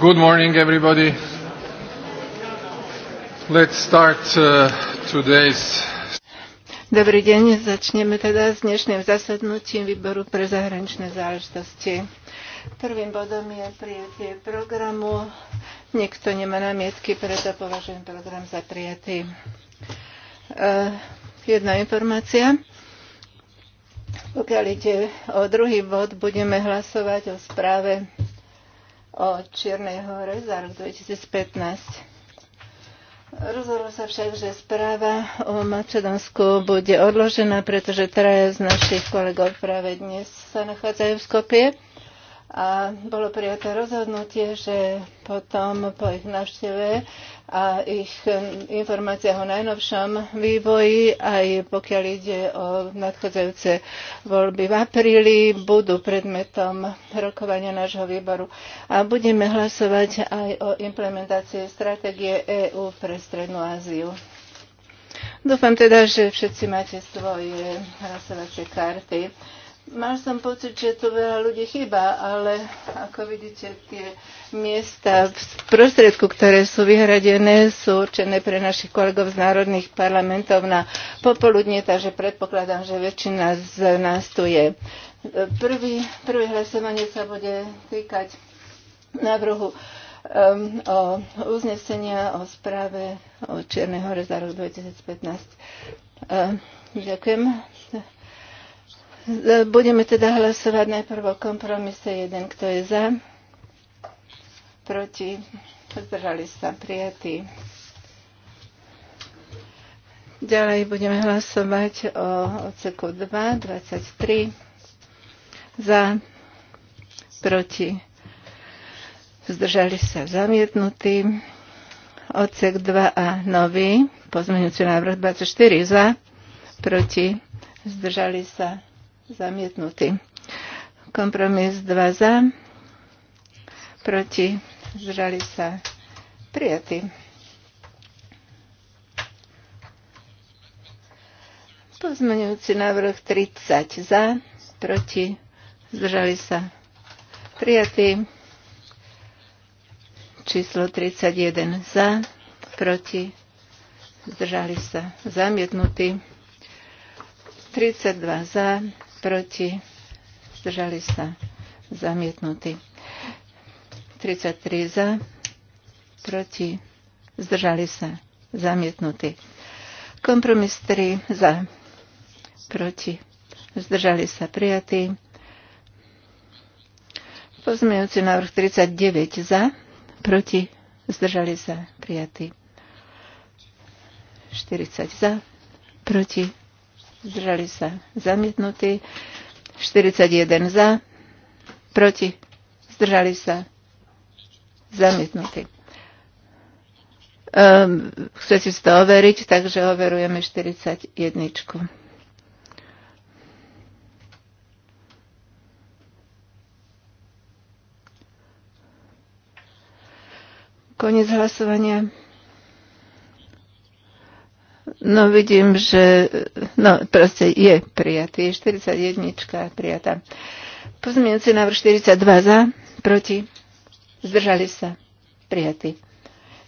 Good morning, everybody. Let's start uh, today's... Dobrý deň, začneme teda s dnešným zasadnutím výboru pre zahraničné záležitosti. Prvým bodom je prijatie programu. Nikto nemá námietky, preto považujem program za prijatý. Uh, jedna informácia. Pokiaľ ide o druhý bod, budeme hlasovať o správe o Čiernej hore za rok 2015. Rozhodlo sa však, že správa o Macedónsku bude odložená, pretože traja z našich kolegov práve dnes sa nachádzajú v Skopie a bolo prijaté rozhodnutie, že potom po ich návšteve a ich informáciách o najnovšom vývoji, aj pokiaľ ide o nadchádzajúce voľby v apríli, budú predmetom rokovania nášho výboru. A budeme hlasovať aj o implementácii stratégie EÚ pre Strednú Áziu. Dúfam teda, že všetci máte svoje hlasovacie karty. Mal som pocit, že tu veľa ľudí chýba, ale ako vidíte, tie miesta v prostriedku, ktoré sú vyhradené, sú určené pre našich kolegov z národných parlamentov na popoludne, takže predpokladám, že väčšina z nás tu je. Prvý, prvé hlasovanie sa bude týkať návrhu um, o uznesenia o správe o Čiernej hore za rok 2015. Um, ďakujem. Budeme teda hlasovať najprv o kompromise 1, kto je za, proti, zdržali sa prijatí. Ďalej budeme hlasovať o odseku 2, 23, za, proti, zdržali sa zamietnutí. Odsek 2a nový, pozmeňujúci návrh 24 za, proti, zdržali sa zamietnutý. Kompromis 2 za, proti, zdržali sa, prijatí. Pozmeňujúci návrh 30 za, proti, zdržali sa, prijatí. Číslo 31 za, proti, zdržali sa, zamietnutí. 32 za, proti, zdržali sa, zamietnutí. 33 za, proti, zdržali sa, zamietnutí. Kompromis 3 za, proti, zdržali sa, prijatí. Pozmejúci návrh 39 za, proti, zdržali sa, prijatí. 40 za, proti, zdržali sa zamietnutí, 41 za, proti, zdržali sa zamietnutí. Um, chcete si to overiť, takže overujeme 41. Konec hlasovania. No vidím, že no, proste je prijatý. 41 prijatá. Pozmienci návrh 42 za, proti, zdržali sa, prijatý.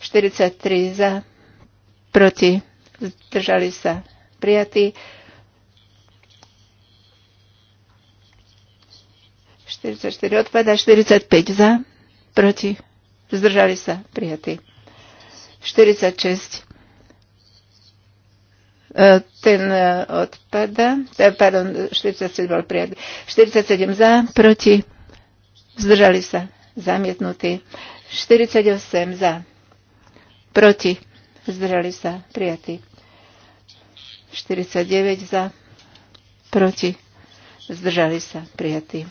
43 za, proti, zdržali sa, prijatý. 44 odpada, 45 za, proti, zdržali sa, prijatý. 46 E, ten e, odpada. E, pardon, 47 bol prijatý. 47 za, proti, zdržali sa, zamietnutý. 48 za, proti, zdržali sa, prijatý. 49 za, proti, zdržali sa, prijatý.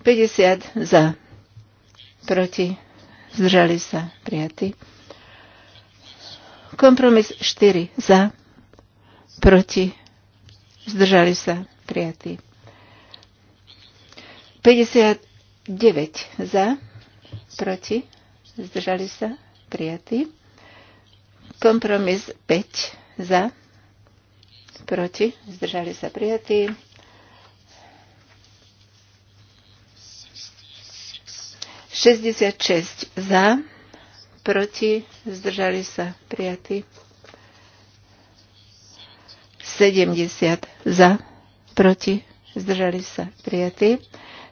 50 za, proti, zdržali sa, prijatý. Kompromis 4 za, proti, zdržali sa, prijatí. 59 za, proti, zdržali sa, prijatí. Kompromis 5 za, proti, zdržali sa, prijatí. 66 za, proti, zdržali sa prijatí. 70 za, proti, zdržali sa prijatí.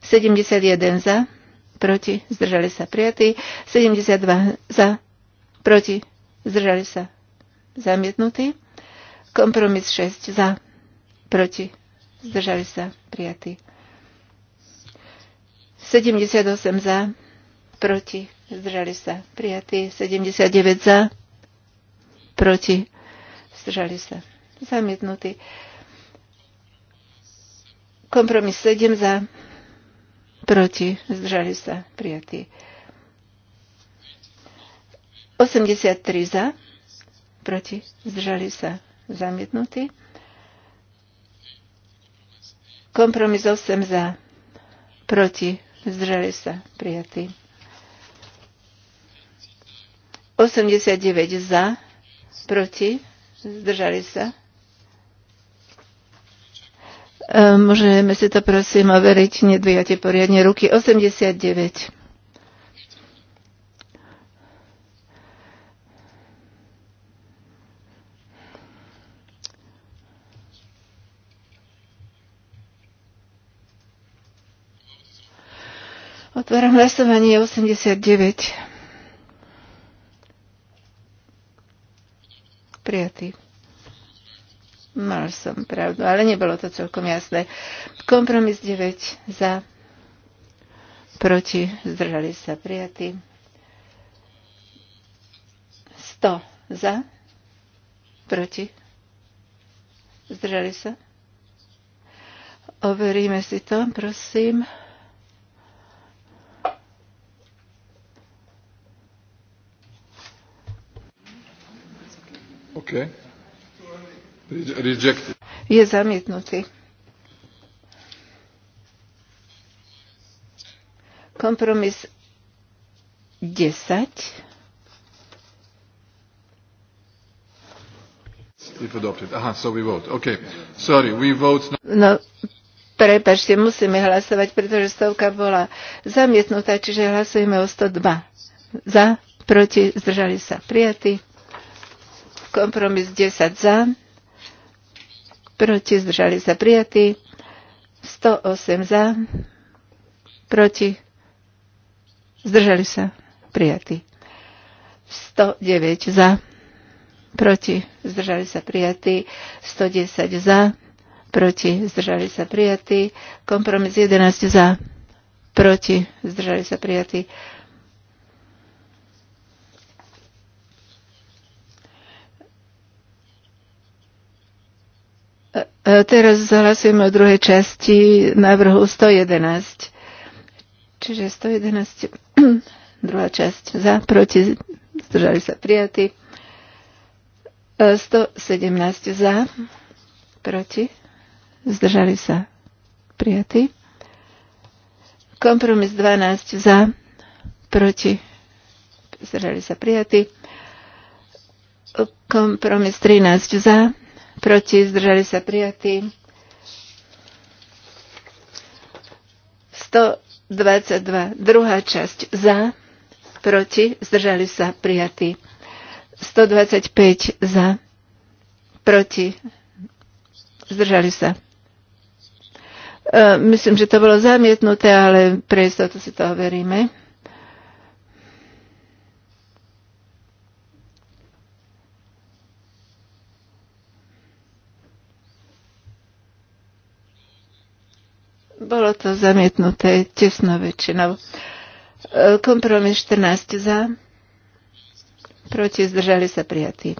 71 za, proti, zdržali sa prijatí. 72 za, proti, zdržali sa zamietnutí. Kompromis 6 za, proti, zdržali sa prijatí. 78 za, proti, zdržali sa prijatí, 79 za, proti, zdržali sa zamietnutí. Kompromis 7 za, proti, zdržali sa prijatí. 83 za, proti, zdržali sa zamietnutí. Kompromis 8 za, proti, zdržali sa prijatí. 89 za, proti, zdržali sa. E, môžeme si to prosím overiť, nedvíjate poriadne ruky. 89. Otváram hlasovanie 89. prijatý. Mal som pravdu, ale nebolo to celkom jasné. Kompromis 9 za, proti, zdržali sa prijatí. 100 za, proti, zdržali sa. Overíme si to, prosím. OK. Rejected. Je zamietnutý. Kompromis 10. If adopted. Aha, so we vote. Okay. Sorry, we vote... No, prepačte, musíme hlasovať, pretože stovka bola zamietnutá, čiže hlasujeme o 102. Za, proti, zdržali sa, prijatí. Kompromis 10 za, proti zdržali sa prijatí. 108 za, proti zdržali sa prijatí. 109 za, proti zdržali sa prijatí. 110 za, proti zdržali sa prijatí. Kompromis 11 za, proti zdržali sa prijatí. E, teraz zahlasujeme o druhej časti návrhu 111. Čiže 111, druhá časť za, proti, zdržali sa prijatí. 117 e, za, proti, zdržali sa prijatí. Kompromis 12 za, proti, zdržali sa prijatí. Kompromis 13 za, proti, zdržali sa prijatí. 122, druhá časť za, proti, zdržali sa prijatí. 125 za, proti, zdržali sa. E, myslím, že to bolo zamietnuté, ale pre istotu si to overíme. Bolo to zamietnuté tesnou väčšinou. E, kompromis 14 za, proti zdržali sa prijatí.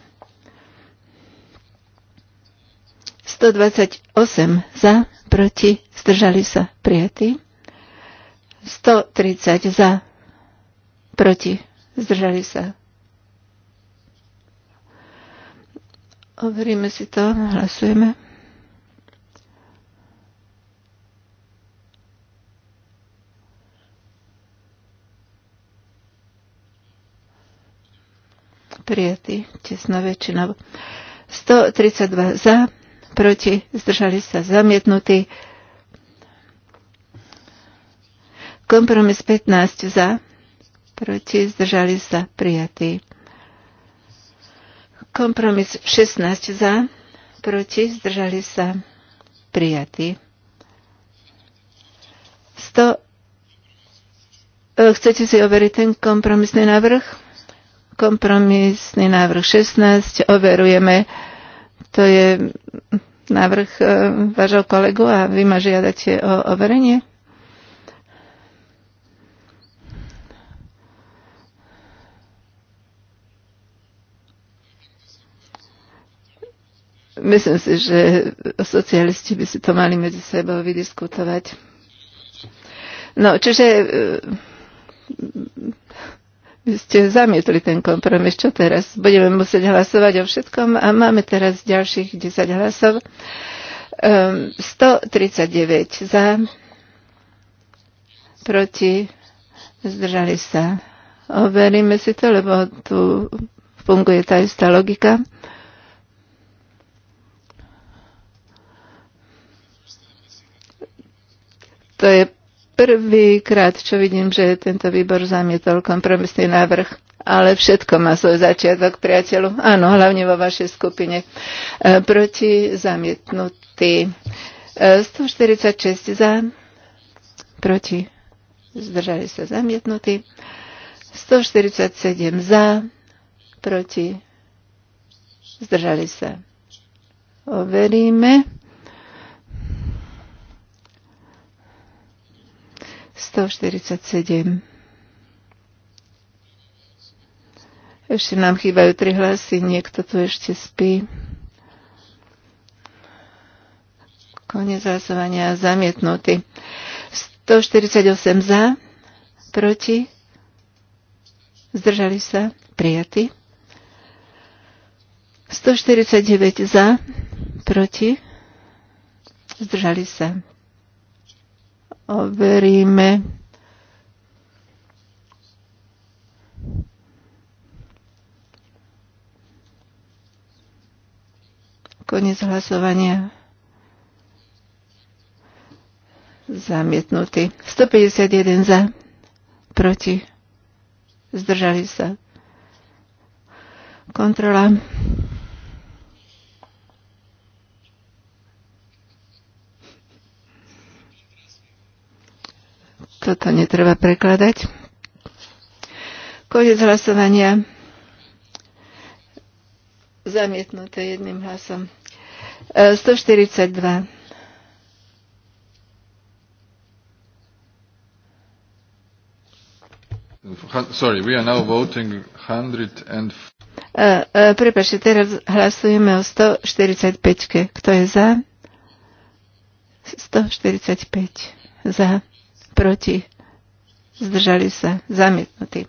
128 za, proti, zdržali sa prijatí. 130 za, proti, zdržali sa. Overíme si to, hlasujeme. prijatý tesnou väčšinou. 132 za, proti, zdržali sa zamietnutí. Kompromis 15 za, proti, zdržali sa prijatý. Kompromis 16 za, proti, zdržali sa prijatý. 100 e, Chcete si overiť ten kompromisný návrh? Kompromisný návrh 16 overujeme. To je návrh e, vášho kolegu a vy ma žiadate o overenie. Myslím si, že socialisti by si to mali medzi sebou vydiskutovať. No, čiže e, vy ste zamietli ten kompromis. Čo teraz? Budeme musieť hlasovať o všetkom a máme teraz ďalších 10 hlasov. Um, ehm, 139 za, proti, zdržali sa. Overíme si to, lebo tu funguje tá istá logika. To je prvýkrát, čo vidím, že tento výbor zamietol kompromisný návrh. Ale všetko má svoj začiatok, priateľu. Áno, hlavne vo vašej skupine. E, proti zamietnutý. 146 e, za. Proti. Zdržali sa zamietnutí. 147 za. Proti. Zdržali sa. Overíme. 147. Ešte nám chýbajú tri hlasy, niekto tu ešte spí. Konec hlasovania zamietnutý. 148 za, proti, zdržali sa, prijatí. 149 za, proti, zdržali sa, veríme koniec hlasovania. Zamietnutý. 151 za. Proti. Zdržali sa. Kontrola. Toto netreba prekladať. Koniec hlasovania. Zamietnuté jedným hlasom. 142. E, sorry, we are now voting 100 and... Uh, uh, teraz hlasujeme o 145. -ke. Kto je za? 145. Za proti, zdržali sa, zamietnutí.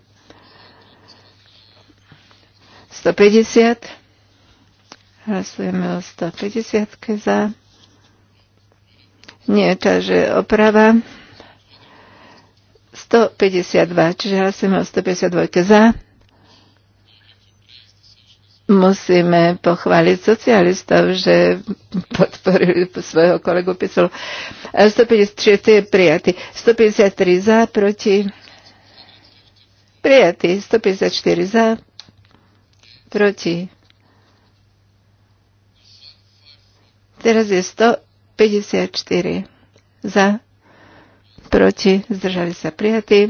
150, hlasujeme o 150 za, nie, takže oprava, 152, čiže hlasujeme o 152 za, musíme pochváliť socialistov, že podporili svojho kolegu Pisolu. to je prijatý. 153 za, proti. Prijatý. 154 za, proti. Teraz je 154 za, proti. Zdržali sa prijatý.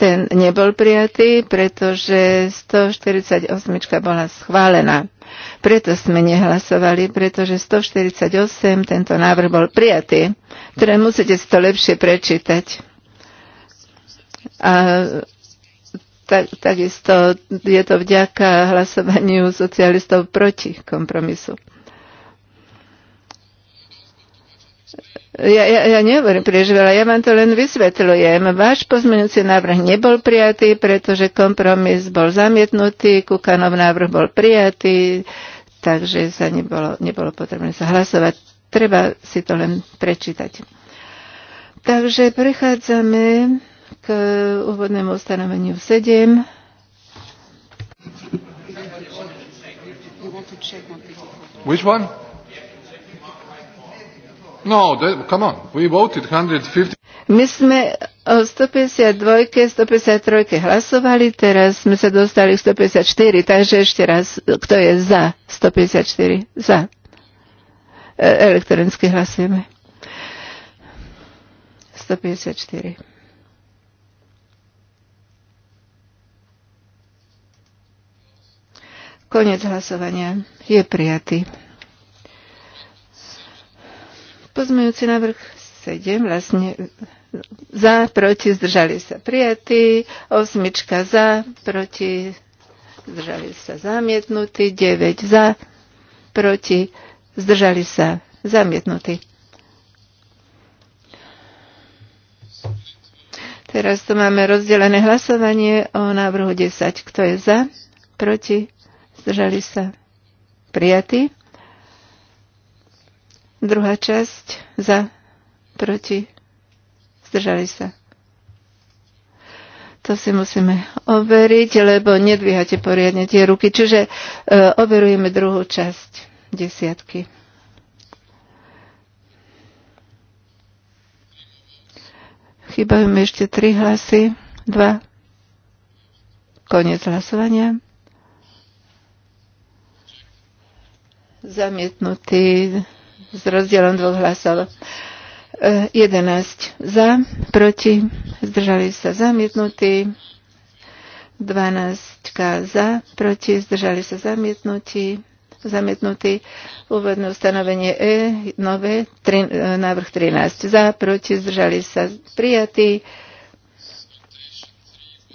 ten nebol prijatý, pretože 148 bola schválená. Preto sme nehlasovali, pretože 148 tento návrh bol prijatý. Teda musíte si to lepšie prečítať. A tak, takisto je to vďaka hlasovaniu socialistov proti kompromisu. ja, ja, ja nehovorím príliš veľa, ja vám to len vysvetľujem. Váš pozmeňujúci návrh nebol prijatý, pretože kompromis bol zamietnutý, Kukanov návrh bol prijatý, takže sa nebolo, nebolo potrebné sa hlasovať. Treba si to len prečítať. Takže prechádzame k úvodnému ustanoveniu 7. Which one? No, that, come on. We voted 150. My sme o 152, 153 hlasovali, teraz sme sa dostali k 154, takže ešte raz, kto je za 154? Za. E, elektronicky hlasujeme. 154. Konec hlasovania. Je prijatý. Pozmejúci návrh 7 vlastne za, proti, zdržali sa prijatí, osmička za, proti, zdržali sa zamietnutí, 9 za, proti, zdržali sa zamietnutí. Teraz tu máme rozdelené hlasovanie o návrhu 10. Kto je za? Proti? Zdržali sa? Prijatí? Druhá časť za, proti, zdržali sa. To si musíme overiť, lebo nedvíhate poriadne tie ruky. Čiže e, overujeme druhú časť desiatky. Chýbajú mi ešte tri hlasy. Dva. Konec hlasovania. Zamietnutý s rozdielom dvoch hlasov. 11 e, za, proti, zdržali sa zamietnutí. 12 za, proti, zdržali sa zamietnutí, Zamietnutý Úvodné ustanovenie E, nové, tri, e, návrh 13 za, proti, zdržali sa prijatí.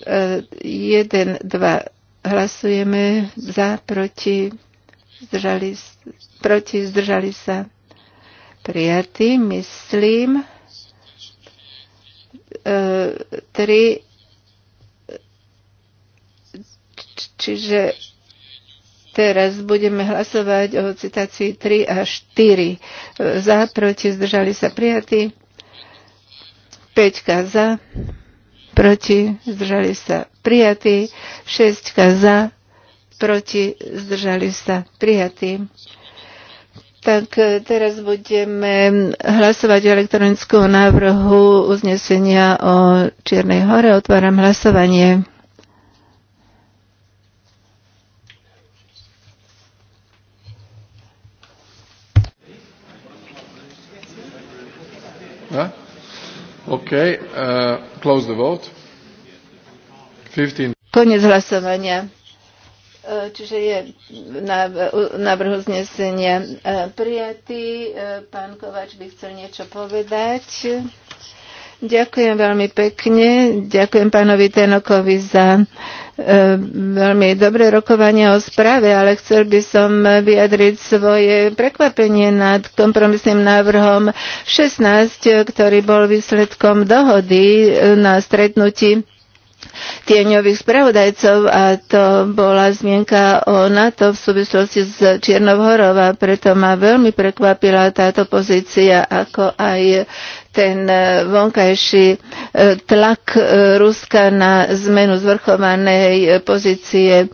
1, e, 2 hlasujeme za, proti, zdržali, proti, zdržali sa prijatý, myslím. E, tri. Čiže teraz budeme hlasovať o citácii 3 a 4. Za, proti, zdržali sa prijatí. 5 za, proti, zdržali sa prijatí. 6 za, proti, zdržali sa prijatí. Tak e, teraz budeme hlasovať o elektronickom návrhu uznesenia o Čiernej hore. Otváram hlasovanie. Okay, uh, close the vote. 15. Konec hlasovania. Čiže je návrh uznesenia e, prijatý. E, pán Kovač by chcel niečo povedať. Ďakujem veľmi pekne. Ďakujem pánovi Tenokovi za e, veľmi dobré rokovanie o správe, ale chcel by som vyjadriť svoje prekvapenie nad kompromisným návrhom 16, ktorý bol výsledkom dohody na stretnutí tieňových spravodajcov a to bola zmienka o NATO v súvislosti s Čiernou horou a preto ma veľmi prekvapila táto pozícia, ako aj ten e, vonkajší e, tlak e, Ruska na zmenu zvrchovanej pozície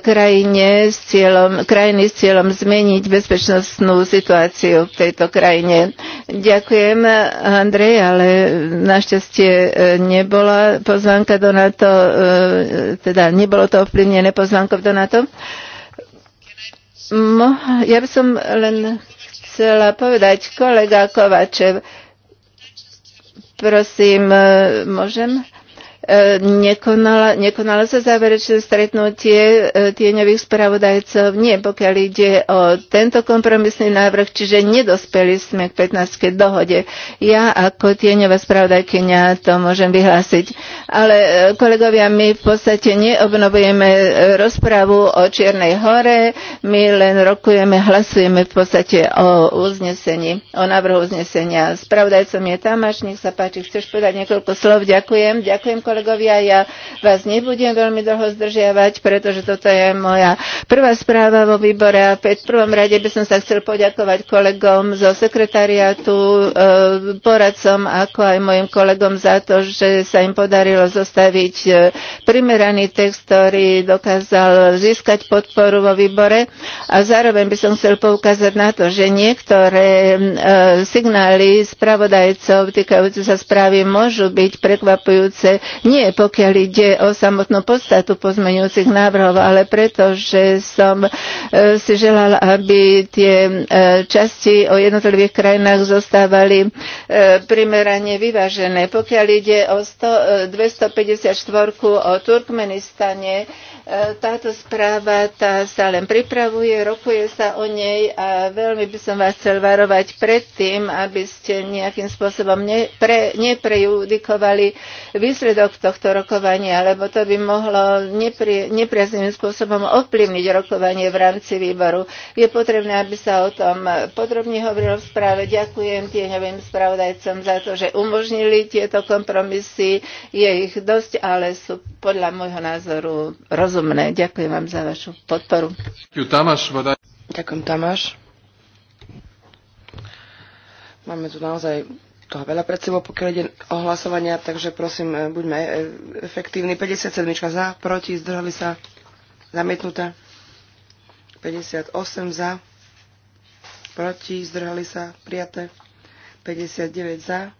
krajine s cieľom, krajiny s cieľom zmeniť bezpečnostnú situáciu v tejto krajine. Ďakujem, Andrej, ale našťastie nebola pozvanka do NATO, teda nebolo to ovplyvnené pozvankou do NATO. Ja by som len chcela povedať, kolega Kovačev, Prosím, e, môžem? E, nekonala, nekonala sa záverečné stretnutie e, tieňových spravodajcov. Nie, pokiaľ ide o tento kompromisný návrh, čiže nedospeli sme k 15. dohode. Ja ako tieňová spravodajkynia to môžem vyhlásiť. Ale e, kolegovia, my v podstate neobnovujeme rozprávu o Čiernej hore, my len rokujeme, hlasujeme v podstate o uznesení, o návrhu uznesenia. Spravodajcom je až nech sa páči, chceš povedať niekoľko slov? Ďakujem, ďakujem kolegovia kolegovia, ja vás nebudem veľmi dlho zdržiavať, pretože toto je moja prvá správa vo výbore a v prvom rade by som sa chcel poďakovať kolegom zo sekretariátu, e, poradcom, ako aj mojim kolegom za to, že sa im podarilo zostaviť e, primeraný text, ktorý dokázal získať podporu vo výbore a zároveň by som chcel poukázať na to, že niektoré e, signály spravodajcov týkajúce sa správy môžu byť prekvapujúce nie pokiaľ ide o samotnú podstatu pozmeňujúcich návrhov, ale preto, že som e, si želala, aby tie e, časti o jednotlivých krajinách zostávali e, primerane vyvážené. Pokiaľ ide o 100, 254 o Turkmenistane, E, táto správa tá sa len pripravuje, rokuje sa o nej a veľmi by som vás chcel varovať pred tým, aby ste nejakým spôsobom nepre, neprejudikovali výsledok tohto rokovania, lebo to by mohlo nepri, nepriazným spôsobom ovplyvniť rokovanie v rámci výboru. Je potrebné, aby sa o tom podrobne hovorilo v správe. Ďakujem tieňovým spravodajcom za to, že umožnili tieto kompromisy. Je ich dosť, ale sú podľa môjho názoru roz rozumné. Ďakujem vám za vašu podporu. Ďakujem, Tamáš. Máme tu naozaj toho veľa pred sebou, pokiaľ ide o hlasovania, takže prosím, e, buďme e, efektívni. 57 za, proti, zdržali sa, zamietnuté. 58 za, proti, zdržali sa, prijaté. 59 za,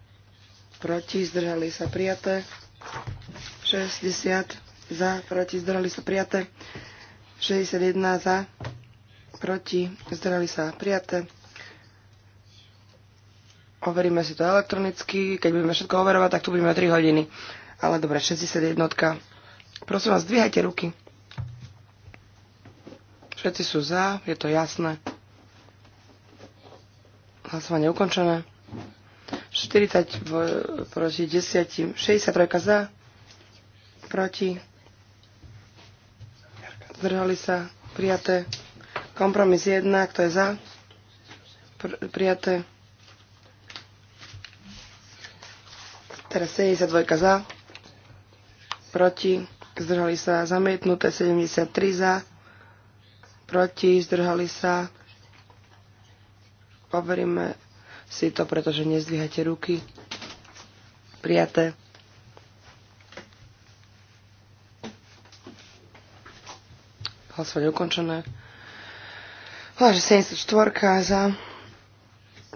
proti, zdržali sa, prijaté. 60 za, proti, zdrali sa prijaté. 61 za, proti, zdrali sa prijaté. Overíme si to elektronicky, keď budeme všetko overovať, tak tu budeme 3 hodiny. Ale dobre, 61. Prosím vás, zdvíhajte ruky. Všetci sú za, je to jasné. Hlasovanie ukončené. 40 v, proti 10, 63 za, proti Zdržali sa prijaté. Kompromis 1, kto je za? Pr- prijaté. Teraz 72 za. Proti. Zdržali sa zamietnuté 73 za. Proti. Zdržali sa. Overíme si to, pretože nezdvíhate ruky. Prijaté. Hlasovanie ukončené. Hláže 74 za,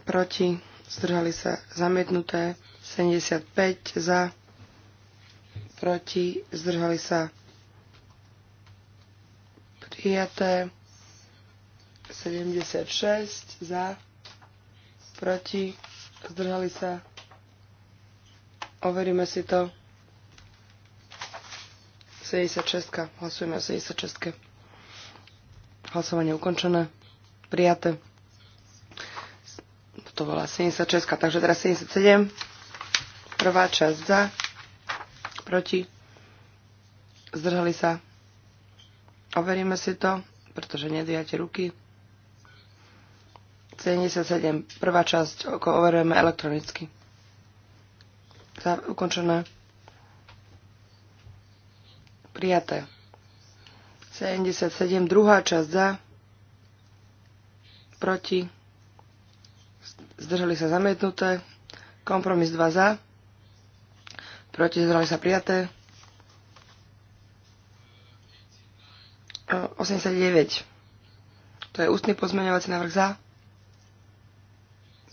proti, zdržali sa zamietnuté. 75 za, proti, zdržali sa prijaté. 76 za, proti, zdržali sa. Overíme si to. 76. Hlasujeme o 76. Hlasovanie ukončené. Prijaté. To bola 76, takže teraz 77. Prvá časť za, proti, zdržali sa. Overíme si to, pretože nedvíjate ruky. 77. Prvá časť overujeme elektronicky. Za, ukončené. Prijaté. 77, druhá časť za, proti, zdržali sa zamietnuté, kompromis 2 za, proti, zdržali sa prijaté, 89, to je ústny pozmeňovací návrh za,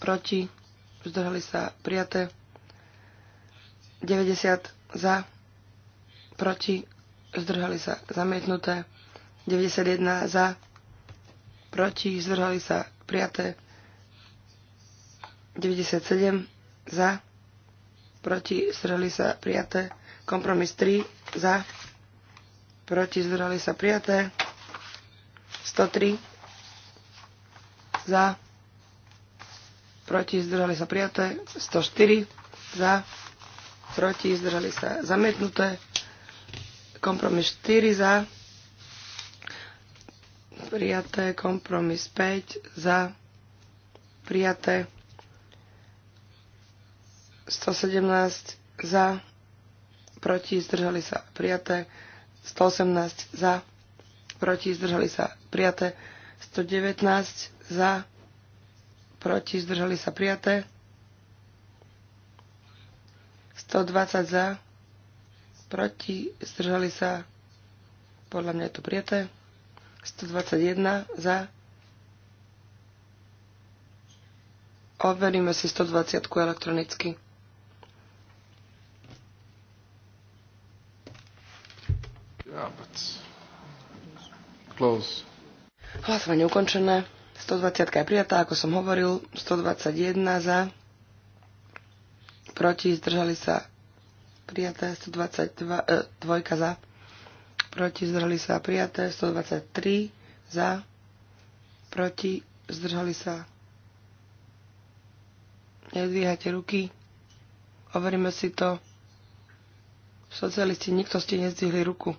proti, zdržali sa prijaté, 90 za, proti, zdržali sa zamietnuté, 91 za, proti, zdržali sa prijaté, 97 za, proti, zdržali sa prijaté, kompromis 3 za, proti, zdržali sa prijaté, 103 za, proti, zdržali sa prijaté, 104 za, proti, zdržali sa zamietnuté, Kompromis 4 za. Prijaté. Kompromis 5 za. Prijaté. 117 za. Proti. Zdržali sa. Prijaté. 118 za. Proti. Zdržali sa. Prijaté. 119 za. Proti. Zdržali sa. Prijaté. 120 za proti, zdržali sa, podľa mňa je to prijaté, 121 za, overíme si 120 elektronicky. Yeah, Close. Hlasovanie ukončené. 120 je prijatá, ako som hovoril. 121 za. Proti zdržali sa prijaté 122 e, za, proti zdrhali sa prijaté 123 za, proti zdrhali sa. Nedvíhajte ruky, overíme si to. Socialisti, nikto ste nezdvihli ruku.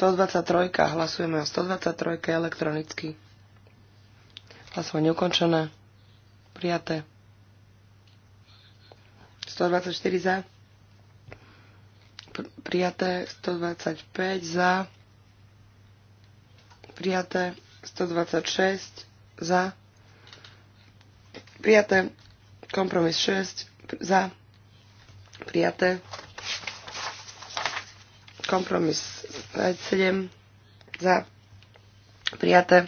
123, hlasujeme o 123 elektronicky. Hlasovanie ukončené. Prijaté. 124 za, prijaté 125 za, prijaté 126 za, prijaté kompromis 6 za, prijaté kompromis 7 za, prijaté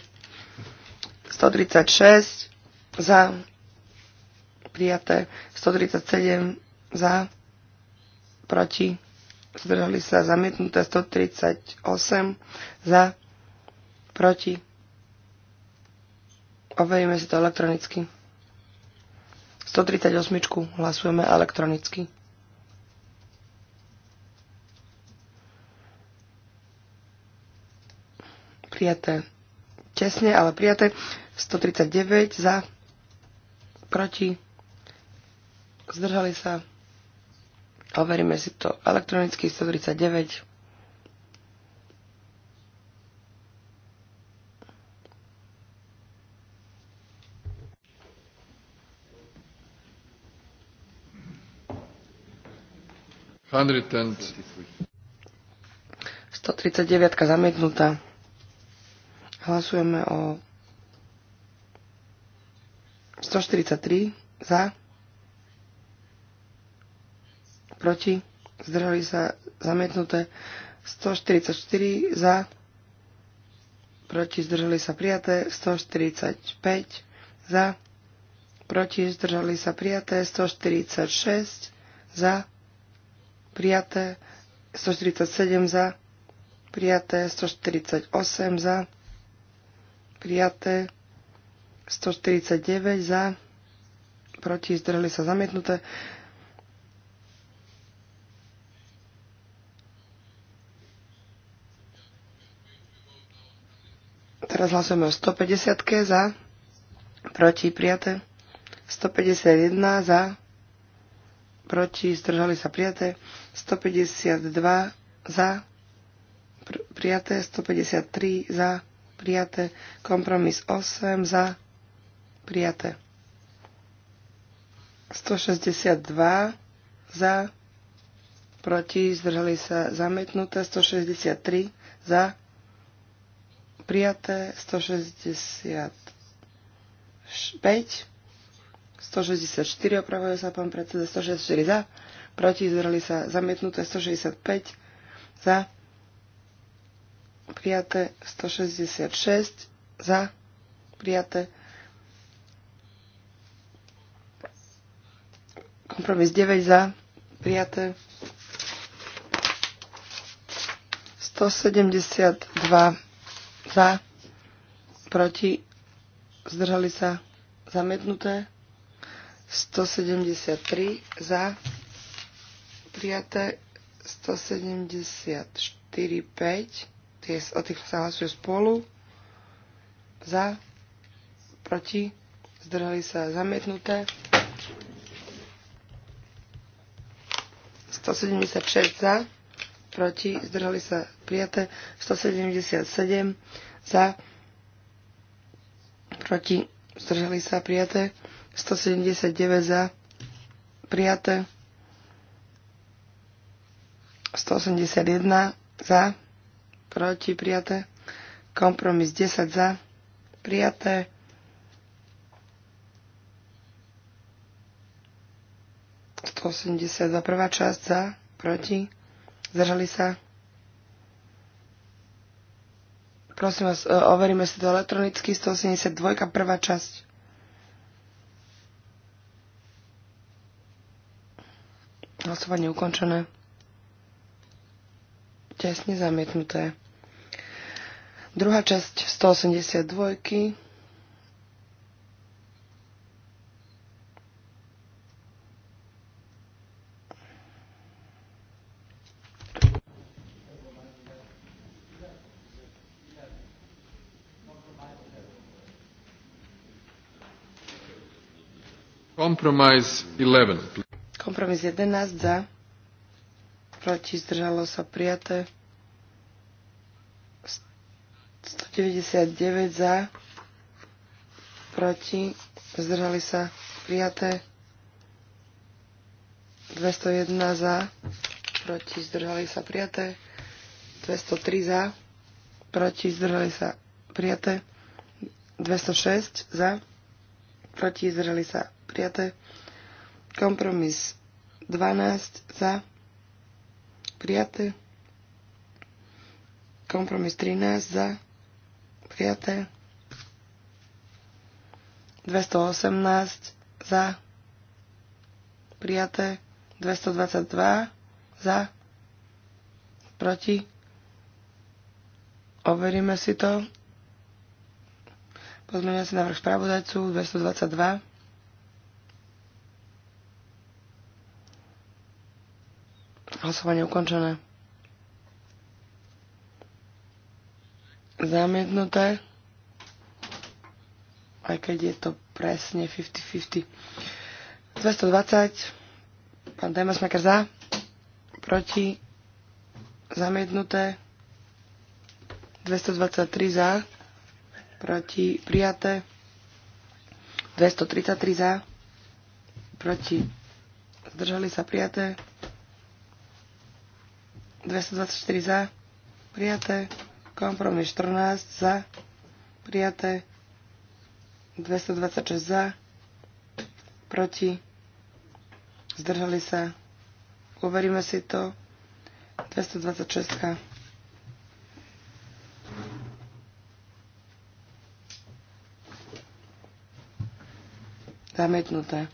136 za, prijaté 137 za, proti, zdržali sa zamietnuté 138 za, proti. Overíme si to elektronicky. 138 hlasujeme elektronicky. Prijaté. Tesne, ale prijaté. 139 za, proti zdržali sa, overíme si to elektronicky 139. And... 139 zamietnutá. Hlasujeme o 143 za proti, zdržali sa zamietnuté, 144 za, proti, zdržali sa prijaté, 145 za, proti, zdržali sa prijaté, 146 za, prijaté, 147 za, prijaté, 148 za, prijaté, 149 za, proti, zdržali sa zamietnuté, Teraz hlasujeme o 150 za, proti prijaté. 151 za, proti zdržali sa prijaté. 152 za, prijaté. 153 za, prijaté. Kompromis 8 za, prijaté. 162 za, proti zdržali sa zamietnuté. 163 za, prijaté 165, 164 opravuje sa pán predseda, 164 za, proti zdržali sa zamietnuté 165 za, prijaté 166 za, prijaté kompromis 9 za, prijaté 172 za. Proti. Zdržali sa. Zamietnuté. 173 za. Prijaté. 174, 5. Tie, o tých sa hlasujú spolu. Za. Proti. Zdržali sa. Zamietnuté. 176 za proti, zdržali sa prijaté, 177 za, proti, zdržali sa prijaté, 179 za, prijaté, 181 za, proti, prijaté, kompromis 10 za, prijaté, za prvá časť za, proti, Zdržali sa? Prosím vás, e, overíme si to elektronicky. 182, prvá časť. Hlasovanie ukončené. Tesne zamietnuté. Druhá časť 182. Compromise 11. Kompromis 11 za. Proti zdržalo sa prijaté. 199 za. Proti zdržali sa prijaté. 201 za. Proti zdržali sa prijaté. 203 za. Proti zdržali sa prijaté. 206 za. Proti zdržali sa prijaté. Kompromis 12 za, prijaté. Kompromis 13 za, prijaté. 218 za, prijaté. 222 za, proti. Overíme si to. Pozmeňujem si návrh spravodajcu 222. Hlasovanie ukončené. Zamietnuté. Aj keď je to presne 50-50. 220. Pán Demasmaker za. Proti. Zamietnuté. 223 za. Proti. Prijaté. 233 za. Proti. Zdržali sa prijaté. 224 za, prijaté. Kompromis 14 za, prijaté. 226 za, proti, zdržali sa. Uveríme si to. 226. Zamietnuté.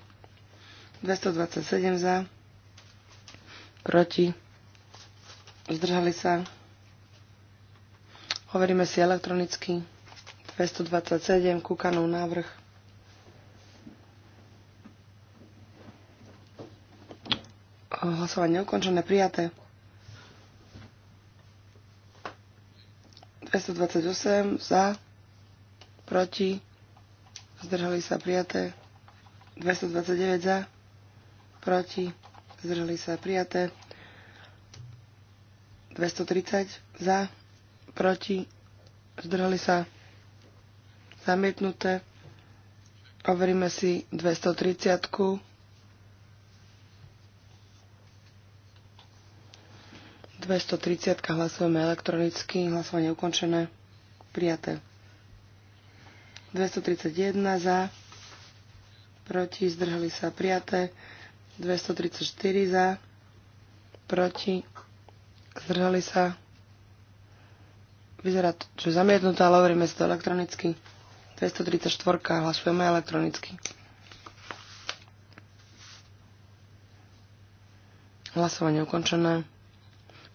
227 za, proti, Zdržali sa. Hovoríme si elektronicky. 227, kúkanú návrh. Hlasovanie ukončené, prijaté. 228 za, proti, zdržali sa prijaté. 229 za, proti, zdržali sa prijaté. 230 za, proti, zdrhli sa, zamietnuté. Overíme si 230. -ku. 230 hlasujeme elektronicky, hlasovanie ukončené, prijaté. 231 za, proti, zdrhli sa, prijaté. 234 za, proti, Zdržali sa. Vyzerá to, že zamietnuté, ale overíme si to elektronicky. 234. Hlasujeme elektronicky. Hlasovanie ukončené.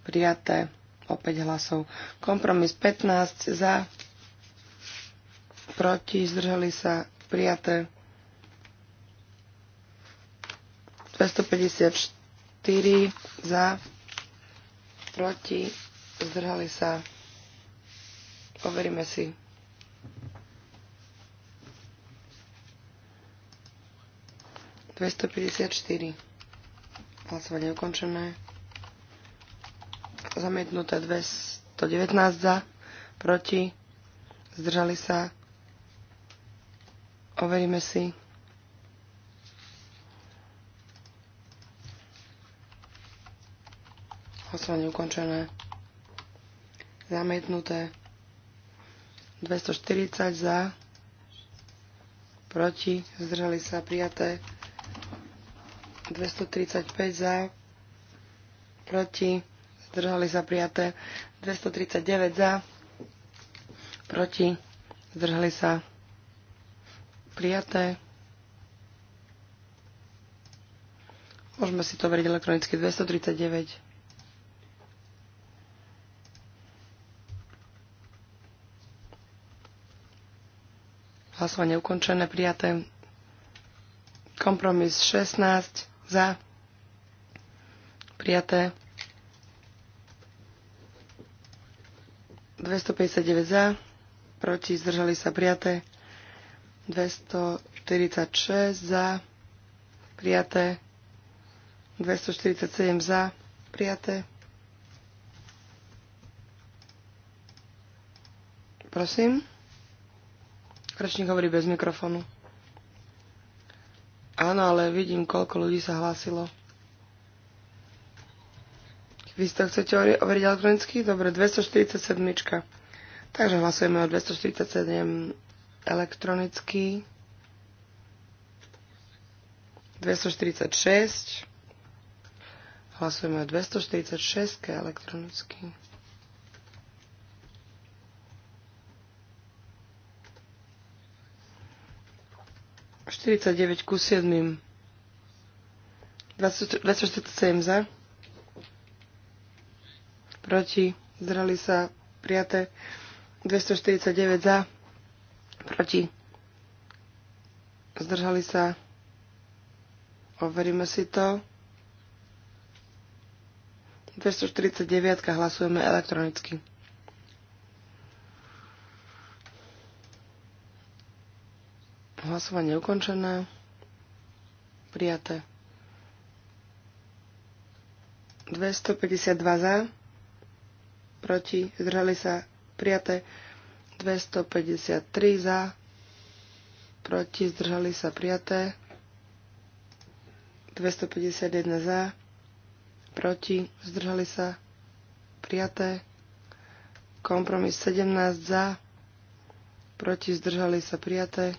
Prijaté. Opäť hlasov. Kompromis 15 za. Proti. Zdržali sa. Prijaté. 254 za proti, zdrhali sa. Overíme si. Dvesto Hlasovanie ukončené. Zamietnuté 219 za, proti, zdržali sa. Overíme si. Hlasovanie ukončené. Zamietnuté. 240 za. Proti. Zdržali sa prijaté. 235 za. Proti. Zdržali sa prijaté. 239 za. Proti. Zdržali sa prijaté. Môžeme si to veriť elektronicky 239. Hlasovanie ukončené, prijaté. Kompromis 16 za. Prijaté. 259 za. Proti zdržali sa prijaté. 246 za. Prijaté. 247 za. Prijaté. Prosím. Rečník hovorí bez mikrofónu. Áno, ale vidím, koľko ľudí sa hlásilo. Vy si chcete overiť elektronicky? Dobre, 247. Takže hlasujeme o 247 elektronicky. 246. Hlasujeme o 246 elektronicky. 49 ku 7. 247 za. Proti. Zdrali sa prijaté. 249 za. Proti. Zdržali sa. Overíme si to. 249 hlasujeme elektronicky. Hlasovanie ukončené. Prijaté. 252 za. Proti. Zdržali sa. Prijaté. 253 za. Proti. Zdržali sa. Prijaté. 251 za. Proti. Zdržali sa. Prijaté. Kompromis 17 za. Proti. Zdržali sa. Prijaté.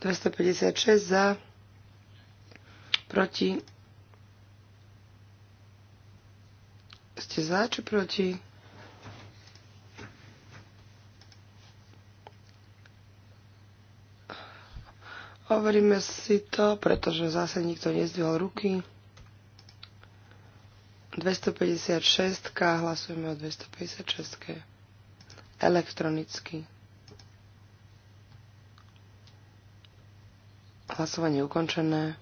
256 za, proti. Ste za či proti? Hovoríme si to, pretože zase nikto nezdvihol ruky. 256, hlasujeme o 256 elektronicky. Hlasovanie ukončené.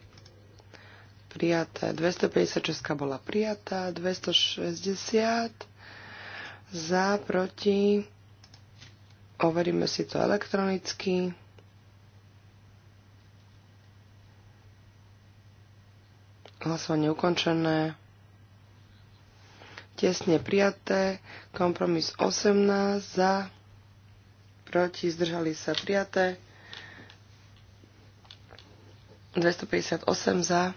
Prijaté. 256 bola prijatá. 260 za, proti. Overíme si to elektronicky. Hlasovanie ukončené. Tesne prijaté. Kompromis 18 za. Proti. Zdržali sa prijaté. 258 za,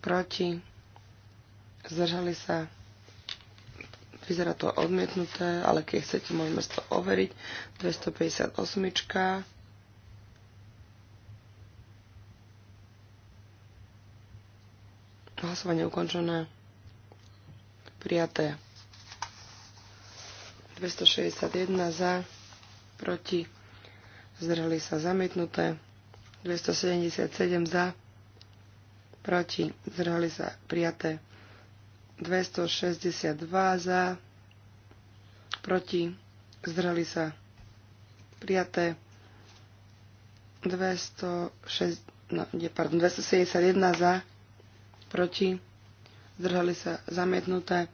proti, zdržali sa. Vyzerá to odmietnuté, ale keď chcete, môžeme to overiť. 258. Hlasovanie ukončené. Prijaté. 261 za, proti, zdržali sa zamietnuté. 277 za, proti, zdržali sa prijaté 262 za, proti, zdržali sa prijaté 206, no, pardon, 271 za, proti, zdržali sa zamietnuté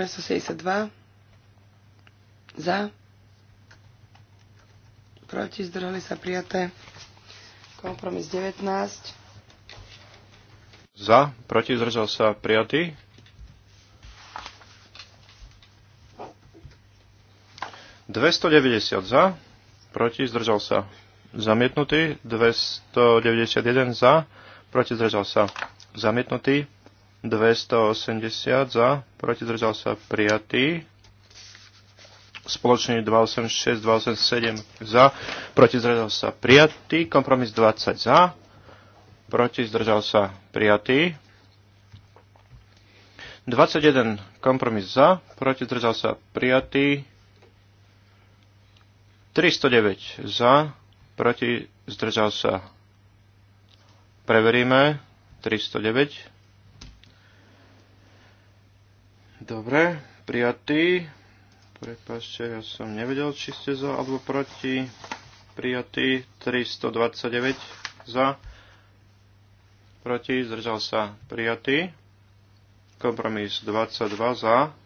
262 za, proti, zdržali sa prijaté. Kompromis 19. Za, proti, zdržal sa prijatý. Dvesto deväťdesiat za, proti, zdržal sa zamietnutý. 291 za, proti, zdržal sa zamietnutý. 280 za, proti zdržal sa prijatý. Spoločný 286, 287 za, proti zdržal sa prijatý. Kompromis 20 za, proti zdržal sa prijatý. 21 kompromis za, proti zdržal sa prijatý. 309 za, proti zdržal sa. Preveríme. 309. Dobre, prijatý. Prepašte, ja som nevedel, či ste za alebo proti. Prijatý 329 za. Proti, zdržal sa. Prijatý. Kompromis 22 za.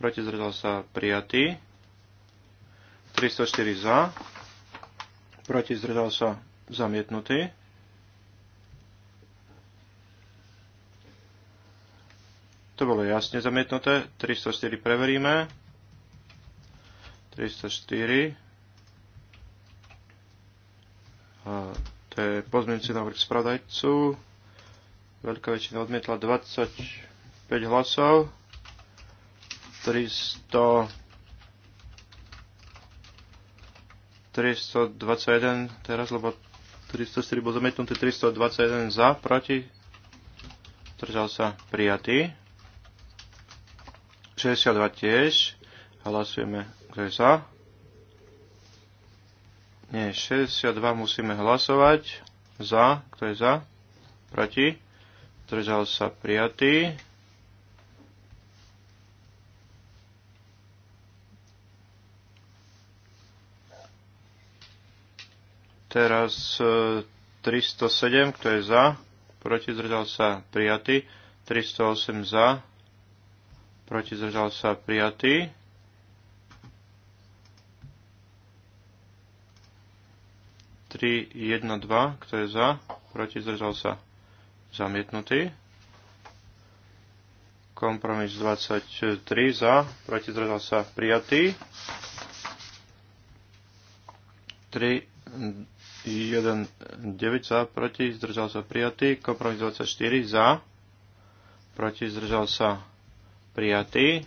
Proti, zdržal sa. Prijatý. 304 za. Proti, zdržal sa. Zamietnutý. To bolo jasne zamietnuté. 304 preveríme. 304. A to je pozmienci návrh spravodajcu. Veľká väčšina odmietla 25 hlasov. 300 321 teraz, lebo 304 bol zamietnutý, 321 za, proti, držal sa prijatý. 62 tiež. Hlasujeme, kto je za. Nie, 62 musíme hlasovať. Za, kto je za? Proti? Držal sa prijatý. Teraz 307, e, kto je za? Proti, zdržal sa prijatý. 308 za, proti zdržal sa prijatý. Tri, jedna, dva, kto je za, proti zdržal sa zamietnutý. Kompromis 23 za, proti zdržal sa prijatý. 3, 1, 9 za, proti, zdržal sa prijatý. Kompromis 24 za, proti, zdržal sa prijatý prijatý.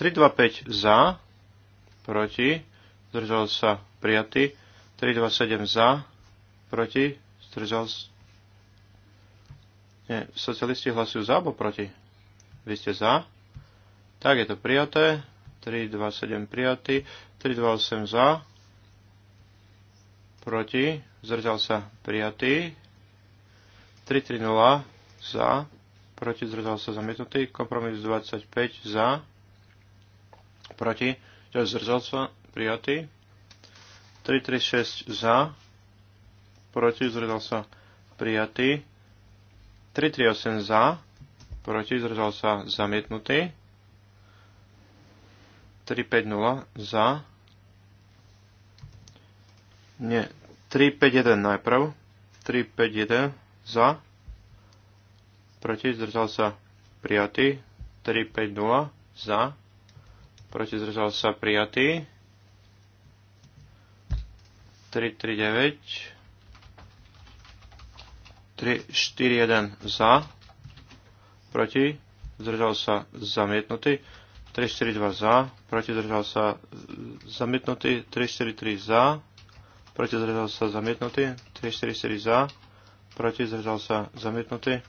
325 za, proti, zdržal sa prijatý. 327 za, proti, zdržal sa. Nie, socialisti hlasujú za alebo proti? Vy ste za. Tak je to prijaté. 327 prijatý. 328 za, proti, zdržal sa prijatý. 330 za, proti, zdržal sa zamietnutý, kompromis 25 za, proti, zdržal sa prijatý, 336 za, proti, zdržal sa prijatý, 338 za, proti, zdržal sa zamietnutý, 350 za, nie, 351 najprv, 351 za, proti, zdržal sa prijatý, 350 za, proti, zdržal sa prijatý, 4, 1. za, proti, zdržal sa zamietnutý, 2. za, proti zdržal sa zamietnutý, 343 za, proti zdržal sa zamietnutý, 4. za, proti zdržal sa zamietnutý,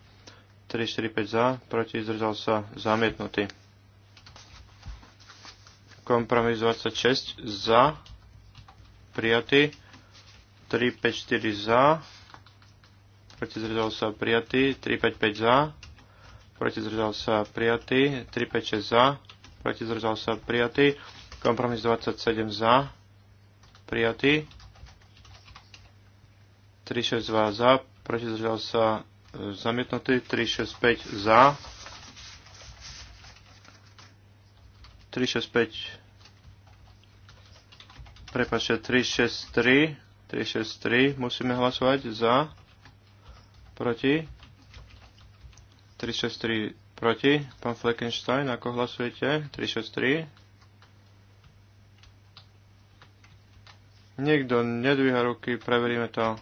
3, 4, 5 za, proti zdržal sa zamietnutý. Kompromis 26 za, prijatý. 3, 5, 4 za, proti zdržal sa prijatý. 3, 5, 5 za, proti zdržal sa prijatý. 3, 5, 6 za, proti zdržal sa prijatý. Kompromis 27 za, prijatý. 3, 6, 2 za, proti zdržal sa zamietnutý, 365 za, 365, prepáčte, 363, 363, musíme hlasovať za, proti, 363 proti, pán Fleckenstein, ako hlasujete, 363. Nikto nedvíha ruky, preveríme to.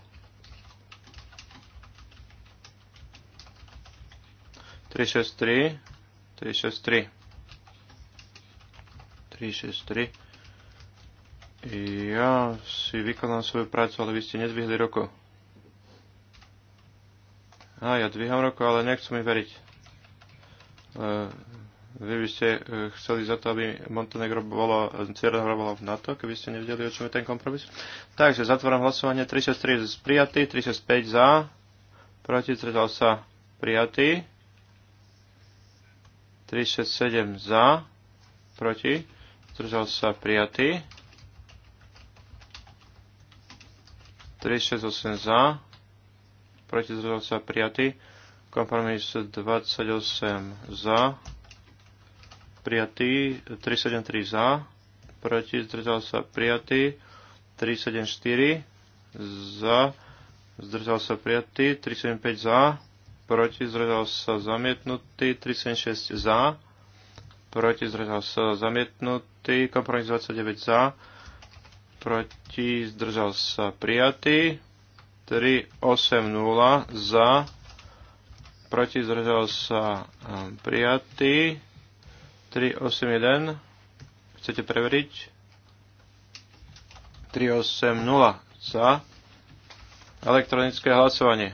363, 363, 363. Ja si vykonám svoju prácu, ale vy ste nezvihli roku. A ja dvíham roku, ale nechcú mi veriť. E, vy by ste e, chceli za to, aby Montenegro bolo, Cierna bolo v NATO, keby ste nevedeli, o čom je ten kompromis. Takže zatváram hlasovanie 363 prijatý, 365 za, proti, sa prijatý. 367 za, proti, zdržal sa prijatý. 368 za, proti zdržal sa prijatý. Kompromis 28 za, prijatý. 373 za, proti zdržal sa prijatý. 374 za, zdržal sa prijatý. 375 za, proti, zdržal sa zamietnutý, 36 za, proti, zdržal sa zamietnutý, kompromis 29 za, proti, zdržal sa prijatý, 380 za, proti, zdržal sa eh, prijatý, 381, chcete preveriť? 380 za, elektronické hlasovanie.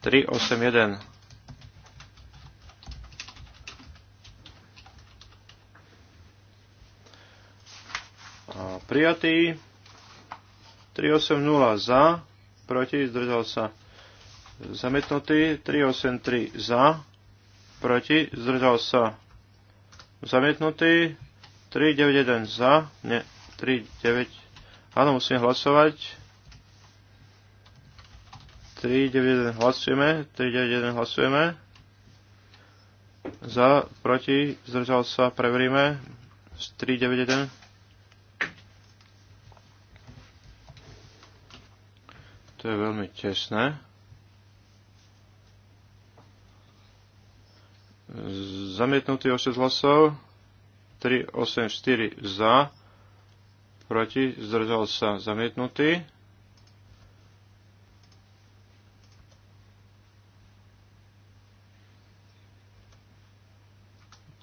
381. prijatý 380 za, proti, zdržal sa zamietnutý, 383 za, proti, zdržal sa zamietnutý, 391 za, ne, 39, áno, musím hlasovať, 391 hlasujeme, 391 hlasujeme. Za, proti, zdržal sa, preveríme. 391. To je veľmi tesné. Zamietnutý o 6 hlasov. 384 za, proti, zdržal sa, zamietnutý.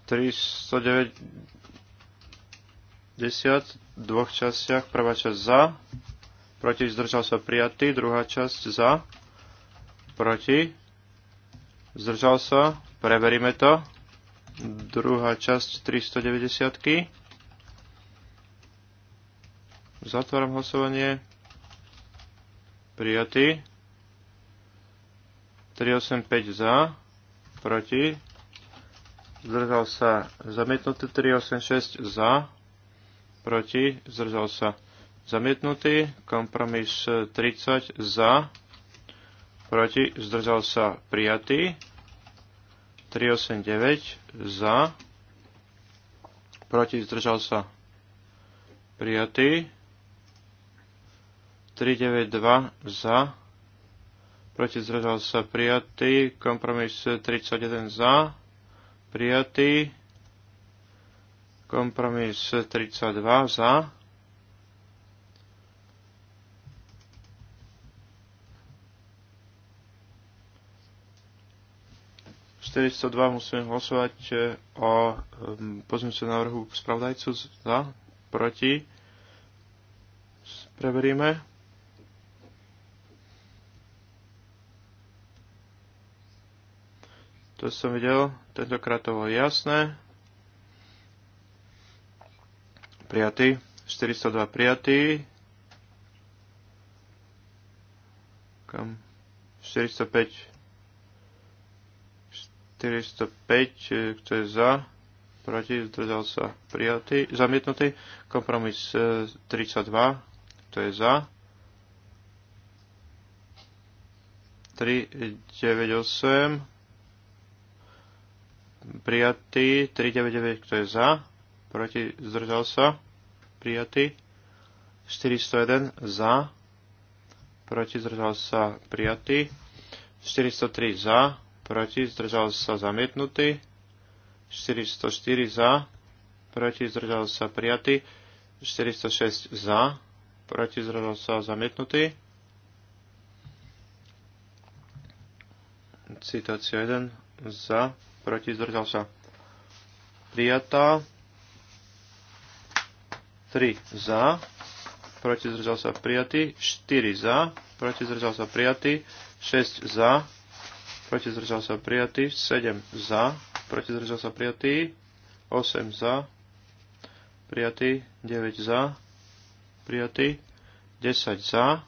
390 v dvoch častiach. Prvá časť za, proti zdržal sa prijatý, druhá časť za, proti, zdržal sa, preveríme to. Druhá časť 390. Zatváram hlasovanie. Prijatý. 385 za, proti, zdržal sa zamietnutý, 386 za, proti, zdržal sa zamietnutý, kompromis 30 za, proti, zdržal sa prijatý, 389 za, proti, zdržal sa prijatý, 392 za, proti, zdržal sa prijatý, kompromis 31 za, prijatý. Kompromis 32 za. 402 musíme hlasovať eh, o pozmeňujúcom návrhu spravodajcu za, proti. Preveríme. to som videl, tentokrát to bolo jasné. Prijatý, 402 prijatý. Kam? 405 405, e, kto je za, proti, zdržal sa prijatý, zamietnutý, kompromis 32, e, kto je za, 398 prijatý. 399, kto je za, proti, zdržal sa, prijatý. 401 za, proti, zdržal sa, prijatý. 403 za, proti, zdržal sa, zamietnutý. 404 za, proti, zdržal sa, prijatý. 406 za, proti, zdržal sa, zamietnutý. citácia 1 za, proti, zdržal sa. Prijatá. 3 za, proti, zdržal sa. Prijatý. 4 za, proti, zdržal sa. Prijatý. 6 za, proti, zdržal sa. Prijatý. 7 za, proti, zdržal sa. Prijatý. 8 za, prijatý. 9 za, prijatý. 10 za,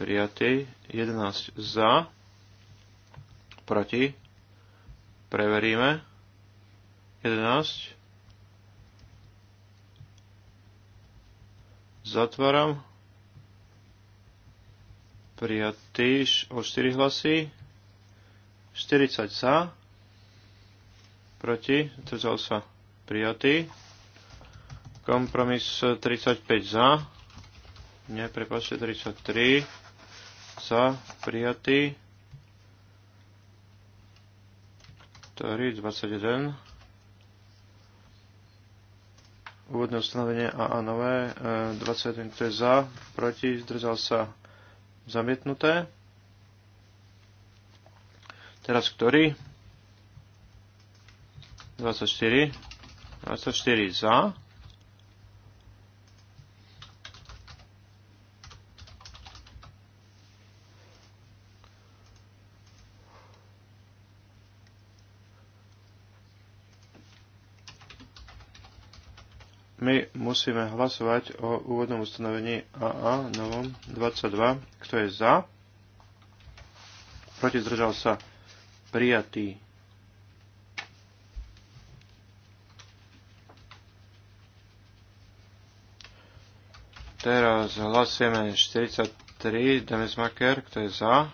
prijatý, 11 za, proti, Preveríme. 11. Zatváram. Prijatý o 4 hlasy. 40 sa. Proti. Zdržal sa. Prijatý. Kompromis 35 za. Nie, prepáčte, 33 za. Prijatý. 4, 21. Úvodné ustanovenie AA nové, 21, e, kto je za, proti, zdržal sa zamietnuté. Teraz ktorý? 24. 24 za My musíme hlasovať o úvodnom ustanovení AA novom 22. Kto je za? Proti zdržal sa prijatý. Teraz hlasujeme 43, Demesmaker, kto je za,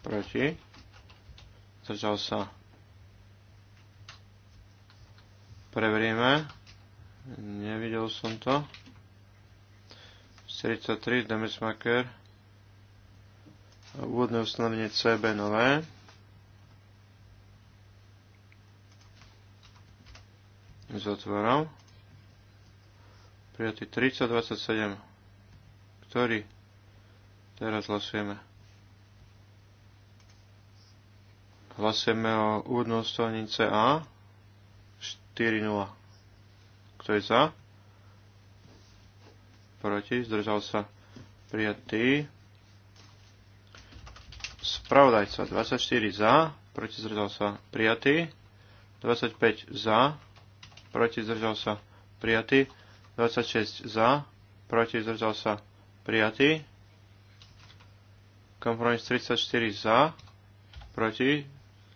proti, zdržal sa. Preveríme. Nevidel som to. 43, Demesmaker. Úvodné ustanovenie CB nové. Zatváram. Prijatý 3027. Ktorý? Teraz hlasujeme. Hlasujeme o úvodnú ustanovenie CA 0 kto je za? Proti? Zdržal sa prijatý. Spravodajca 24 za, proti zdržal sa prijatý. 25 za, proti zdržal sa prijatý. 26 za, proti zdržal sa prijatý. Kompromis 34 za, proti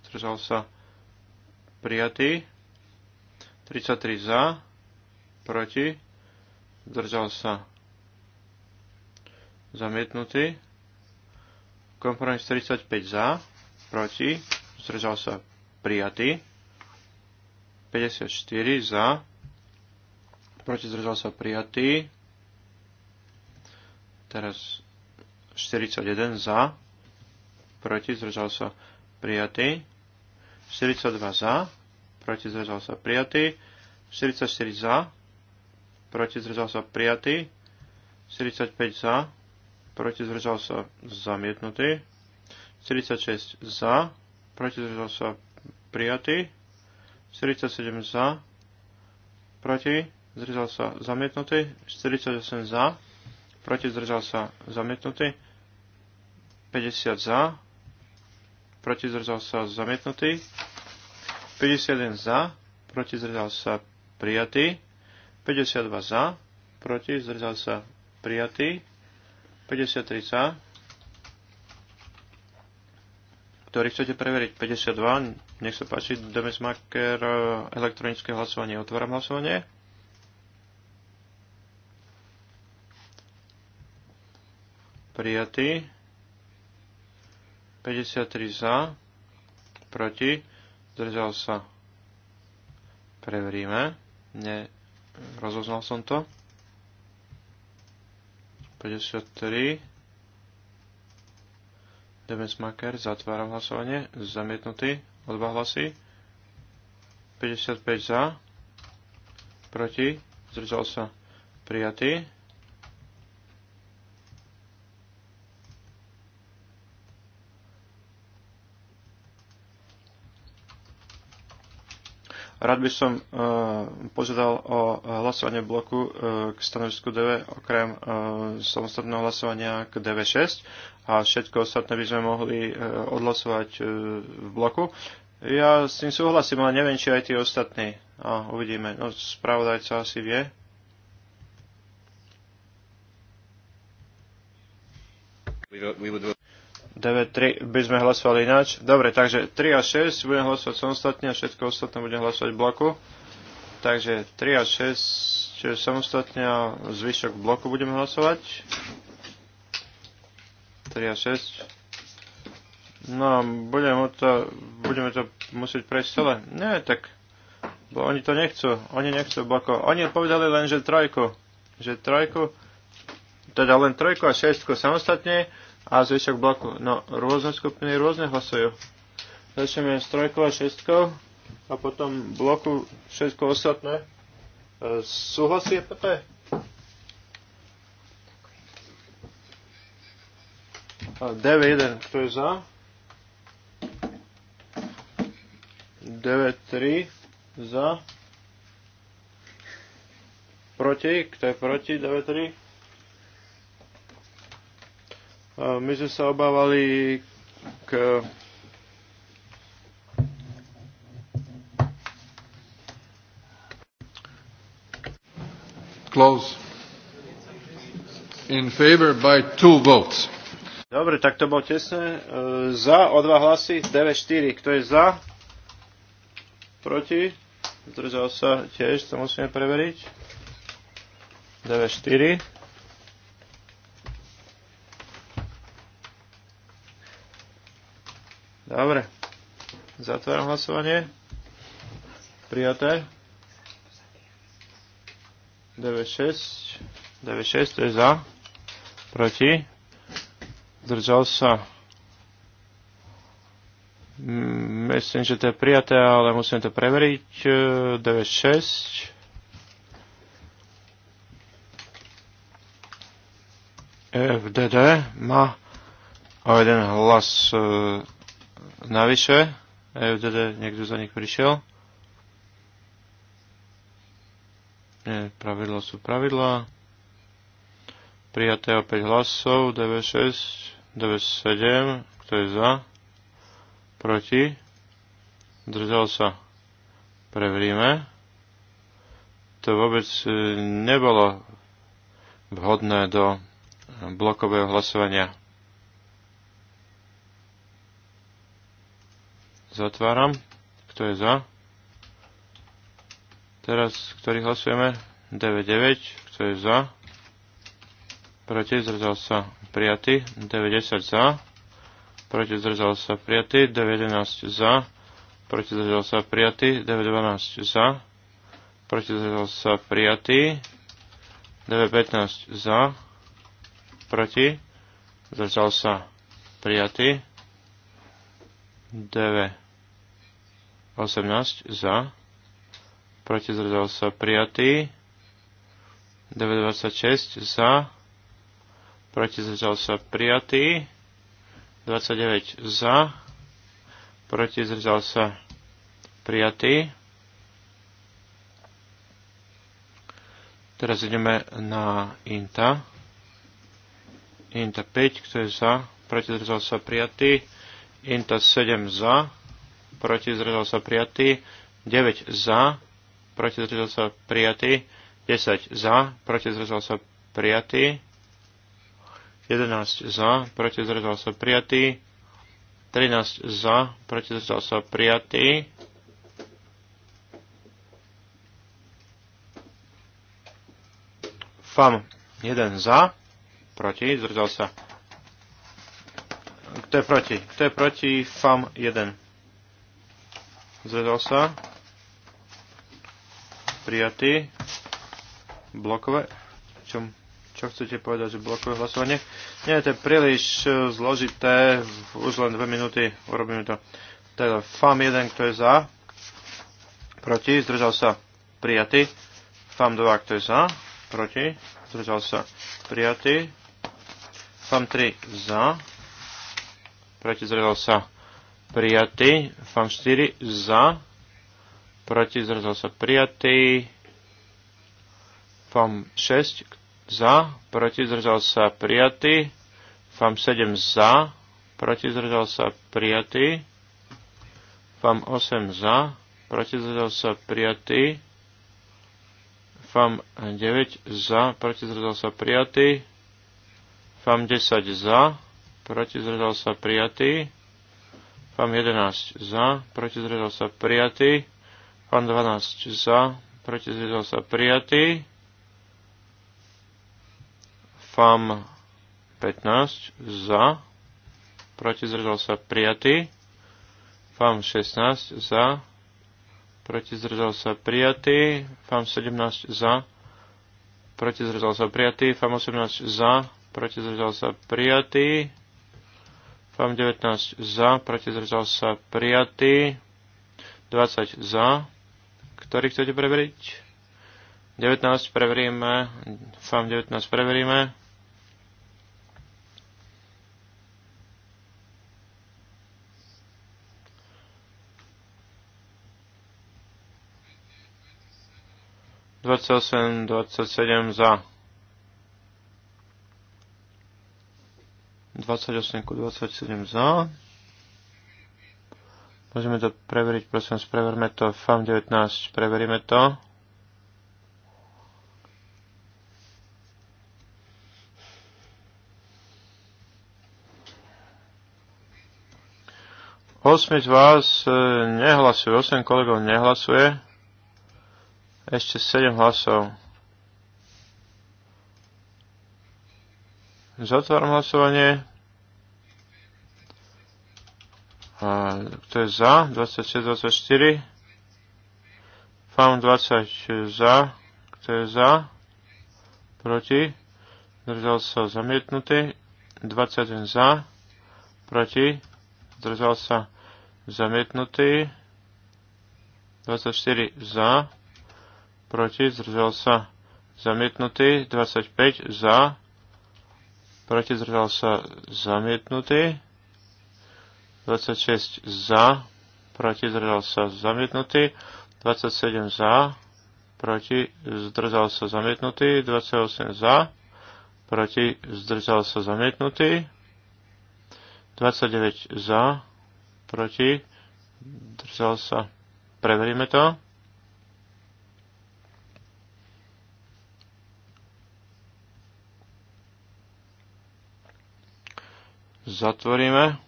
zdržal sa prijatý. 33 za, proti, zdržal sa zamietnutý, kompromis 35 za, proti, zdržal sa prijatý, 54 za, proti zdržal sa prijatý, teraz 41 za, proti zdržal sa prijatý, 42 za, proti zdržal sa prijatý, 44 za, proti zdržal sa prijatý, 45 za, proti zdržal sa zamietnutý, 46 za, proti zdržal sa prijatý, 47 za, proti zdržal sa zamietnutý, 48 za, proti zdržal sa zamietnutý, 50 za, proti zdržal sa zamietnutý, 51 za, proti zdržal sa prijatý, 52 za, proti, zdržal sa prijatý. 53 za, ktorý chcete preveriť 52, nech sa páči, Demesmaker, elektronické hlasovanie, otváram hlasovanie. Prijatý. 53 za, proti, zdržal sa. Preveríme. Ne, rozoznal som to. 53. Demesmaker, zatváram hlasovanie. Zamietnutý. O dva hlasy. 55 za. Proti. Zdržal sa. Prijatý. Rád by som e, požiadal o hlasovanie bloku e, k stanovisku DV okrem e, samostatného hlasovania k DV6 a všetko ostatné by sme mohli odhlasovať v bloku. Ja s tým súhlasím, ale neviem, či aj tí ostatní. A uvidíme. No, spravodajca asi vie. We would, we would... 9, 3 by sme hlasovali ináč. Dobre, takže 3 a 6 budem hlasovať samostatne a všetko ostatné budem hlasovať v bloku. Takže 3 a 6 čiže samostatne a zvyšok v bloku budeme hlasovať. 3 a 6. No, budeme to, budeme to musieť prejsť celé. Nie, tak bo oni to nechcú. Oni nechcú bloko. Oni povedali len, že trojku. Že trojku, teda len trojku a šestku samostatne a zvyšok bloku. No, rôzne skupiny rôzne hlasujú. Začneme s trojkou a šestkou a potom bloku všetko ostatné. E, súhlasí EPP? DV1, kto je za? DV3 za. Proti, kto je proti DV3? My sme sa obávali k Close. In favor by two votes. Dobre, tak to bolo tesné. E, za o dva hlasy, 9-4. Kto je za? Proti? Zdržal sa tiež, to musíme preveriť. 9-4. Dobre. Zatváram hlasovanie. Prijaté. 96. 96 to je za. Proti. Zdržal sa. Mm, myslím, že to je prijaté, ale musím to preveriť. 96. E, e, FDD má o jeden hlas e, navyše. EUDD niekto za nich prišiel. Nie, pravidla sú pravidla. Prijaté o 5 hlasov, DV6, DV7, kto je za, proti, držal sa, Prevríme. To vôbec e, nebolo vhodné do blokového hlasovania. Zatváram. Kto je za? Teraz, ktorý hlasujeme? 99. Kto je za? Proti zrzal sa prijatý. 90 za. Proti zdržal sa prijatý. 911 za. Proti zrzal sa prijatý. 912 za. Proti zrzal sa prijatý. 915 za. Proti. zrzal sa prijatý. 9. 18 za, proti zrdal sa prijatý, 926 za, proti zrdal sa prijatý, 29 za, proti zrdal sa prijatý. Teraz ideme na INTA. INTA 5, kto je za, proti zrdal sa prijatý, INTA 7 za, proti zdržal sa prijatý, 9 za, proti zdržal sa prijatý, 10 za, proti zdržal sa prijatý, 11 za, proti zdržal sa prijatý, 13 za, proti zdržal sa prijatý, 1 za, proti, zdržal sa. Kto je proti? Kto je proti? FAM 1. Zdržal sa. Prijatý. Blokové. Čom, čo chcete povedať, že blokové hlasovanie? Nie, to je príliš e, zložité. Už len dve minúty urobíme to. Teda FAM 1, kto je za. Proti. Zdržal sa. Prijatý. FAM 2, kto je za. Proti. Zdržal sa. Prijatý. FAM 3 za. Proti. Zdržal sa prijatý. FAM 4 za, proti zrazil sa prijatý. FAM 6 za, proti zrazil sa prijatý. FAM 7 za, proti zrazil sa prijatý. FAM 8 za, proti zrazil sa prijatý. FAM 9 za, proti zdržal sa prijatý. FAM 10 za, proti zdržal sa prijatý. Pán 11 za, proti zdržal sa prijatý. Pán 12 za, proti zdržal sa prijatý. Pán 15 za, proti zdržal sa prijatý. Pán 16 za, proti zdržal sa prijatý. Pán 17 za, proti zdržal sa prijatý. Pán 18 za, proti zdržal sa prijatý. FAM 19 za, proti zdržal sa prijatý. 20 za. Ktorý chcete preveriť? 19 preveríme. FAM 19 preveríme. Dvadsať osem, dvadsať sedem za. 28 ku 27 za. Môžeme to preveriť, prosím, preverme to. FAM 19, preveríme to. Osmiť vás e, nehlasuje, 8 kolegov nehlasuje. Ešte 7 hlasov. Zatváram hlasovanie kto je za? 26, 24. FAM 20 za. Kto je za? Proti. Zdržal sa zamietnutý. 21 za. Proti. Zdržal sa zamietnutý. 24 za. Proti. Zdržal sa zamietnutý. 25 za. Proti. Zdržal sa zamietnutý. 26 za, proti zdržal sa zamietnutý, 27 za, proti zdržal sa zamietnutý, 28 za, proti zdržal sa zamietnutý, 29 za, proti zdržal sa. Preveríme to. Zatvoríme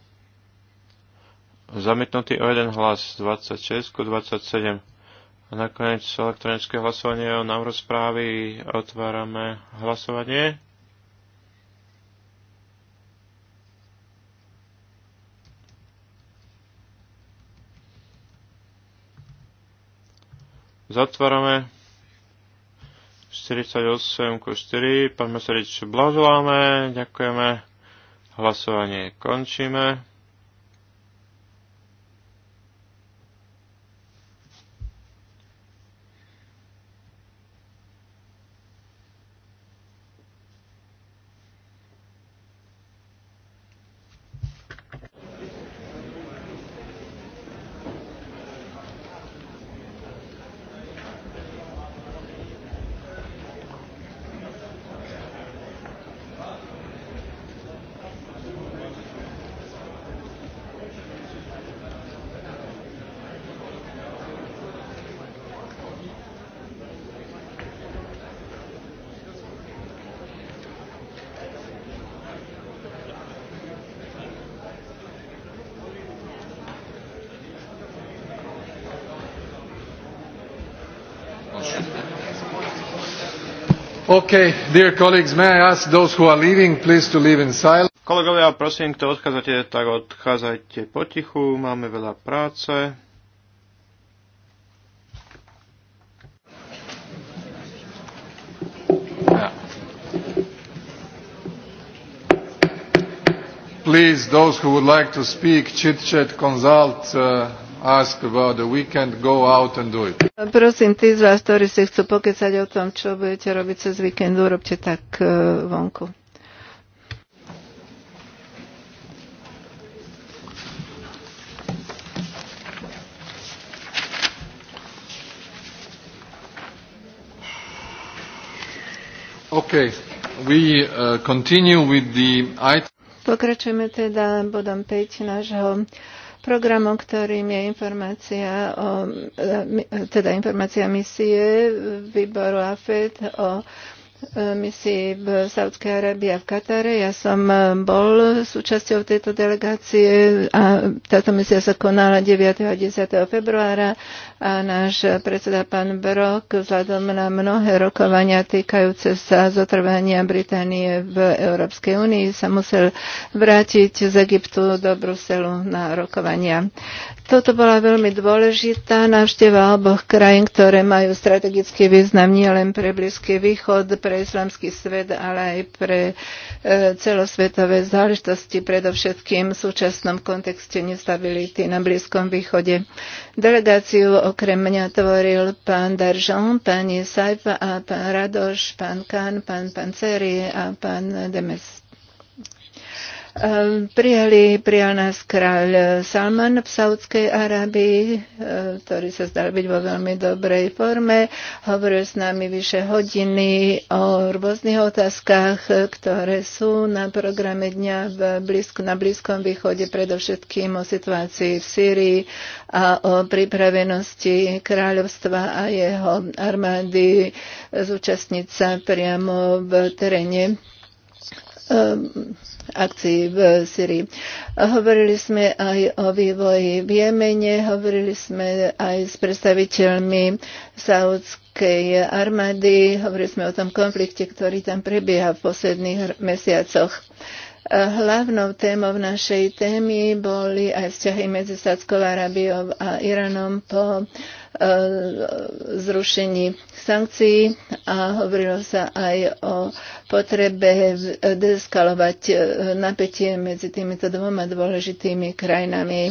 zamietnutý o jeden hlas 26 ku 27. A nakoniec elektronické hlasovanie o nám správy. Otvárame hlasovanie. Zatvárame 48 ku 4. Pán Mesarič, blahoželáme, ďakujeme. Hlasovanie končíme. Okay, dear colleagues, may I ask those who are leaving, please to leave in silence. Kolegovia, prosím, kto odchádzate, tak odchádzajte potichu, máme veľa práce. Please, those who would like to speak, chit-chat, consult, uh, ask about the weekend, go out and do it. Prosím, tí z vás, ktorí si chcú pokecať o tom, čo budete robiť cez víkend, urobte tak e, vonku. OK. We, uh, continue with the... item. Pokračujeme teda bodom 5 nášho uh, programom, ktorým je informácia o, e, e, teda informácia misie výboru AFED o misii v Saudskej Arábii a v Katare. Ja som eh, bol súčasťou tejto delegácie a táto misia sa konala 9. a 10. februára a náš predseda pán Brok vzhľadom na mnohé rokovania týkajúce sa zotrvania Británie v Európskej únii sa musel vrátiť z Egyptu do Bruselu na rokovania. Toto bola veľmi dôležitá návšteva oboch krajín, ktoré majú strategický význam nielen pre Blízky východ, pre pre islamský svet, ale aj pre e, celosvetové záležitosti, predovšetkým v súčasnom kontexte nestability na Blízkom východe. Delegáciu okrem mňa tvoril pán Daržan, pani Saifa a pán Radoš, pán Kán, pán Panceri a pán Demes. Ehm, prijali, prijal nás kráľ Salman v Saudskej Arábii, ehm, ktorý sa zdal byť vo veľmi dobrej forme. Hovoril s nami vyše hodiny o rôznych otázkach, ktoré sú na programe dňa v blízko, na Blízkom východe, predovšetkým o situácii v Sýrii a o pripravenosti kráľovstva a jeho armády zúčastniť sa priamo v teréne ehm, akcií v eh, Syrii. Hovorili sme aj o vývoji v Jemene, hovorili sme aj s predstaviteľmi saudskej armády, hovorili sme o tom konflikte, ktorý tam prebieha v posledných mesiacoch. Hlavnou témou našej témy boli aj vzťahy medzi Sádskou Arábiou a Iránom po e, zrušení sankcií a hovorilo sa aj o potrebe deeskalovať e, napätie medzi týmito dvoma dôležitými krajinami.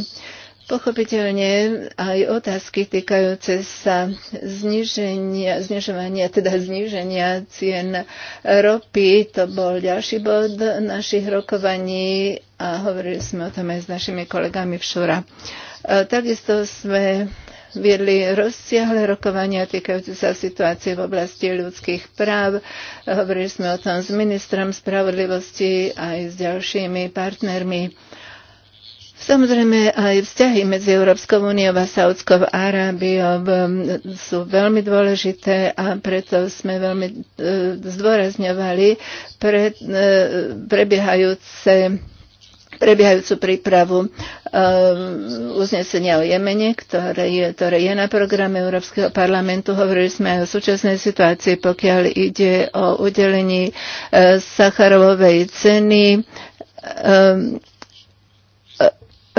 Pochopiteľne aj otázky týkajúce sa zniženia, znižovania, teda zniženia cien ropy, to bol ďalší bod našich rokovaní a hovorili sme o tom aj s našimi kolegami v Šura. E, takisto sme viedli rozsiahle rokovania týkajúce sa situácie v oblasti ľudských práv. Hovorili sme o tom s ministrom spravodlivosti aj s ďalšími partnermi. Samozrejme, aj vzťahy medzi Európskou úniou a Saudskou Arábiou um, sú veľmi dôležité a preto sme veľmi uh, zdôrazňovali pre, uh, prebiehajúce prebiehajúcu prípravu um, uznesenia o Jemene, ktoré je, ktoré je na programe Európskeho parlamentu. Hovorili sme aj o súčasnej situácii, pokiaľ ide o udelení uh, Sacharovej ceny. Um,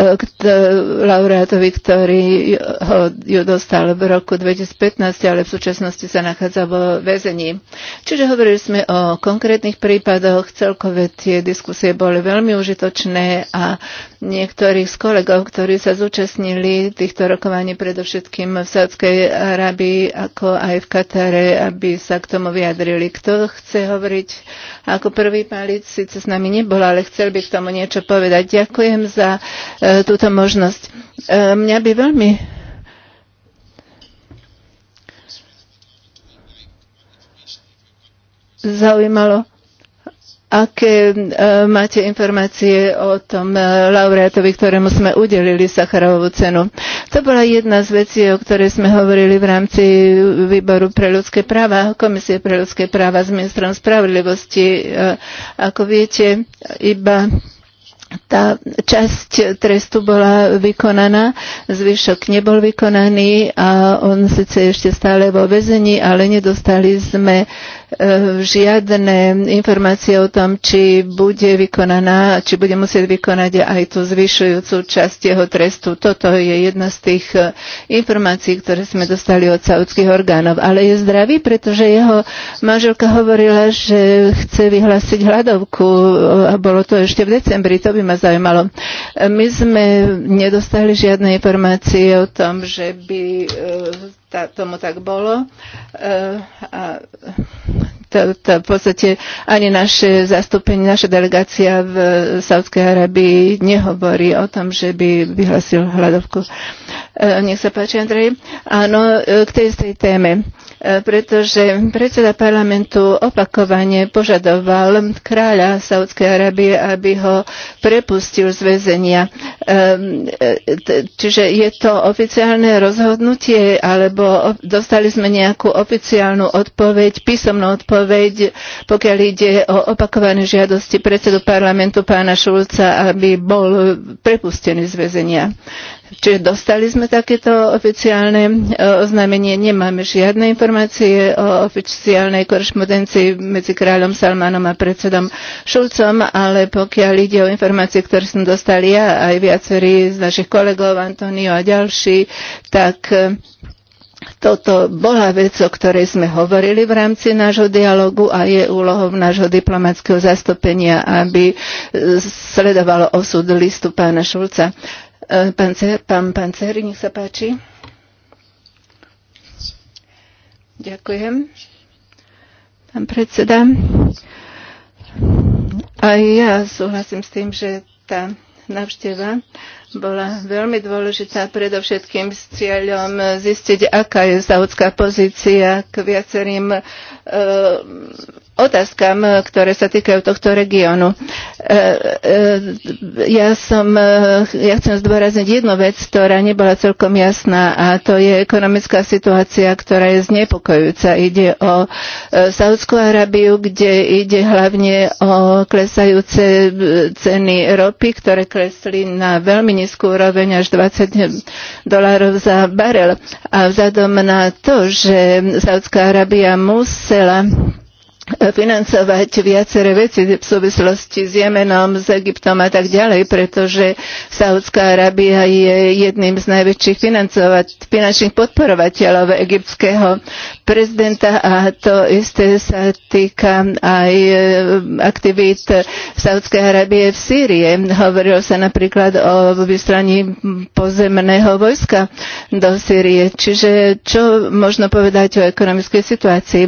E, e, laureátovi, ktorý ho, ju dostal v roku 2015, ale v súčasnosti sa nachádza vo väzení. Čiže hovorili sme o konkrétnych prípadoch, celkové tie diskusie boli veľmi užitočné a niektorých z kolegov, ktorí sa zúčastnili týchto rokovaní predovšetkým v Sádskej Arábii, ako aj v Katare, aby sa k tomu vyjadrili. Kto chce hovoriť ako prvý palic, síce s nami nebol, ale chcel by k tomu niečo povedať. Ďakujem za e, túto možnosť. E, mňa by veľmi zaujímalo, Aké e, e, máte informácie o tom e, laureátovi, ktorému sme udelili Sacharovú cenu? To bola jedna z vecí, o ktorej sme hovorili v rámci Výboru pre ľudské práva, Komisie pre ľudské práva s ministrom spravodlivosti. Ako viete, iba tá časť trestu bola vykonaná, zvyšok nebol vykonaný a on sice ešte stále vo vezení, ale nedostali sme Eh, žiadne informácie o tom, či bude vykonaná, či bude musieť vykonať aj tú zvyšujúcu časť jeho trestu. Toto je jedna z tých eh, informácií, ktoré sme dostali od saudských orgánov. Ale je zdravý, pretože jeho manželka hovorila, že chce vyhlásiť hľadovku eh, a bolo to ešte v decembri, to by ma zaujímalo. My sme nedostali žiadne informácie o tom, že by tá, tomu tak bolo. E, a to, to v podstate ani naše zastúpenie, naša delegácia v Saudskej Arabii nehovorí o tom, že by vyhlasil hľadovku. E, nech sa páči, Andrej. Áno, e, k tej istej téme e, pretože predseda parlamentu opakovane požadoval kráľa Saudskej Arábie, aby ho prepustil z väzenia. Čiže je to oficiálne rozhodnutie, alebo dostali sme nejakú oficiálnu odpoveď, písomnú odpoveď, pokiaľ ide o opakované žiadosti predsedu parlamentu pána Šulca, aby bol prepustený z väzenia. Čiže dostali sme takéto oficiálne e, oznámenie. Nemáme žiadne informácie o oficiálnej korešpondencii medzi kráľom Salmanom a predsedom Šulcom, ale pokiaľ ide o informácie, ktoré som dostali ja aj viacerí z našich kolegov, Antonio a ďalší, tak e, toto bola vec, o ktorej sme hovorili v rámci nášho dialogu a je úlohou nášho diplomatského zastúpenia, aby e, sledovalo osud listu pána Šulca. Eh, pán, Panceri, nech sa páči. Ďakujem. Pán predseda, aj ja súhlasím s tým, že tá návšteva bola veľmi dôležitá predovšetkým s cieľom zistiť, aká je saudská pozícia k viacerým e, otázkam, ktoré sa týkajú tohto regiónu. E, e, ja, som, e, ja chcem zdôrazniť jednu vec, ktorá nebola celkom jasná a to je ekonomická situácia, ktorá je znepokojúca. Ide o Saudskú Arabiu, kde ide hlavne o klesajúce ceny ropy, ktoré klesli na veľmi nízku úroveň až 20 dolárov za barel. A vzhľadom na to, že Saudská Arábia musela financovať viaceré veci v súvislosti s Jemenom, s Egyptom a tak ďalej, pretože Saudská Arábia je jedným z najväčších finančných podporovateľov egyptského prezidenta a to isté sa týka aj e, aktivít Saudskej Arábie v Sýrie. Hovorilo sa napríklad o vyslaní pozemného vojska do Sýrie. Čiže čo možno povedať o ekonomickej situácii?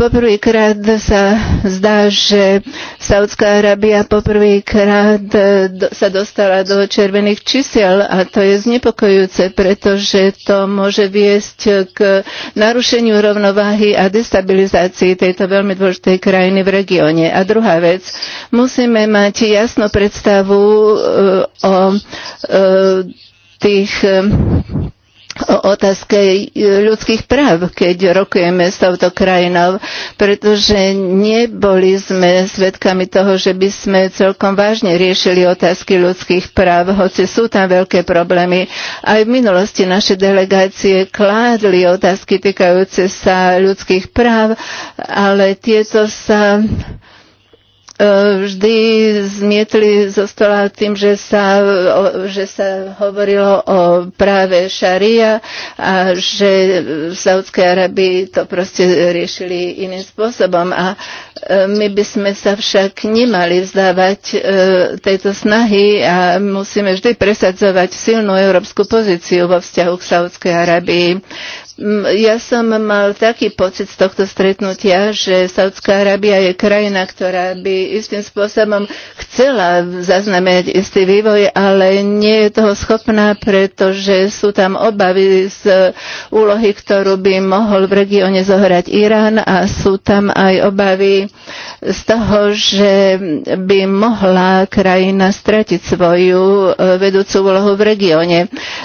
Poprvýkrát sa zdá, že Saudská Arábia poprvýkrát e, sa dostala do červených čísel a to je znepokojúce, pretože to môže viesť k narušeniu rovnováhy a destabilizácii tejto veľmi dôležitej krajiny v regióne. A druhá vec, musíme mať jasnú predstavu e, o e, tých o otázke e, ľudských práv, keď rokujeme s touto krajinou, pretože neboli sme svedkami toho, že by sme celkom vážne riešili otázky ľudských práv, hoci sú tam veľké problémy. Aj v minulosti naše delegácie kládli otázky týkajúce sa ľudských práv, ale tieto sa E, vždy zmietli zo stola tým, že sa, že sa hovorilo o práve šaria a že v Saudskej Arabii to proste riešili iným spôsobom. A e, my by sme sa však nemali vzdávať e, tejto snahy a musíme vždy presadzovať silnú európsku pozíciu vo vzťahu k Saudskej Arabii ja som mal taký pocit z tohto stretnutia, že Saudská Arábia je krajina, ktorá by istým spôsobom chcela zaznamenať istý vývoj, ale nie je toho schopná, pretože sú tam obavy z úlohy, ktorú by mohol v regióne zohrať Irán a sú tam aj obavy z toho, že by mohla krajina stratiť svoju eh, vedúcu úlohu v regióne.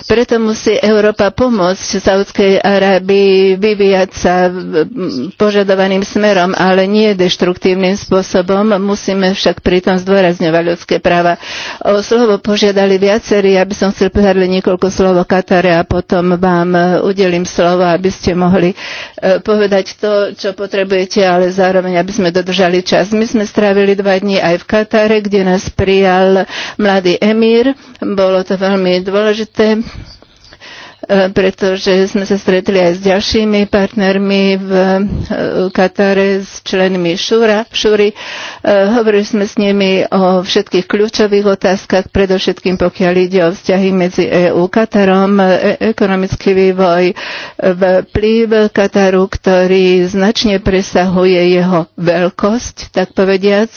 Preto musí Európa pomôcť Saudskej Arábii ktorá by vyvíjať sa požadovaným smerom, ale nie deštruktívnym spôsobom. Musíme však pritom zdôrazňovať ľudské práva. O slovo požiadali viacerí, aby som chcel povedať niekoľko slovo Katare a potom vám e, udelím slovo, aby ste mohli e, povedať to, čo potrebujete, ale zároveň, aby sme dodržali čas. My sme strávili dva dní aj v Katare, kde nás prijal mladý emír. Bolo to veľmi dôležité E, pretože sme sa stretli aj s ďalšími partnermi v e, Katare, s členmi Šúra, Šúry. E, hovorili sme s nimi o všetkých kľúčových otázkach, predovšetkým pokiaľ ide o vzťahy medzi EU Katarom, ekonomický vývoj, vplyv Kataru, ktorý značne presahuje jeho veľkosť, tak povediac,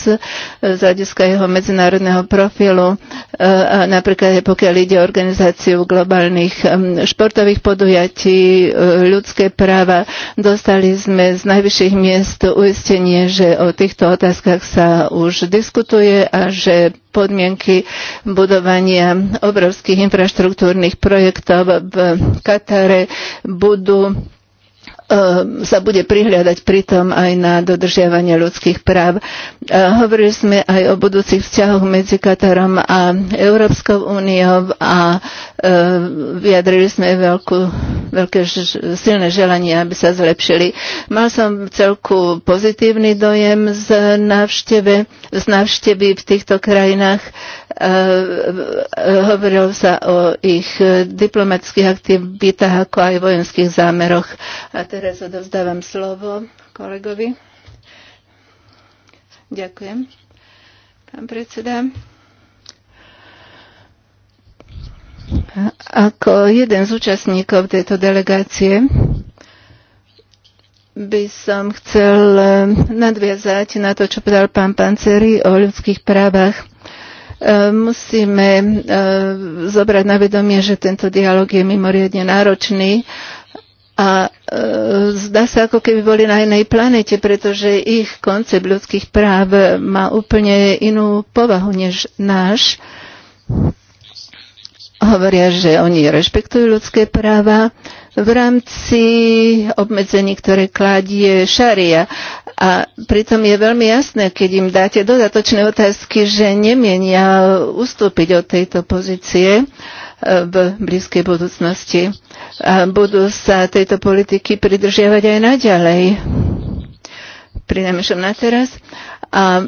z hľadiska jeho medzinárodného profilu a napríklad pokiaľ ide o organizáciu globálnych športových podujatí, e, ľudské práva. Dostali sme z najvyšších miest uistenie, že o týchto otázkach sa už diskutuje a že podmienky budovania obrovských infraštruktúrnych projektov v Katare budú Ehm, sa bude prihľadať pritom aj na dodržiavanie ľudských práv. Ehm, hovorili sme aj o budúcich vzťahoch medzi Katarom a Európskou úniou a ehm, vyjadrili sme veľkú, veľké silné želanie, aby sa zlepšili. Mal som celku pozitívny dojem z z návštevy v týchto krajinách Eh, eh, hovorilo sa o ich diplomatických aktivitách, ako aj vojenských zámeroch. A teraz odovzdávam slovo kolegovi. Ďakujem. Pán predseda. Ako jeden z účastníkov tejto delegácie by som chcel nadviazať na to, čo povedal pán Panceri o ľudských právach E, musíme e, zobrať na vedomie, že tento dialog je mimoriadne náročný a e, zdá sa, ako keby boli na inej planete, pretože ich koncept ľudských práv má úplne inú povahu než náš. Hovoria, že oni rešpektujú ľudské práva, v rámci obmedzení, ktoré kladie šaria. A pritom je veľmi jasné, keď im dáte dodatočné otázky, že nemienia ustúpiť od tejto pozície e, v blízkej budúcnosti. A budú sa tejto politiky pridržiavať aj naďalej. Prinajmenšom na teraz. A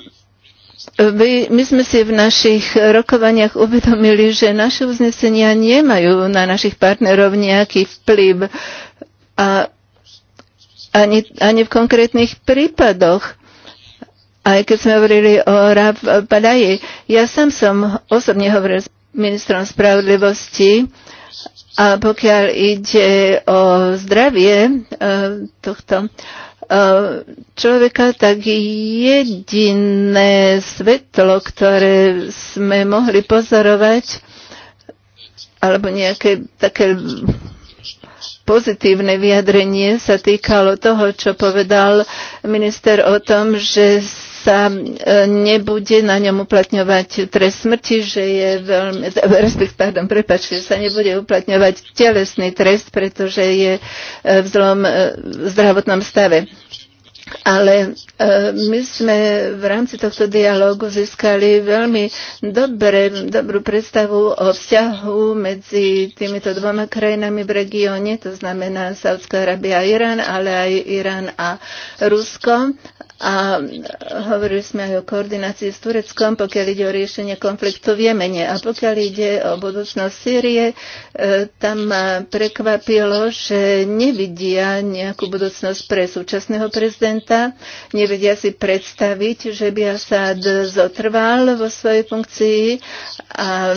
my sme si v našich rokovaniach uvedomili, že naše uznesenia nemajú na našich partnerov nejaký vplyv a ani, ani v konkrétnych prípadoch aj keď sme hovorili o Rav Badaji, ja sám som osobne hovoril s ministrom spravodlivosti a pokiaľ ide o zdravie eh, tohto E, človeka, tak jediné svetlo, ktoré sme mohli pozorovať, alebo nejaké také pozitívne vyjadrenie sa týkalo toho, čo povedal minister o tom, že sa e, nebude na ňom uplatňovať trest smrti, že je veľmi, respekt, pardon, prepačte, že sa nebude uplatňovať telesný trest, pretože je e, v zlom e, zdravotnom stave. Ale my sme v rámci tohto dialógu získali veľmi dobré, dobrú predstavu o vzťahu medzi týmito dvoma krajinami v regióne, to znamená Saudská Arábia a Irán, ale aj Irán a Rusko a hovorili sme aj o koordinácii s Tureckom, pokiaľ ide o riešenie konfliktu v Jemene. A pokiaľ ide o budúcnosť Sýrie, e, tam ma prekvapilo, že nevidia nejakú budúcnosť pre súčasného prezidenta, nevedia si predstaviť, že by Asad zotrval vo svojej funkcii a e,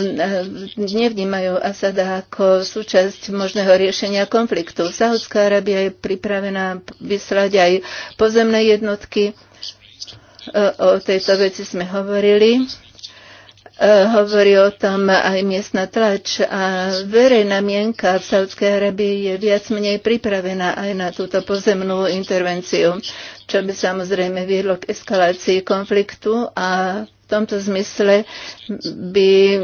nevnímajú Asada ako súčasť možného riešenia konfliktu. Saudská Arábia je pripravená vyslať aj pozemné jednotky E, o tejto veci sme hovorili. E, hovorí o tom aj miestna tlač a verejná mienka v Saudskej Arabii je viac menej pripravená aj na túto pozemnú intervenciu, čo by samozrejme viedlo k eskalácii konfliktu a v tomto zmysle by e,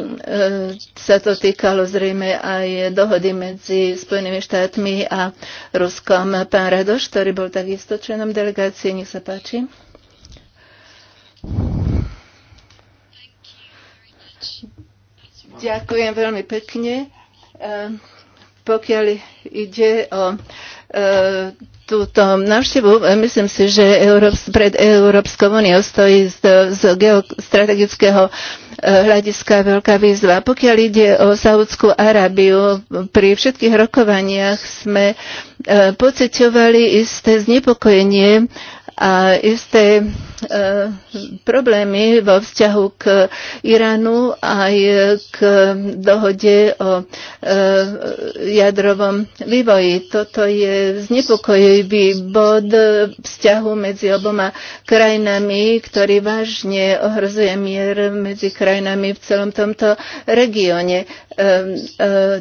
sa to týkalo zrejme aj dohody medzi Spojenými štátmi a Ruskom. Pán Radoš, ktorý bol takisto členom delegácie, nech sa páči. Ďakujem veľmi pekne. Ehm, pokiaľ ide o e, túto návštevu. E, myslím si, že Európs, pred Európskou úniou stojí z, z geostrategického e, hľadiska veľká výzva. Pokiaľ ide o Saudskú Arábiu, pri všetkých rokovaniach sme pocitovali isté znepokojenie a isté E, problémy vo vzťahu k Iránu aj k dohode o e, jadrovom vývoji. Toto je znepokojivý bod vzťahu medzi oboma krajinami, ktorý vážne ohrozuje mier medzi krajinami v celom tomto regióne. E,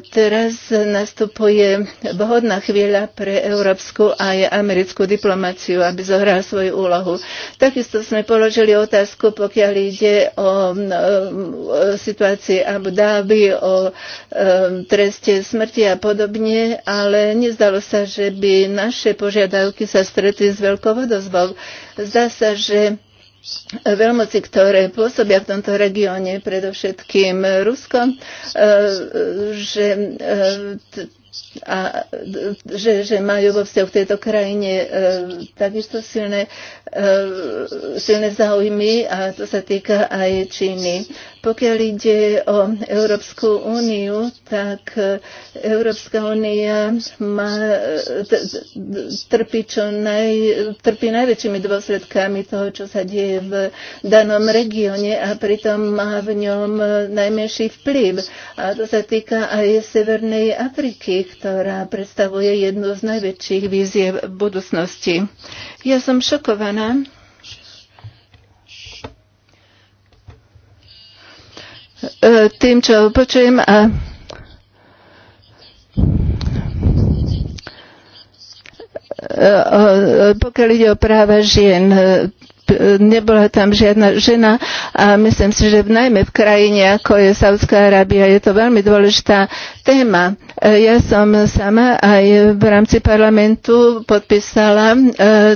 teraz nastupuje vhodná chvíľa pre európsku aj americkú diplomáciu, aby zohrala svoju úlohu. Takisto Takisto sme položili otázku, pokiaľ ide o, o situácii Abu Dhabi, o e, treste smrti a podobne, ale nezdalo sa, že by naše požiadavky sa stretli s veľkou odozvou. Zdá sa, že veľmoci, ktoré pôsobia v tomto regióne, predovšetkým Rusko, e, e, že a že, že majú vo vzťahu v tejto krajine e, takisto silné, e, silné záujmy a to sa týka aj Číny. Pokiaľ ide o Európsku úniu, tak Európska únia má, trpí, čo naj, trpí najväčšími dôsledkami toho, čo sa deje v danom regióne a pritom má v ňom najmenší vplyv. A to sa týka aj Severnej Afriky, ktorá predstavuje jednu z najväčších vízie v budúcnosti. Ja som šokovaná, E, tým, čo počujem a e, e, pokiaľ ide o práva žien, nebola tam žiadna žena a myslím si, že najmä v krajine, ako je Saudská Arábia, je to veľmi dôležitá téma. E, ja som sama aj v rámci parlamentu podpísala e,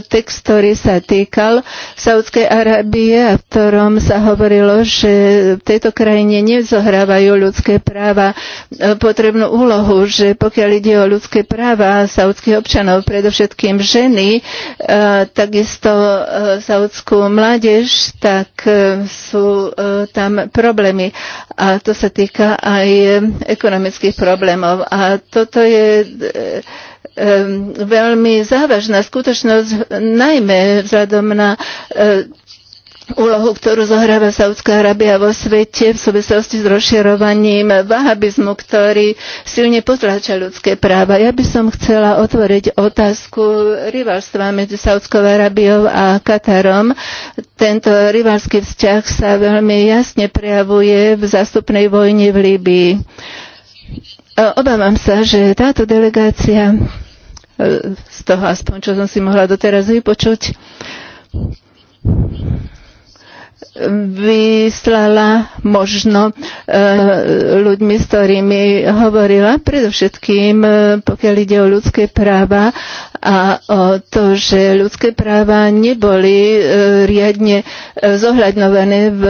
text, ktorý sa týkal Saudskej Arábie a v ktorom sa hovorilo, že v tejto krajine nezohrávajú ľudské práva e, potrebnú úlohu, že pokiaľ ide o ľudské práva saudských občanov, predovšetkým ženy, takisto saudské rómskú mládež, tak e, sú e, tam problémy. A to sa týka aj ekonomických problémov. A toto je e, veľmi závažná skutočnosť, najmä vzhľadom na úlohu, ktorú zohráva Saudská Arábia vo svete v súvislosti s rozširovaním vahabizmu, ktorý silne potláča ľudské práva. Ja by som chcela otvoriť otázku rivalstva medzi Saudskou Arábiou a Katarom. Tento rivalský vzťah sa veľmi jasne prejavuje v zastupnej vojne v Líbii. Obávam sa, že táto delegácia, e, z toho aspoň, čo som si mohla doteraz vypočuť, vyslala možno e, ľuďmi, s ktorými hovorila, predovšetkým e, pokiaľ ide o ľudské práva a o e, to, že ľudské práva neboli e, riadne e, zohľadňované v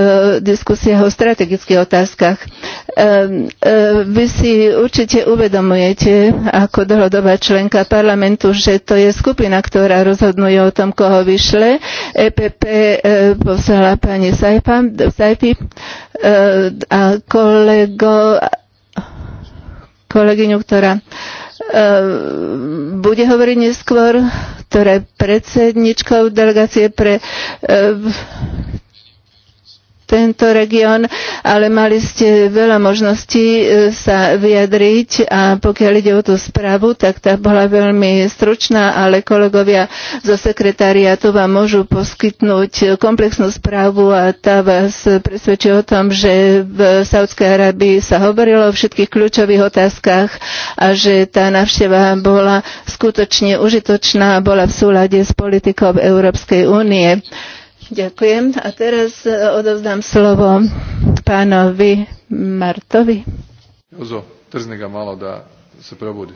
diskusiách o strategických otázkach. Vy si určite uvedomujete ako dohodová členka parlamentu, že to je skupina, ktorá rozhodnuje o tom, koho vyšle. EPP poslala pani Sajpa, Sajpi a kolego, kolegyňu, ktorá Ehm, bude hovoriť neskôr, ktorá je predsedničkou delegácie pre ehm, tento región, ale mali ste veľa možností e, sa vyjadriť a pokiaľ ide o tú správu, tak tá bola veľmi stručná, ale kolegovia zo sekretariatu vám môžu poskytnúť komplexnú správu a tá vás presvedčí o tom, že v Saudskej Arabii sa hovorilo o všetkých kľúčových otázkach a že tá návšteva bola skutočne užitočná a bola v súlade s politikou Európskej únie. Ďakujem. A teraz e, odovzdám slovo pánovi Martovi. Jozo, trzne ga malo da se probudi.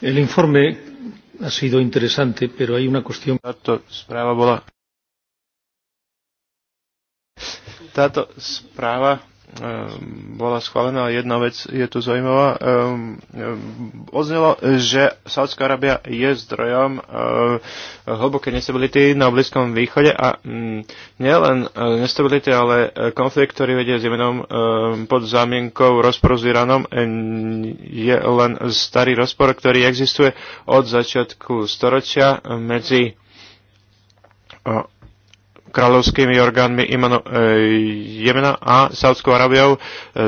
El informe ha sido interesante, pero hay una cuestión. Táto správa bola. Táto správa Ehm, bola schválená. Jedna vec je tu zaujímavá. Ehm, ehm, oznelo, že Sádzka Arábia je zdrojom hlbokej nestability na Blízkom východe a mm, nielen eh, nestability, ale eh, konflikt, ktorý vedie s Jemenom pod zámienkou rozporu s Iránom eh, je len starý rozpor, ktorý existuje od začiatku storočia medzi kráľovskými orgánmi Imano, e, Jemena a Sáudskou Arabiou e,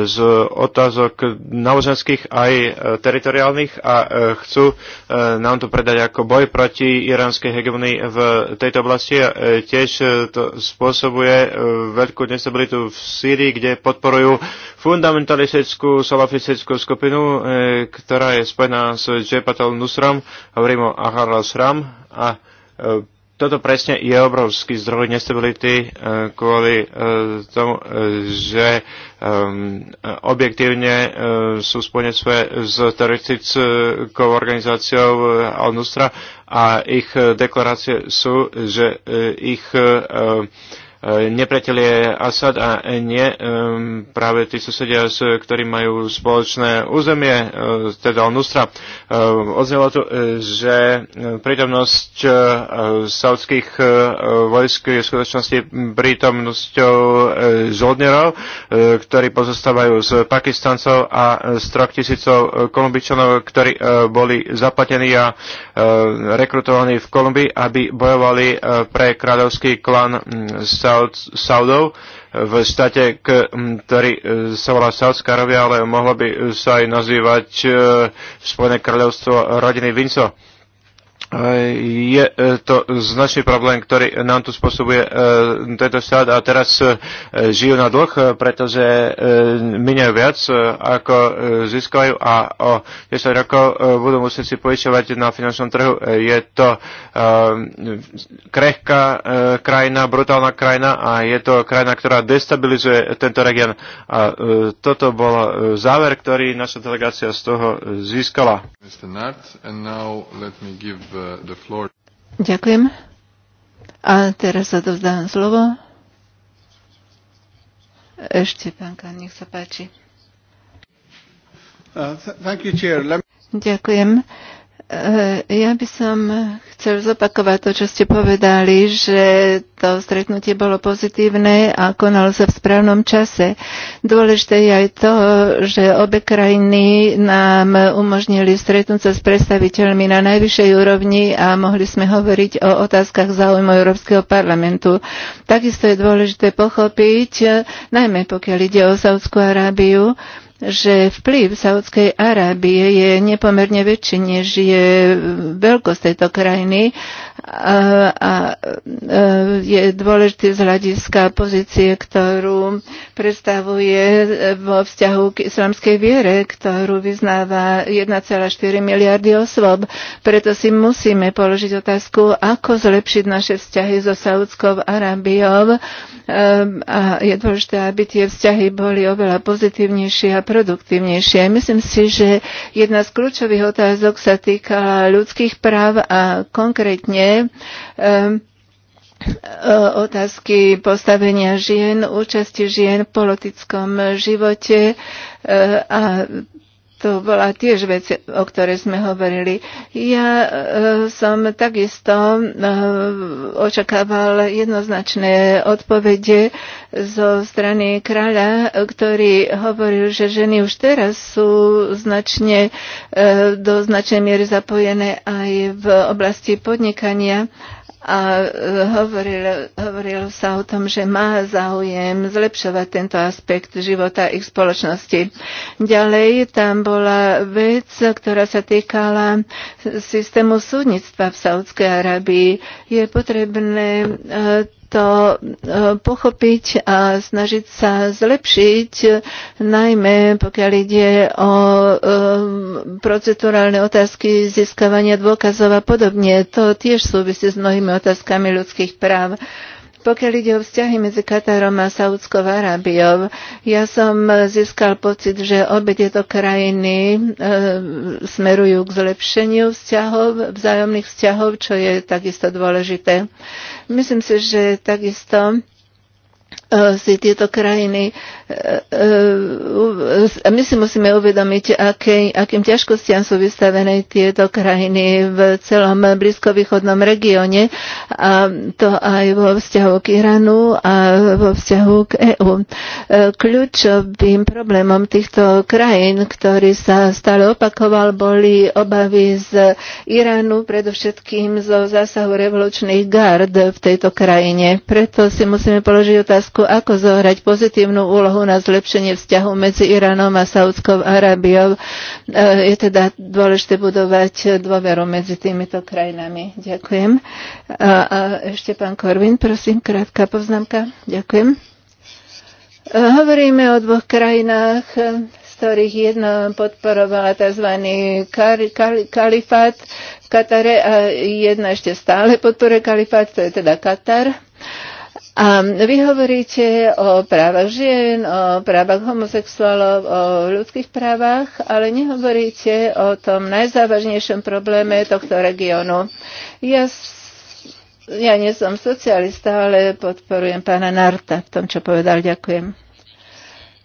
z otázok náboženských aj e, teritoriálnych a e, chcú e, nám to predať ako boj proti iránskej hegemonii v tejto oblasti. E, tiež e, to spôsobuje e, veľkú nestabilitu v Sýrii, kde podporujú fundamentalistickú salafistickú skupinu, e, ktorá je spojená s Jepatel nusram hovorím o Ahar al-Sram a e, toto presne je obrovský zdroj nestability e, kvôli e, tomu, e, že objektívne sú svoje s teoretickou organizáciou Al-Nusra a ich deklarácie sú, že ich E, nepriateľ Asad a nie e, práve tí susedia, s ktorí majú spoločné územie, e, teda Nusra. Odznelo to, že prítomnosť saudských vojsk je v skutočnosti prítomnosťou žoldnerov, ktorí pozostávajú z Pakistancov a z troch tisícov Kolumbičanov, ktorí boli zaplatení a rekrutovaní v Kolumbii, aby bojovali pre kráľovský klan sa Saudov v štáte, ktorý e, sa volá Saudská Arábia, ale mohlo by sa aj nazývať e, Spojené kráľovstvo rodiny Vinco je e, to značný problém, ktorý nám tu spôsobuje e, tento štát a teraz e, žijú na dlh, pretože minajú viac, ako získajú a o 10 rokov budú musieť si povičovať na finančnom trhu. Je to krehká krajina, brutálna krajina a je to krajina, ktorá destabilizuje tento region A toto bol záver, ktorý naša delegácia z toho získala. Mr. Nart, and now let me give the, the floor. Ďakujem. A teraz sa to vzdávam slovo. Ešte, pánka, nech sa páči. Uh, th- thank you, chair. me... Ďakujem. Eh, ja by som chcel zopakovať to, čo ste povedali, že to stretnutie bolo pozitívne a konalo sa v správnom čase. Dôležité je aj to, že obe krajiny nám umožnili stretnúť sa s predstaviteľmi na najvyššej úrovni a mohli sme hovoriť o otázkach záujmu Európskeho parlamentu. Takisto je dôležité pochopiť, najmä pokiaľ ide o Saudskú Arábiu, že vplyv Saudskej Arábie je nepomerne väčší, než je veľkosť tejto krajiny a, a e, je dôležitý z hľadiska pozície, ktorú predstavuje vo vzťahu k islamskej viere, ktorú vyznáva 1,4 miliardy osôb. Preto si musíme položiť otázku, ako zlepšiť naše vzťahy so Saudskou Arábiou e, a je dôležité, aby tie vzťahy boli oveľa pozitívnejšie a produktívnejšie. Myslím si, že jedna z kľúčových otázok sa týkala ľudských práv a konkrétne Um, otázky postavenia žien, účasti žien v politickom živote uh, a to bola tiež vec, o ktorej sme hovorili. Ja e, som takisto e, očakával jednoznačné odpovede zo strany kráľa, ktorý hovoril, že ženy už teraz sú značne, e, do značnej miery zapojené aj v oblasti podnikania a e, hovoril, hovoril sa o tom, že má záujem zlepšovať tento aspekt života ich spoločnosti. Ďalej tam bola vec, ktorá sa týkala systému súdnictva v Saudskej Arabii. Je potrebné e, to e, pochopiť a snažiť sa zlepšiť, najmä pokiaľ ide o e, procedurálne otázky získavania dôkazov a podobne. To tiež súvisí s mnohými otázkami ľudských práv. Pokiaľ ide o vzťahy medzi Katarom a Saudskou Arábiou, ja som e, získal pocit, že obe tieto krajiny e, smerujú k zlepšeniu vzťahov, vzájomných vzťahov, čo je takisto dôležité. Myslím si, že takisto si tieto krajiny. E, e, e, my si musíme uvedomiť, aké, akým ťažkostiam sú vystavené tieto krajiny v celom blízkovýchodnom regióne a to aj vo vzťahu k Iránu a vo vzťahu k EÚ. Kľúčovým problémom týchto krajín, ktorý sa stále opakoval, boli obavy z Iránu, predovšetkým zo zásahu revolučných gard v tejto krajine. Preto si musíme položiť otázku, otázku, ako zohrať pozitívnu úlohu na zlepšenie vzťahu medzi Iránom a Saudskou Arábiou. E, je teda dôležité budovať dôveru medzi týmito krajinami. Ďakujem. A, a ešte pán Korvin, prosím, krátka poznámka. Ďakujem. E, hovoríme o dvoch krajinách, e, z ktorých jedna podporovala tzv. kalifát v Katare a jedna ešte stále podporuje kalifát, to je teda Katar. Uh, a vy hovoríte o právach žien, o právach homosexuálov, o ľudských právach, ale nehovoríte o tom najzávažnejšom probléme tohto regiónu. Ja, ja nie som socialista, ale podporujem pána Narta v tom, čo povedal. Ďakujem.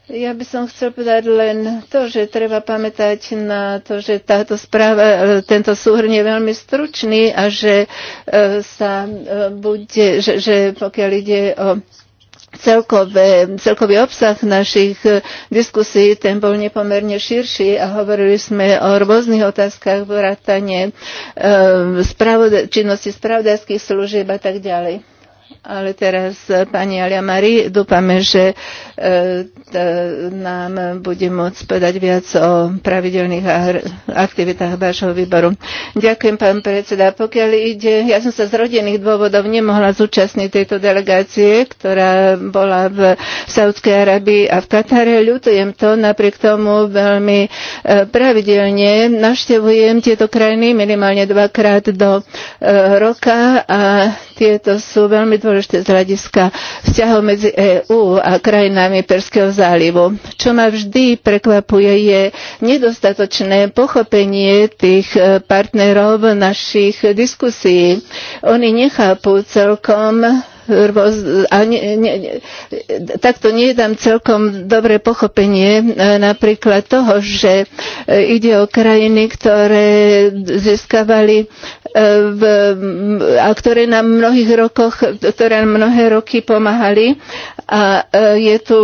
Ja by som chcel povedať len to, že treba pamätať na to, že táto správa, e, tento súhrn je veľmi stručný a že e, sa e, bude, že, že pokiaľ ide o celkové, celkový obsah našich diskusí, ten bol nepomerne širší a hovorili sme o rôznych otázkach vrátane činnosti spravodajských služieb a tak ďalej. Ale teraz, pani Alia Mari, dúfame, že e, nám bude môcť povedať viac o pravidelných aktivitách vášho výboru. Ďakujem, pán predseda. Pokiaľ ide, ja som sa z rodinných dôvodov nemohla zúčastniť tejto delegácie, ktorá bola v Saudskej Arabii a v Katare. Ľutujem to, napriek tomu veľmi e, pravidelne navštevujem tieto krajiny minimálne dvakrát do e, roka a tieto sú veľmi dôležité z hľadiska vzťahov medzi EÚ a krajinami Perského zálivu. Čo ma vždy prekvapuje je nedostatočné pochopenie tých e, partnerov našich diskusí. Oni nechápu celkom rôz, a ne, ne, takto nedám celkom dobré pochopenie e, napríklad toho, že e, ide o krajiny, ktoré získavali e, v, a ktoré nám mnohých rokoch, ktoré nám mnohé roky pomáhali a je tu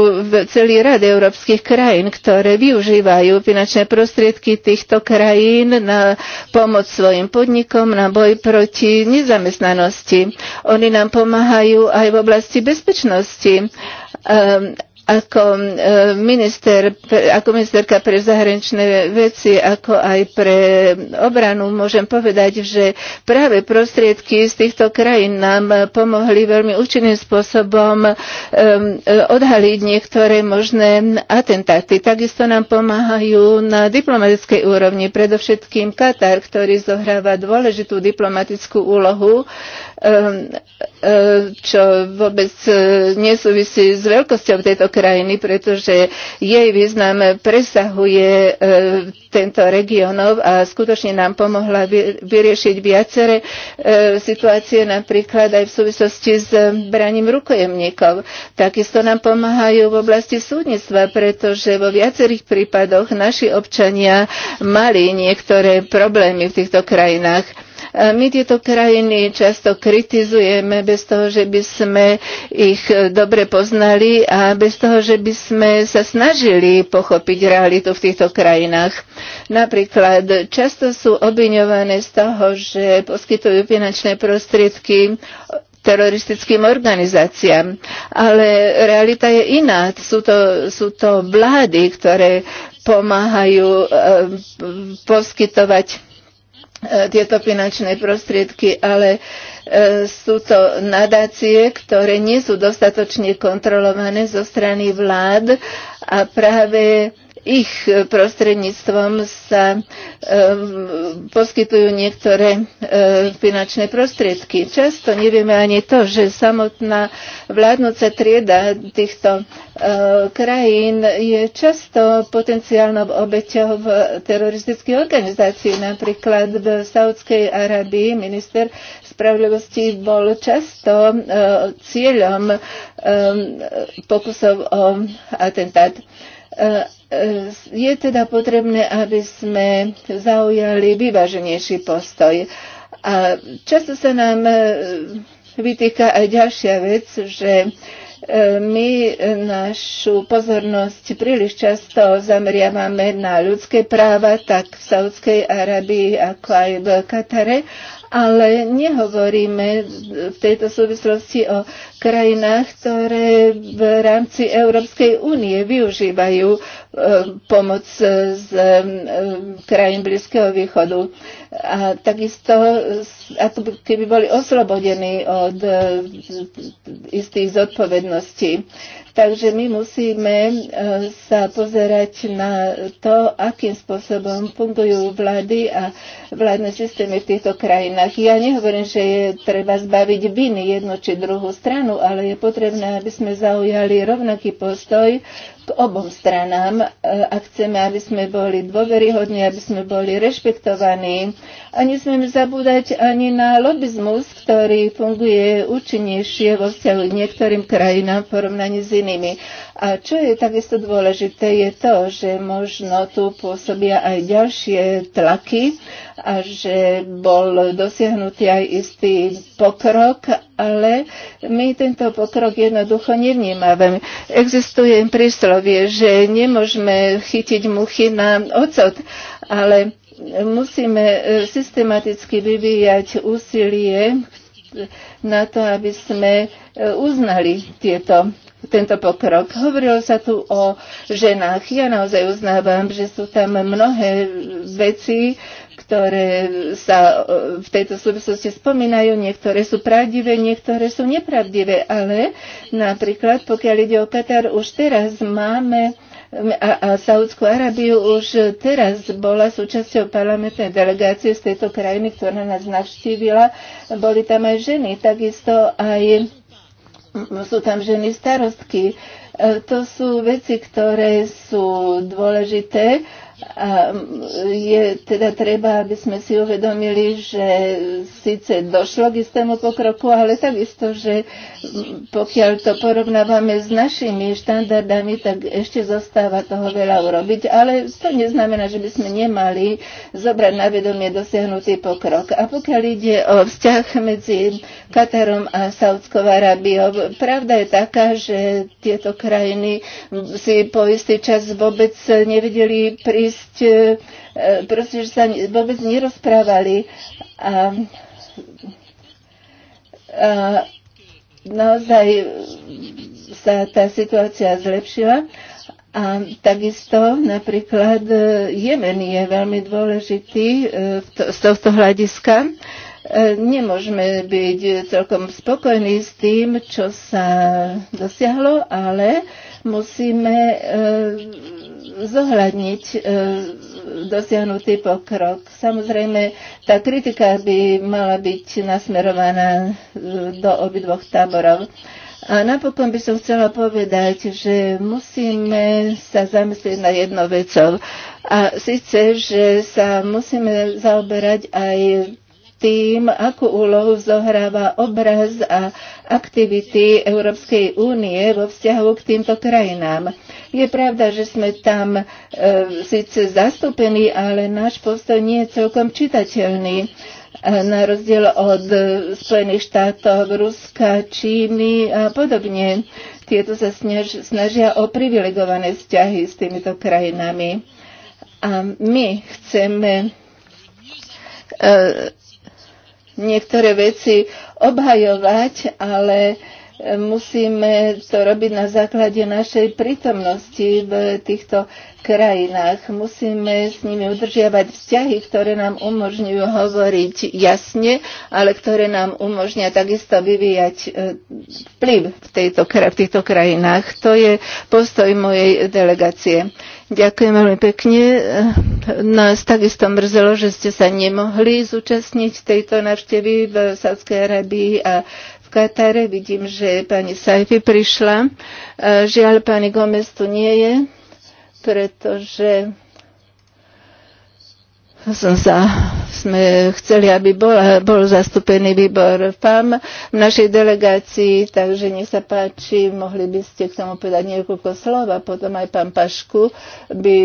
celý rad európskych krajín, ktoré využívajú finančné prostriedky týchto krajín na pomoc svojim podnikom, na boj proti nezamestnanosti. Oni nám pomáhajú ju aj v oblasti bezpečnosti. Ehm, ako, ehm, minister, ako ministerka pre zahraničné veci, ako aj pre obranu, môžem povedať, že práve prostriedky z týchto krajín nám pomohli veľmi účinným spôsobom ehm, odhaliť niektoré možné atentáty. Takisto nám pomáhajú na diplomatickej úrovni, predovšetkým Katar, ktorý zohráva dôležitú diplomatickú úlohu E, čo vôbec e, nesúvisí s veľkosťou tejto krajiny, pretože jej význam presahuje e, tento regionov a skutočne nám pomohla vyriešiť viacere situácie, napríklad aj v súvislosti s braním rukojemníkov. Takisto nám pomáhajú v oblasti súdnictva, pretože vo viacerých prípadoch naši občania mali niektoré problémy v týchto krajinách E, my tieto krajiny často kritizujeme bez toho, že by sme ich e, dobre poznali a bez toho, že by sme sa snažili pochopiť realitu v týchto krajinách. Napríklad často sú obviňované z toho, že poskytujú finančné prostriedky teroristickým organizáciám. Ale realita je iná. Sú to, sú to vlády, ktoré pomáhajú e, poskytovať E, tieto finančné prostriedky, ale e, sú to nadácie, ktoré nie sú dostatočne kontrolované zo strany vlád a práve ich e, prostredníctvom sa e, poskytujú niektoré e, finančné prostriedky. Často nevieme ani to, že samotná vládnúca trieda týchto krajín je často potenciálnou obeťou teroristických organizácií. Napríklad v Saudskej Arabii minister spravodlivosti bol často cieľom pokusov o atentát je teda potrebné, aby sme zaujali vyváženejší postoj. A často sa nám e, vytýka aj ďalšia vec, že e, my našu pozornosť príliš často zameriavame na ľudské práva, tak v Saudskej Arabii, ako aj v Katare, ale nehovoríme v tejto súvislosti o krajinách, ktoré v rámci Európskej únie využívajú e, pomoc z e, krajín Blízkeho východu. A takisto, ako keby boli oslobodení od e, istých zodpovedností. Takže my musíme e, sa pozerať na to, akým spôsobom fungujú vlády a vládne systémy v týchto krajinách. Ja nehovorím, že je treba zbaviť viny jednu či druhú stranu, ale je potrebné, aby sme zaujali rovnaký postoj k obom stranám, e, ak chceme, aby sme boli dôveryhodní, aby sme boli rešpektovaní. A nesmieme zabúdať ani na lobizmus, ktorý funguje účinnejšie vo vzťahu k niektorým krajinám v porovnaní s inými. A čo je takisto dôležité, je to, že možno tu pôsobia aj ďalšie tlaky a že bol dosiahnutý aj istý pokrok, ale my tento pokrok jednoducho nevnímame. Existuje príslovie, že nemôžeme chytiť muchy na ocot, ale musíme systematicky vyvíjať úsilie na to, aby sme uznali tieto tento pokrok. Hovorilo sa tu o ženách. Ja naozaj uznávam, že sú tam mnohé veci, ktoré sa v tejto súvislosti spomínajú. Niektoré sú pravdivé, niektoré sú nepravdivé, ale napríklad pokiaľ ide o Katar, už teraz máme a, a Saudskú Arabiu už teraz bola súčasťou parlamentnej delegácie z tejto krajiny, ktorá nás navštívila. Boli tam aj ženy, takisto aj No, sú tam ženy starostky. E, to sú veci, ktoré sú dôležité a je teda treba, aby sme si uvedomili, že síce došlo k istému pokroku, ale takisto, že pokiaľ to porovnávame s našimi štandardami, tak ešte zostáva toho veľa urobiť, ale to neznamená, že by sme nemali zobrať na vedomie dosiahnutý pokrok. A pokiaľ ide o vzťah medzi Katarom a Saudskou Arábiou, pravda je taká, že tieto krajiny si po istý čas vôbec nevideli prísť ísť, e, e, proste, že sa vôbec nerozprávali. A, a naozaj sa tá situácia zlepšila. A takisto napríklad e, Jemen je veľmi dôležitý z tohto hľadiska. Nemôžeme byť celkom spokojní s tým, čo sa dosiahlo, ale musíme zohľadniť e, dosiahnutý pokrok. Samozrejme, tá kritika by mala byť nasmerovaná e, do obidvoch táborov. A napokon by som chcela povedať, že musíme sa zamyslieť na jednou vecou. A síce, že sa musíme zaoberať aj tým, akú úlohu zohráva obraz a aktivity Európskej únie vo vzťahu k týmto krajinám. Je pravda, že sme tam e, síce zastúpení, ale náš postoj nie je celkom čitateľný. E, na rozdiel od e, Spojených štátov, Ruska, Číny a podobne. Tieto sa snaž, snažia o privilegované vzťahy s týmito krajinami. A my chceme e, niektoré veci obhajovať, ale e, musíme to robiť na základe našej prítomnosti v týchto krajinách. Musíme s nimi udržiavať vzťahy, ktoré nám umožňujú hovoriť jasne, ale ktoré nám umožňa takisto vyvíjať e, vplyv v, tejto, v týchto krajinách. To je postoj mojej delegácie. Ďakujem veľmi pekne. Nás takisto mrzelo, že ste sa nemohli zúčastniť tejto návštevy v Sádskej Arabii a Katare. Vidím, že pani Saifi prišla. E, žiaľ, pani Gomez tu nie je, pretože som sa, sme chceli, aby bol, bol zastúpený výbor FAM v našej delegácii, takže nech sa páči, mohli by ste k tomu povedať niekoľko slov a potom aj pán Pašku by,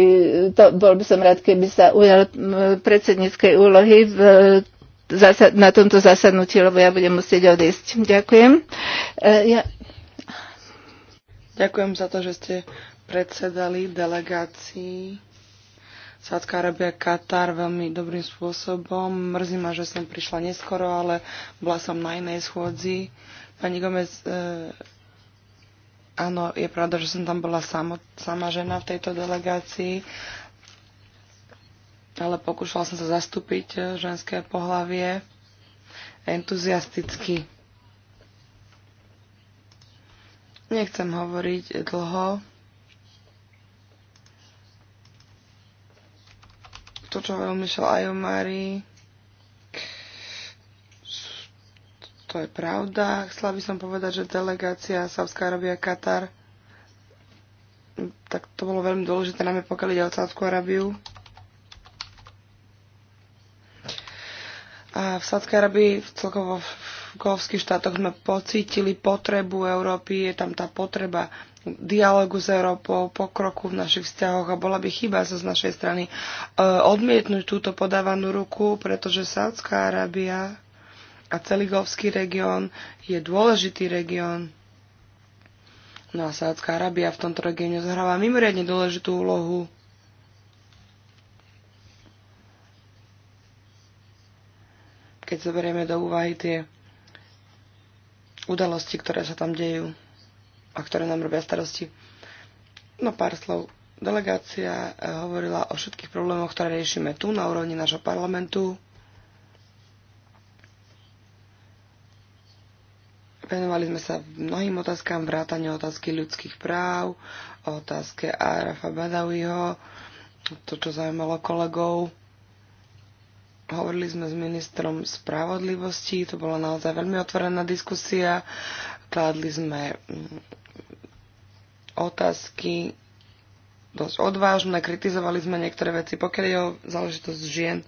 to, bol by som rád, keby sa ujal predsedníckej úlohy v na tomto zasadnutí, lebo ja budem musieť odísť. Ďakujem. E, ja... Ďakujem za to, že ste predsedali delegácii Sádzka Arabia Katar veľmi dobrým spôsobom. Mrzí ma, že som prišla neskoro, ale bola som na inej schôdzi. Pani Gomez, e, áno, je pravda, že som tam bola samo, sama žena v tejto delegácii, ale pokúšala som sa zastúpiť e, ženské pohlavie entuziasticky. Nechcem hovoriť dlho. To, čo aj o Ayomari, to je pravda. Chcela by som povedať, že delegácia Sávská Arábia Katar, tak to bolo veľmi dôležité, najmä pokiaľ ide o Sávskú Arábiu. A v Sádskej Arabii, v celkovo v golfských štátoch sme pocítili potrebu Európy, je tam tá potreba dialogu s Európou, pokroku v našich vzťahoch a bola by chyba sa z našej strany e, odmietnúť túto podávanú ruku, pretože Sádska Arábia a celý golfský región je dôležitý región. No a Sádska Arábia v tomto regióne zahráva mimoriadne dôležitú úlohu keď zoberieme do úvahy tie udalosti, ktoré sa tam dejú a ktoré nám robia starosti. No pár slov. Delegácia eh, hovorila o všetkých problémoch, ktoré riešime tu na úrovni nášho parlamentu. Venovali sme sa mnohým otázkam, vrátane otázky ľudských práv, otázke Arafa Badawiho, to, čo zaujímalo kolegov Hovorili sme s ministrom spravodlivosti, to bola naozaj veľmi otvorená diskusia. Kládli sme mm, otázky dosť odvážne, kritizovali sme niektoré veci, pokiaľ je o záležitosť žien.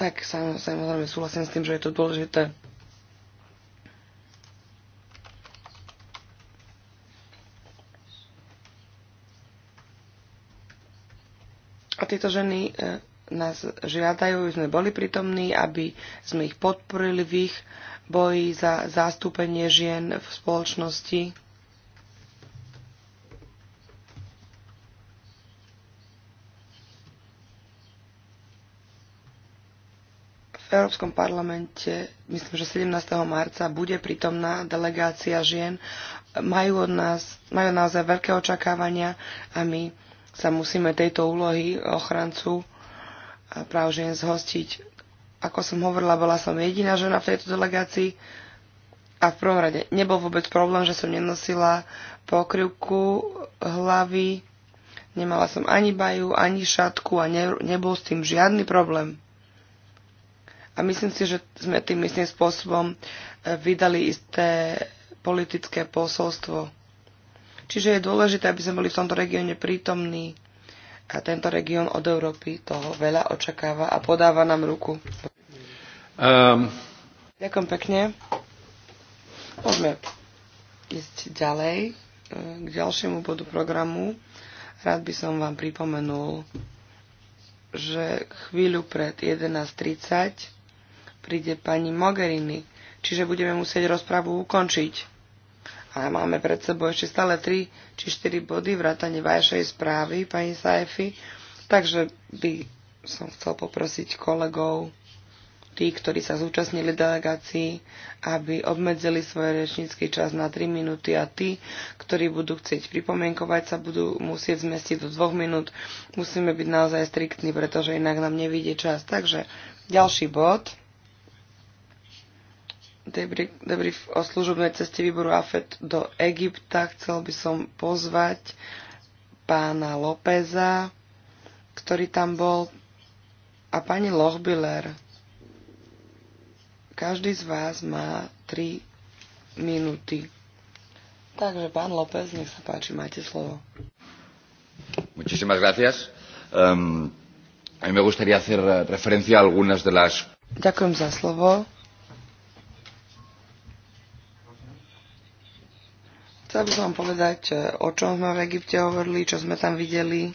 Tak samozrejme súhlasím s tým, že je to dôležité tieto ženy e, nás žiadajú, aby sme boli pritomní, aby sme ich podporili v ich boji za zástupenie žien v spoločnosti. V Európskom parlamente, myslím, že 17. marca bude pritomná delegácia žien. Majú od nás, majú naozaj veľké očakávania a my sa musíme tejto úlohy ochrancu práv žien zhostiť. Ako som hovorila, bola som jediná žena v tejto delegácii a v prvom rade nebol vôbec problém, že som nenosila pokrivku hlavy, nemala som ani baju, ani šatku a ne, nebol s tým žiadny problém. A myslím si, že sme tým istým spôsobom eh, vydali isté politické posolstvo. Čiže je dôležité, aby sme boli v tomto regióne prítomní a tento región od Európy toho veľa očakáva a podáva nám ruku. Um. Ďakujem pekne. Môžeme ísť ďalej e, k ďalšiemu bodu programu. Rád by som vám pripomenul, že chvíľu pred 11.30 príde pani Mogherini, čiže budeme musieť rozpravu ukončiť. A máme pred sebou ešte stále 3 či 4 body vrátane vašej správy, pani Saifi. Takže by som chcel poprosiť kolegov, tí, ktorí sa zúčastnili delegácii, aby obmedzili svoj rečnícky čas na 3 minúty a tí, ktorí budú chcieť pripomienkovať, sa budú musieť zmestiť do 2 minút. Musíme byť naozaj striktní, pretože inak nám nevidie čas. Takže ďalší bod debrief o služobnej ceste výboru AFET do Egypta. Chcel by som pozvať pána Lópeza, ktorý tam bol, a pani Lochbiller. Každý z vás má tri minúty. Takže pán López, nech sa páči, máte slovo. Muchísimas gracias. Um, a mí me gustaría hacer eh, referencia a algunas de las... Ďakujem za slovo. Chcel by som vám povedať, e, o čom sme v Egypte hovorili, čo sme tam videli.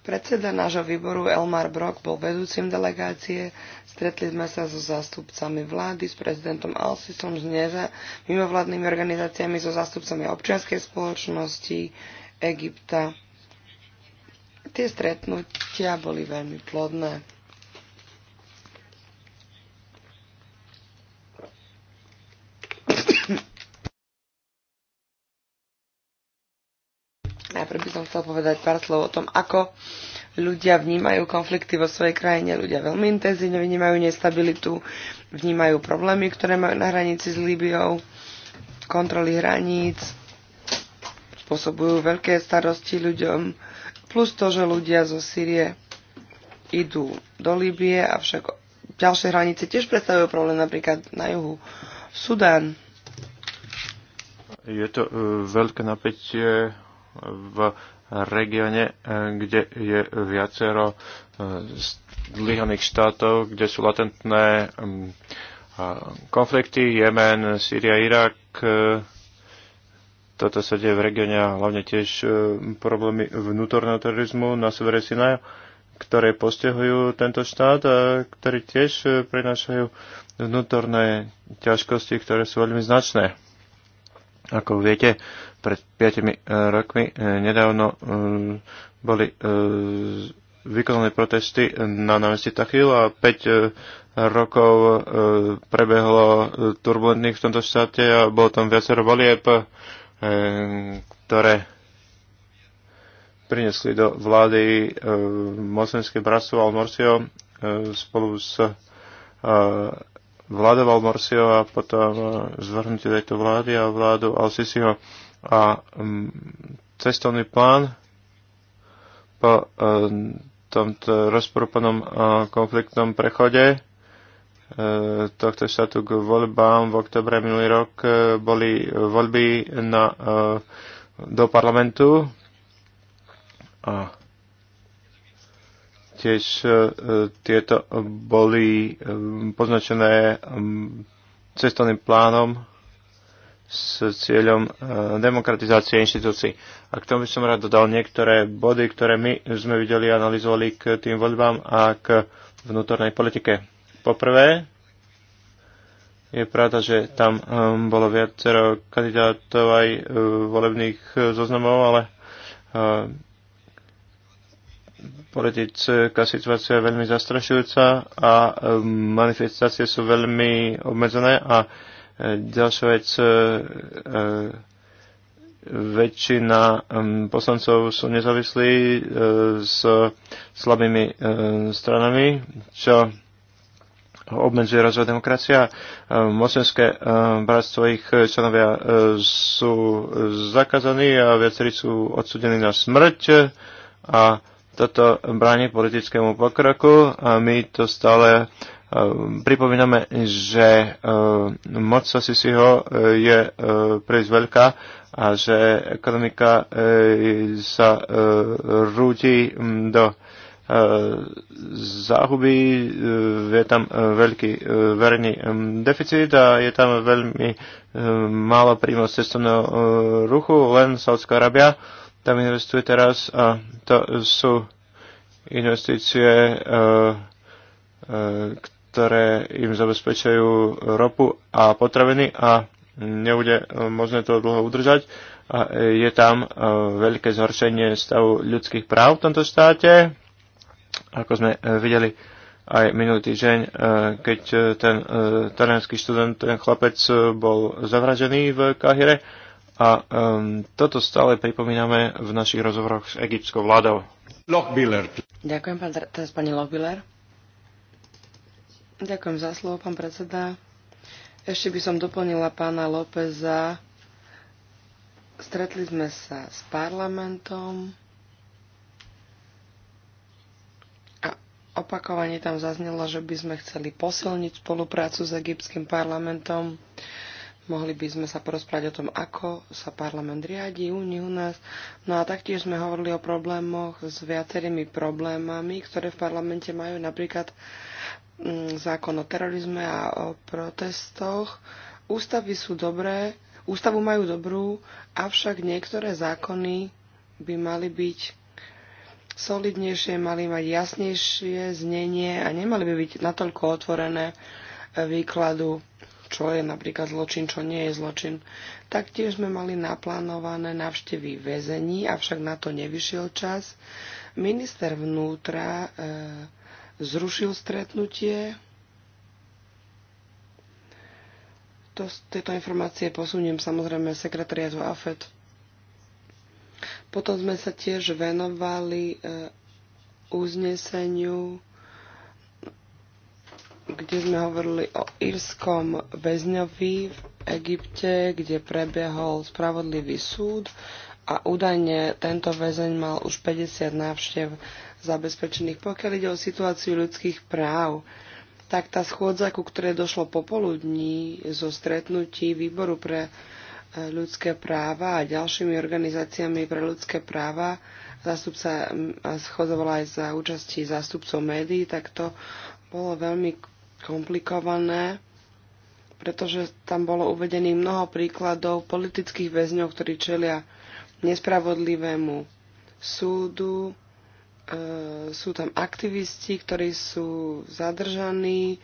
Predseda nášho výboru Elmar Brock bol vedúcim delegácie. Stretli sme sa so zástupcami vlády, s prezidentom Alsisom, z neza, mimovládnymi organizáciami, so zástupcami občianskej spoločnosti Egypta. Tie stretnutia boli veľmi plodné. Najprv by som chcel povedať pár slov o tom, ako ľudia vnímajú konflikty vo svojej krajine. Ľudia veľmi intenzívne vnímajú nestabilitu, vnímajú problémy, ktoré majú na hranici s Líbiou, kontroly hraníc, spôsobujú veľké starosti ľuďom, plus to, že ľudia zo Sýrie idú do Líbie, avšak ďalšie hranice tiež predstavujú problém, napríklad na juhu Sudán. Je to uh, veľké napätie v regióne, e, kde je viacero e, zlyhaných štátov, kde sú latentné konflikty, Jemen, Sýria, Irak. E, toto sa deje v regióne a hlavne tiež problémy vnútorného terorizmu na severe Sinaja, ktoré postihujú tento štát a ktorí tiež prinášajú vnútorné ťažkosti, ktoré sú veľmi značné. Ako viete, pred 5 e, rokmi e, nedávno e, boli vykonané protesty na námestí Tachil a 5 rokov prebehlo turbulentných v tomto štáte a bolo tam viacero volieb, ktoré priniesli do vlády mocenské bratstvo Almorsio spolu s vládou Almorsio a potom zvrhnutie tejto vlády a vládu Al-Sisiho. A mm, cestovný plán po ehm, tomto rozporúpanom konfliktnom prechode e, tohto štátu k voľbám v oktobre minulý rok e, boli voľby na, e, do parlamentu a tiež tieto boli poznačené cestovným plánom s cieľom e, demokratizácie inštitúcií. A k tomu by som rád dodal niektoré body, ktoré my sme videli a analyzovali k tým voľbám a k vnútornej politike. Poprvé, je pravda, že tam um, bolo viacero kandidátov aj uh, volebných uh, zoznamov, ale uh, politická situácia je veľmi zastrašujúca a um, manifestácie sú veľmi obmedzené a uh, Ďalšia vec, e, e, väčšina poslancov sú nezávislí e, s slabými stranami, čo obmedzuje rozvoj demokracia. Mocenské bratstvo ich členovia sú zakázaní a viacerí sú odsudení na smrť a toto bráni politickému pokroku a my to stále Ehm, pripomíname, že ehm, moc Sasisiho ehm, je príliš veľká a že ekonomika sa rúti mm, do záhuby, je tam veľký verejný deficit a je tam veľmi málo príjmo z cestovného ruchu, len Saudská Arábia tam investuje teraz a to sú investície, ktoré im zabezpečujú ropu a potraviny a nebude e, možné to dlho udržať. A je tam e, veľké zhoršenie stavu ľudských práv v tomto štáte, ako sme e, videli aj minulý týždeň, keď ten talianský študent, ten chlapec bol zavražený v Kahire. A um, toto stále pripomíname v našich rozhovoroch s egyptskou vládou. Lochbiller. Ďakujem, pán, teraz pani Lochbiller. Ďakujem za slovo, pán predseda. Ešte by som doplnila pána Lópeza. Stretli sme sa s parlamentom a opakovane tam zaznelo, že by sme chceli posilniť spoluprácu s egyptským parlamentom. Uh, Mohli by sme sa porozprávať o tom, ako sa parlament riadi, úni u nás. No a taktiež sme hovorili o problémoch s viacerými problémami, ktoré v parlamente majú napríklad mm, zákon o terorizme a o protestoch. Ústavy sú dobré, ústavu majú dobrú, avšak niektoré zákony by mali byť solidnejšie, mali mať jasnejšie znenie a nemali by byť natoľko otvorené e, výkladu čo je napríklad zločin, čo nie je zločin. Taktiež sme mali naplánované návštevy väzení, avšak na to nevyšiel čas. Minister vnútra e, zrušil stretnutie. To, tieto informácie posuniem samozrejme sekretariatu AFED. Potom sme sa tiež venovali e, uzneseniu kde sme hovorili o írskom väzňovi v Egypte, kde prebiehol spravodlivý súd a údajne tento väzeň mal už 50 návštev zabezpečených. Pokiaľ ide o situáciu ľudských práv, tak tá schôdza, ku ktorej došlo popoludní zo stretnutí Výboru pre e, ľudské práva a ďalšími organizáciami pre ľudské práva, zastupca schodovala aj za účasti zástupcov médií, tak to bolo veľmi komplikované, pretože tam bolo uvedený mnoho príkladov politických väzňov, ktorí čelia nespravodlivému súdu. E, sú tam aktivisti, ktorí sú zadržaní. E,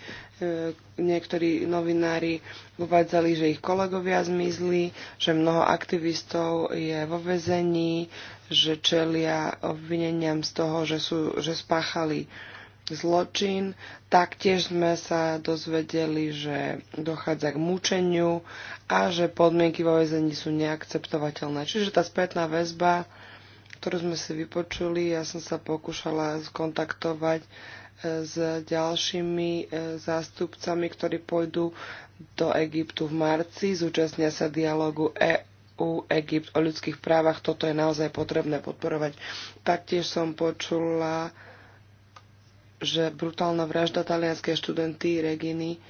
niektorí novinári uvádzali, že ich kolegovia zmizli, že mnoho aktivistov je vo väzení, že čelia obvineniam z toho, že, sú, že spáchali zločin. Taktiež sme sa dozvedeli, že dochádza k mučeniu a že podmienky vo väzení sú neakceptovateľné. Čiže tá spätná väzba, ktorú sme si vypočuli, ja som sa pokúšala skontaktovať e, s ďalšími e, zástupcami, ktorí pôjdu do Egyptu v marci, zúčastnia sa dialogu EU Egypt o ľudských právach. Toto je naozaj potrebné podporovať. Taktiež som počula že brutálna vražda talianskej študenty Reginy e,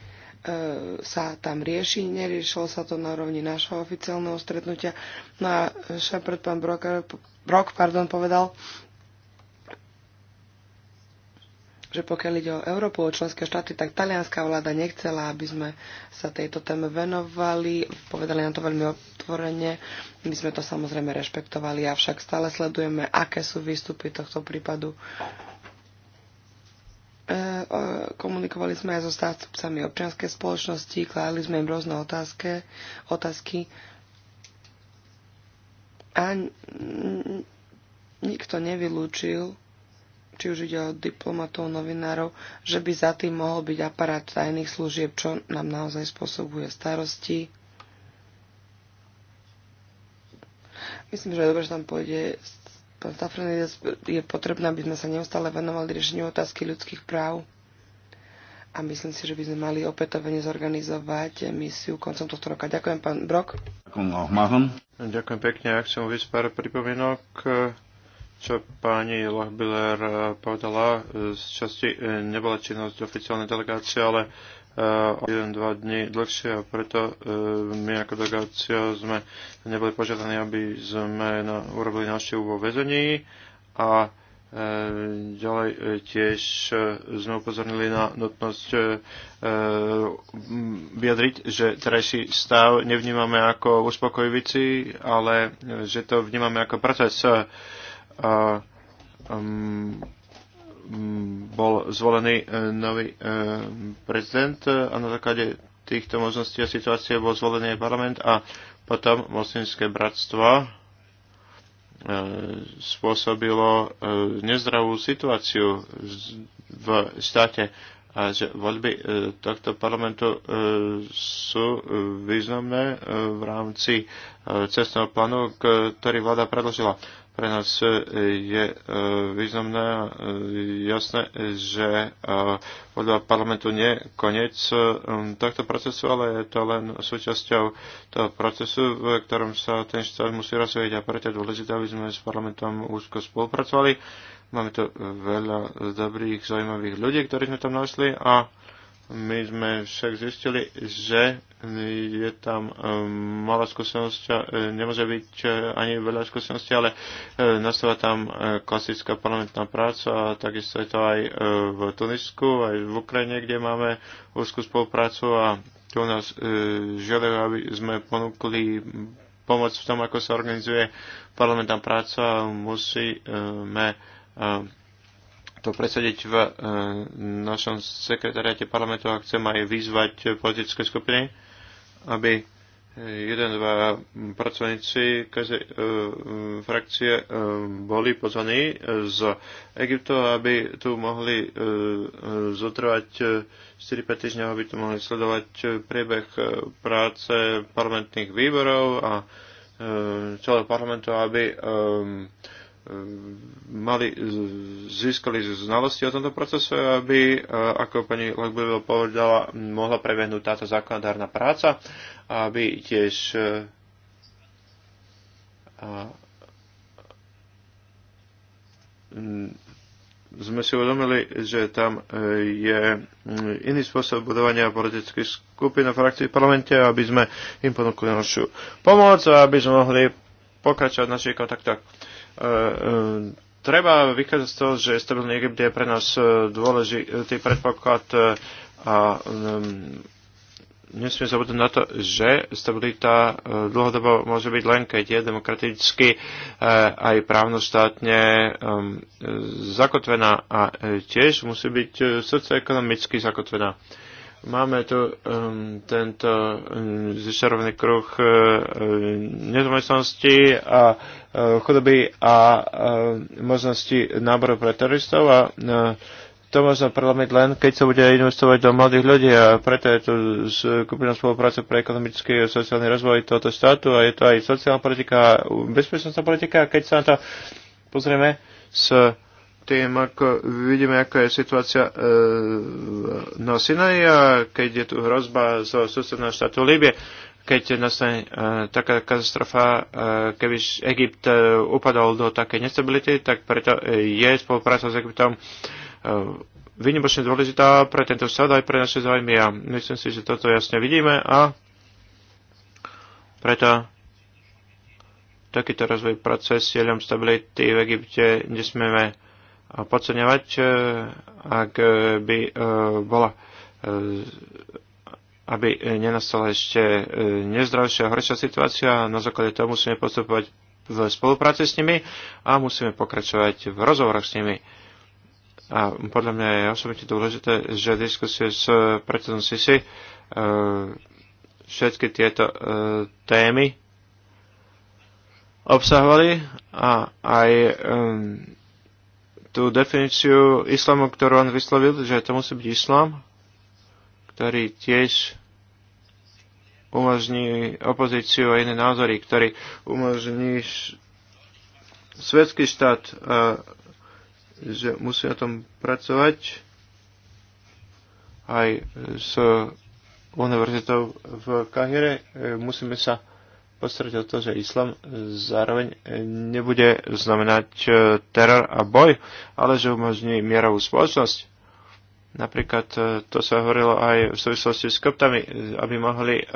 sa tam rieši. Neriešilo sa to na rovni našho oficiálneho stretnutia. No a Shepard, pán Broker, Brok pardon, povedal, že pokiaľ ide o Európu, o členské štáty, tak talianská vláda nechcela, aby sme sa tejto téme venovali. Povedali nám to veľmi otvorene. My sme to samozrejme rešpektovali, avšak stále sledujeme, aké sú výstupy tohto prípadu. E, komunikovali sme aj so zástupcami občianskej spoločnosti, kládli sme im rôzne otázky, otázky a nikto nevylúčil, či už ide o diplomatov, novinárov, že by za tým mohol byť aparát tajných služieb, čo nám naozaj spôsobuje starosti. Myslím, že dobre že tam pôjde Pán je potrebné, aby sme sa neustále venovali riešeniu otázky ľudských práv a myslím si, že by sme mali opätovne zorganizovať misiu koncom tohto roka. Ďakujem, pán Brok. Ďakujem pekne. Ja chcem uvieť pár pripomienok čo pani Lochbiller povedala, z časti e, nebola činnosť oficiálnej delegácie, ale 1-2 dní dlhšie a preto e, my ako delegácia sme neboli požiadaní, aby sme na, urobili návštevu vo väzení a e, ďalej e, tiež sme upozornili na nutnosť vyjadriť, že terajší stav nevnímame ako uspokojivici, ale že to vnímame ako proces. A, um, Mm, bol zvolený e, nový e, prezident e, a na základe týchto možností a situácie bol zvolený aj parlament a potom moslimské bratstvo spôsobilo nezdravú situáciu v štáte a že voľby tohto parlamentu sú významné v rámci cestného plánu, ktorý vláda predložila pre nás je e, významné a e, jasné, že e, podľa parlamentu nie je koniec tohto procesu, ale je to len súčasťou toho procesu, v ktorom sa ten štát musí rozvíjať a preto je dôležité, aby sme s parlamentom úzko spolupracovali. Máme tu veľa dobrých, zaujímavých ľudí, ktorí sme tam našli a my sme však zistili, že je tam e, malá skúsenosť, e, nemôže byť e, ani veľa skúsenosti, ale nastáva tam klasická parlamentná práca a takisto je to aj v Tunisku, aj v Ukrajine, kde máme úzkú spoluprácu a tu nás žiadajú, aby sme ponúkli pomoc v tom, ako sa organizuje parlamentná práca. Musíme to presadiť v e, našom sekretariate parlamentu a chcem aj vyzvať politické skupiny, aby e, jeden, dva pracovníci každej e, e frakcie e, boli pozvaní z Egypto, aby tu mohli e, zotrvať 4-5 týždňov, aby tu mohli sledovať priebeh práce parlamentných výborov a e, celého parlamentu, aby e, Ehm, mali, získali znalosti o tomto procese, aby, e, ako pani Lagbevel povedala, mohla prebehnúť táto zákonodárna práca, aby tiež e, mm, sme si uvedomili, že tam e, je mm, iný spôsob budovania politických skupín a frakcií v parlamente, aby sme im ponúkli našu pomoc a aby sme mohli pokračovať v našich kontaktoch. E, e, treba vychádzať z toho, že stabilný Egypt je pre nás e, dôležitý predpoklad a um, nesmie zabudnúť na to, že stabilita dlhodobo môže byť len, keď je demokraticky aj právnoštátne um, zakotvená a tiež musí byť socioekonomicky zakotvená. Máme tu um, tento um, ehm, zešarovný kruh uh, nezamestnanosti a uh, chudoby a uh, možnosti náboru pre teroristov a uh, to možno prelomiť len, keď sa bude investovať do mladých ľudí a preto je tu skupina spolupráce pre ekonomický a sociálny rozvoj tohoto štátu a je to aj sociálna politika, bezpečnostná politika a keď sa na to pozrieme s tým, ako vidíme, aká je situácia e, na Sinaji a keď je tu hrozba zo susedného štátu Líbie, keď nastane e, taká katastrofa, e, keby Egypt e, upadol do takej nestability, tak preto e, je spolupráca s Egyptom e, vynimočne dôležitá pre tento štát aj pre naše zájmy a myslím si, že toto jasne vidíme a preto takýto rozvoj proces cieľom stability v Egypte nesmieme podceňovať, e, ak e, by e, bola aby nenastala ešte nezdravšia a horšia situácia. Na základe toho musíme postupovať v spolupráci s nimi a musíme pokračovať v rozhovoroch s nimi. A podľa mňa je osobitne dôležité, že diskusie s predsedom Sisi všetky tieto témy obsahovali a aj um, tú definíciu islamu, ktorú on vyslovil, že to musí byť islam, ktorý tiež umožní opozíciu a iné názory, ktorý umožní svetský štát, a, že musí na tom pracovať aj s univerzitou v Kahire. E, musíme sa postarať o to, že islam zároveň nebude znamenať e, teror a boj, ale že umožní mierovú spoločnosť. Napríklad e, to sa hovorilo aj v súvislosti s koptami, e, aby mohli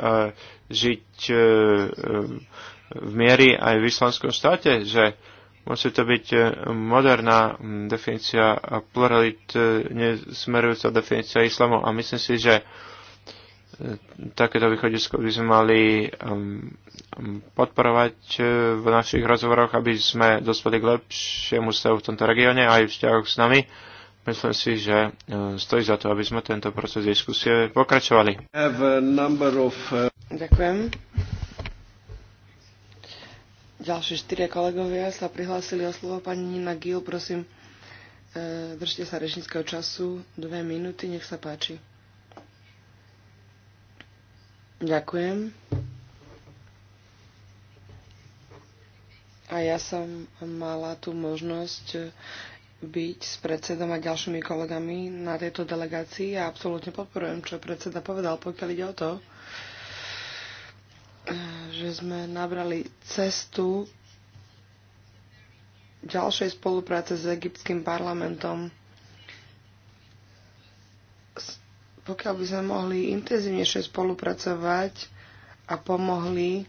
žiť v miery aj v islamskom štáte, že musí to byť moderná definícia a pluralit nesmerujúca definícia islamu a myslím si, že takéto východisko by sme mali um, um, podporovať uh, v našich rozhovoroch, aby sme dospeli k lepšiemu stavu v tomto regióne aj v vzťahoch s nami. Myslím si, že uh, stojí za to, aby sme tento proces diskusie pokračovali. Of... Uh, Ďakujem. Ďalší štyria kolegovia sa prihlásili o slovo. Pani Nina Gil, prosím, držte sa rečníckého času. Dve minúty, nech sa páči. Ďakujem. A ja som mala tú možnosť byť s predsedom a ďalšími kolegami na tejto delegácii a ja absolútne podporujem, čo predseda povedal, pokiaľ ide o to, že sme nabrali cestu ďalšej spolupráce s egyptským parlamentom Pokiaľ by sme mohli intenzívnejšie spolupracovať a pomohli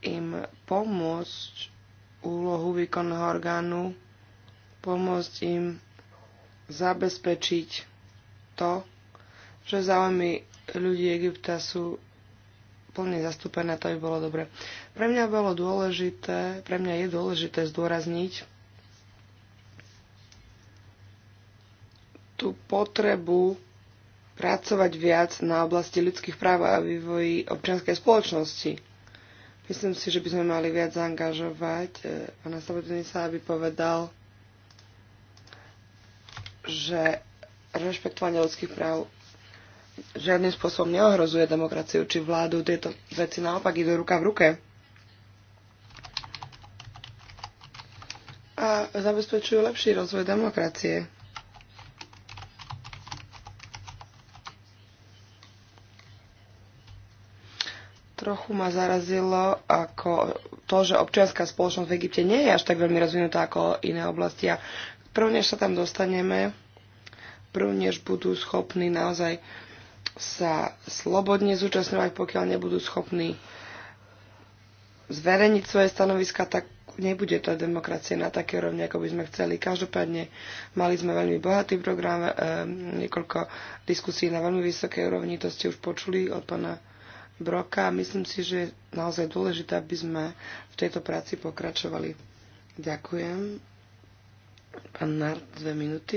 im pomôcť úlohu výkonného orgánu, pomôcť im zabezpečiť to, že záujmy ľudí Egypta sú plne zastúpené, to by bolo dobre. Pre mňa bolo dôležité, pre mňa je dôležité zdôrazniť, tú potrebu pracovať viac na oblasti ľudských práv a vývoji občianskej spoločnosti. Myslím si, že by sme mali viac zaangažovať e, pána sa aby povedal, že rešpektovanie ľudských práv žiadnym spôsobom neohrozuje demokraciu či vládu. Tieto veci naopak idú ruka v ruke. A zabezpečujú lepší rozvoj demokracie. Trochu ma zarazilo ako to, že občianská spoločnosť v Egypte nie je až tak veľmi rozvinutá ako iné oblasti. A prv než sa tam dostaneme, prv než budú schopní naozaj sa slobodne zúčastňovať, pokiaľ nebudú schopní zverejniť svoje stanoviska, tak nebude tá demokracia na také rovne, ako by sme chceli. Každopádne mali sme veľmi bohatý program, e, niekoľko diskusí na veľmi vysokej úrovni, to ste už počuli od pána Broka a myslím si, že je naozaj dôležité, aby sme v tejto práci pokračovali. Ďakujem. Pán Nard, dve minúty.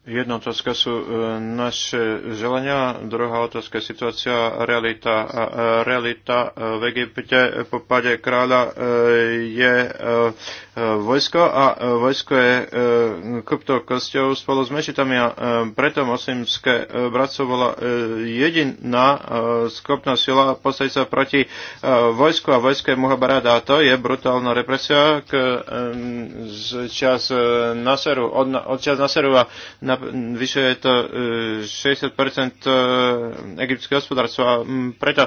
Jedna otázka sú e, naše želania, druhá otázka je situácia realita. A e, realita e, v Egypte po páde kráľa je E, vojsko a e, vojsko je e, krypto kosťou spolu s mešitami a preto moslimské bratstvo bola jediná skupná sila postaviť sa proti vojsku a vojske Muhabarad a to je brutálna represia k, z čas Naseru, od, od čas Naseru a na, vyše je to 60% egyptského hospodárstva a preto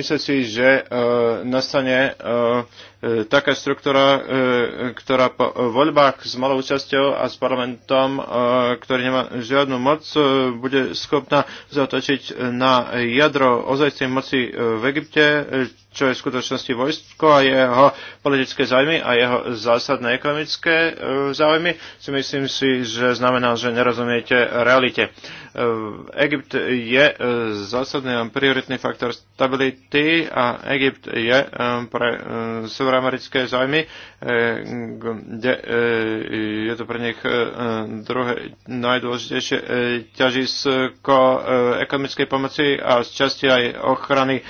myslím si, že nastane taká struktúra. E, ktorá po voľbách s malou účasťou a s parlamentom, e, ktorý nemá žiadnu moc, e, bude schopná zatočiť na jadro ozajstnej moci v Egypte, čo je v skutočnosti vojsko a jeho politické zájmy a jeho zásadné ekonomické e, záujmy, si myslím si, že znamená, že nerozumiete realite. E, Egypt je e, zásadný a prioritný faktor stability a Egypt je pre severoamerické zájmy, kde je to pre nich druhé najdôležitejšie ťažisko ekonomickej pomoci a z časti aj ochrany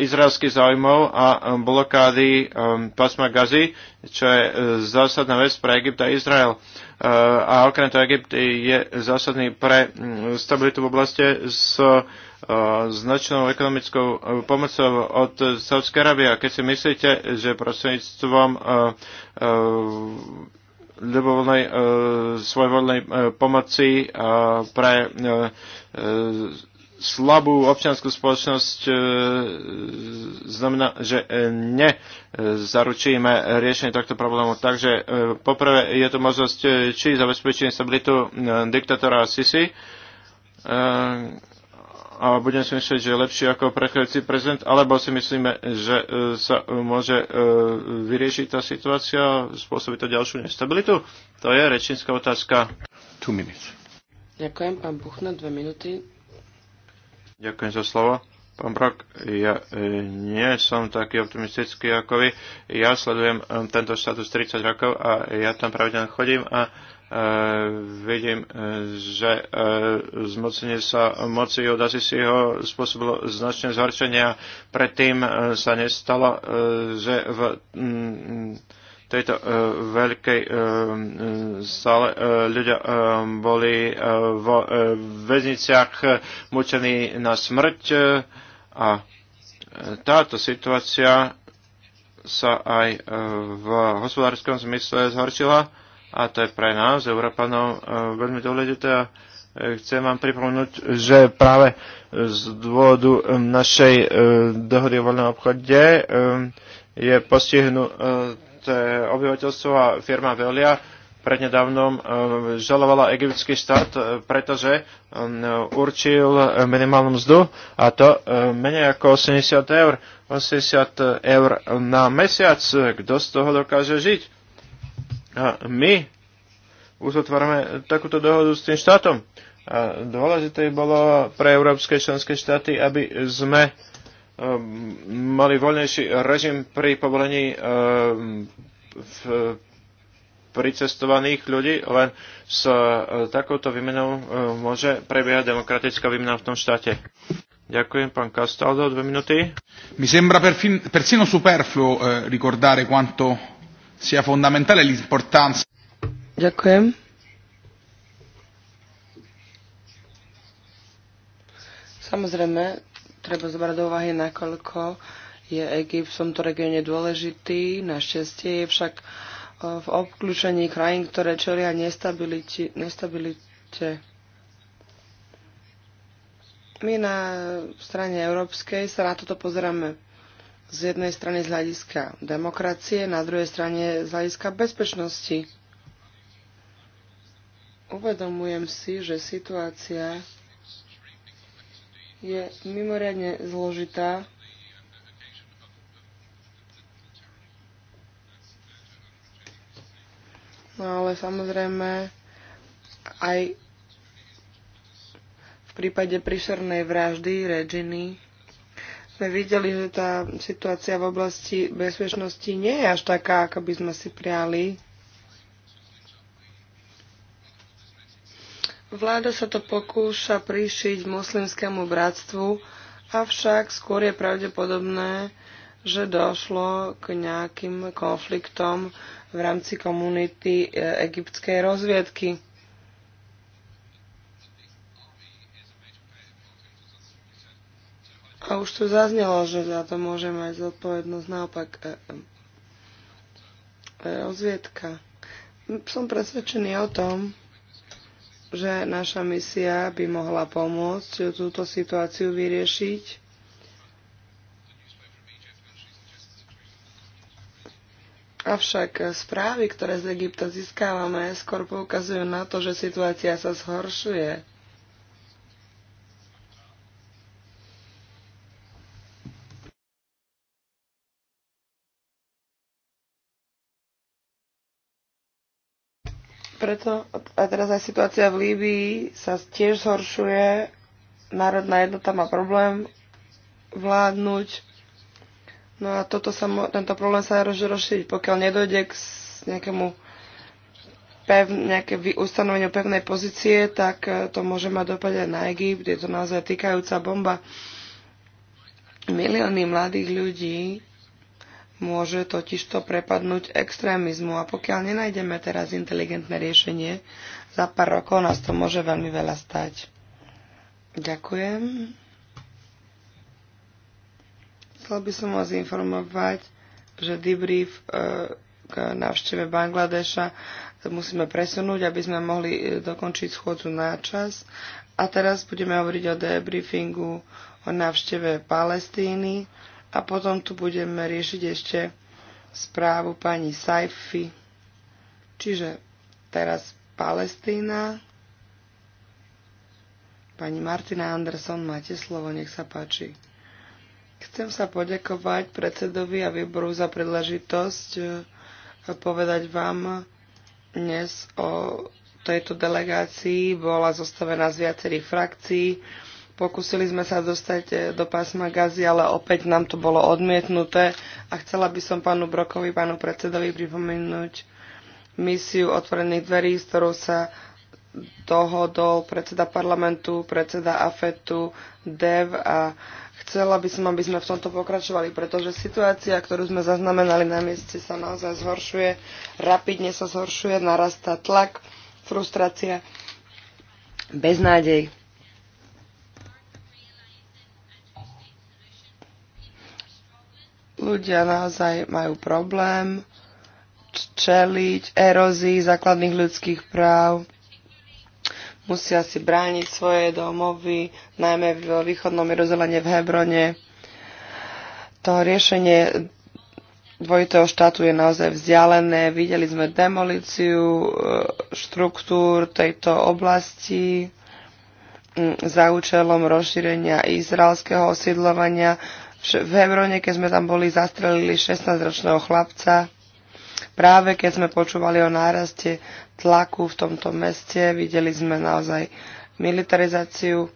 izraelských záujmov a um, blokády um, pasma Gazy, čo je e, zásadná vec pre Egypt a Izrael. E, a okrem toho Egypt je zásadný pre mm, stabilitu v oblasti s e, značnou ekonomickou pomocou od Sávskej Arábie. Keď si myslíte, že prostredníctvom ľubovoľnej, e, svojvoľnej pomoci pre slabú občianskú spoločnosť e, znamená, že e, ne e, zaručíme riešenie tohto problému. Takže poprvé je to možnosť, či zabezpečenie stabilitu diktatora Sisi, a budem si myslieť, že je lepší ako prechádzajúci prezident, alebo si myslíme, že sa môže vyriešiť tá situácia, spôsobiť to ďalšiu nestabilitu? To je rečínska otázka. Two minutes. Ďakujem, pán Buchna, dve minúty. Ďakujem za slovo. Pán Brok, ja e, nie som taký optimistický ako vy. Ja sledujem e, tento status 30 rokov a ja tam pravidelne chodím a e, vidím, e, že e, zmocnenie sa moci od Asisiho spôsobilo značné zhoršenie a predtým e, sa nestalo, e, že v... m, tejto e, veľkej e, e, sále ľudia boli v väzniciach mučení na smrť a táto situácia sa aj v hospodárskom zmysle zhoršila a to je pre nás, Európanov, veľmi dôležité a chcem vám pripomenúť, že práve z dôvodu našej dohody o voľnom obchode je postihnutá E, obyvateľstvo a firma Veolia prednedávnom e, žalovala egyptský štát, e, pretože určil minimálnu mzdu a to menej ako 80 eur, 80 eur na mesiac. Kto z toho dokáže žiť? A my uzatvárame takúto dohodu s tým štátom. A dôležité bolo pre európske členské štáty, aby sme Ehm, mali voľnejší režim pri povolení ehm, v pricestovaných ľudí, len s e, takouto výmenou e, môže prebiehať demokratická výmena v tom štáte. Ďakujem, pán Castaldo, dve minuty. Mi sembra perfin, persino superfluo eh, ricordare quanto sia fondamentale l'importanza. Ďakujem. Samozrejme, treba zobrať do úvahy, nakoľko je Egypt v tomto regióne dôležitý. Našťastie je však e, v obklúčení krajín, ktoré čelia nestabilite. nestabilite. My na strane európskej sa na toto pozeráme z jednej strany z hľadiska demokracie, na druhej strane z hľadiska bezpečnosti. Uvedomujem si, že situácia je mimoriadne zložitá. No ale samozrejme aj v prípade príšernej vraždy Reginy sme videli, že tá situácia v oblasti bezpečnosti nie je až taká, ako by sme si priali. Vláda sa to pokúša príšiť moslimskému bratstvu, avšak skôr je pravdepodobné, že došlo k nejakým konfliktom v rámci komunity e, egyptskej rozviedky. A už tu zaznelo, že za to môže mať zodpovednosť naopak e, e, e rozviedka. Som presvedčený o tom, že naša misia by mohla pomôcť túto situáciu vyriešiť. Avšak správy, ktoré z Egypta získávame, skôr poukazujú na to, že situácia sa zhoršuje. Preto a teraz aj situácia v Líbii sa tiež zhoršuje. Národná jednota má problém vládnuť. No a toto sa, tento problém sa môže rozšíriť, pokiaľ nedojde k nejakému pev, nejaké ustanoveniu pevnej pozície, tak e, to môže mať dopad aj na Egypt. Je to naozaj týkajúca bomba. Milióny mladých ľudí Môže totiž to prepadnúť extrémizmu a pokiaľ nenájdeme teraz inteligentné riešenie, za pár rokov nás to môže veľmi veľa stať. Ďakujem. Chcel by som vás informovať, že debrief e, k návšteve Bangladeša musíme presunúť, aby sme mohli e, dokončiť schôdzu na čas. A teraz budeme hovoriť o debriefingu o návšteve Palestíny. A potom tu budeme riešiť ešte správu pani Saifi. Čiže teraz Palestína. Pani Martina Anderson, máte slovo, nech sa páči. Chcem sa poďakovať predsedovi a výboru za príležitosť e, povedať vám dnes o tejto delegácii. Bola zostavená z viacerých frakcií Pokúsili sme sa dostať eh, do pásma Gazi, ale opäť nám to bolo odmietnuté a chcela by som pánu Brokovi, pánu predsedovi pripomenúť misiu otvorených dverí, s ktorou sa dohodol predseda parlamentu, predseda AFETu, DEV a chcela by som, aby sme v tomto pokračovali, pretože situácia, ktorú sme zaznamenali na mieste, sa naozaj zhoršuje, rapidne sa zhoršuje, narastá tlak, frustrácia, beznádej Ľudia naozaj majú problém čeliť erózii základných ľudských práv. Musia si brániť svoje domovy, najmä v východnom Jeruzalene v Hebrone. To riešenie dvojitého štátu je naozaj vzdialené. Videli sme demolíciu e, štruktúr tejto oblasti za účelom rozšírenia izraelského osídlovania. V Hebrone, keď sme tam boli, zastrelili 16-ročného chlapca. Práve keď sme počúvali o náraste tlaku v tomto meste, videli sme naozaj militarizáciu.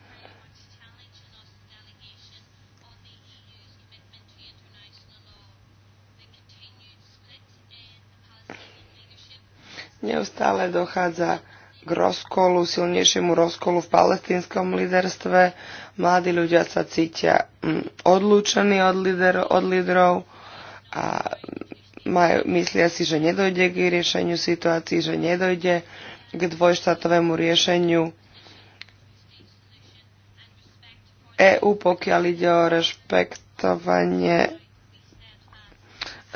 Neustále dochádza k rozkolu, silnejšiemu rozkolu v palestinskom líderstve. Mladí ľudia sa cítia mm, odlúčení od, líder, od lídrov a majú, myslia si, že nedojde k riešeniu situácií, že nedojde k dvojštátovému riešeniu EÚ, pokiaľ ide o rešpektovanie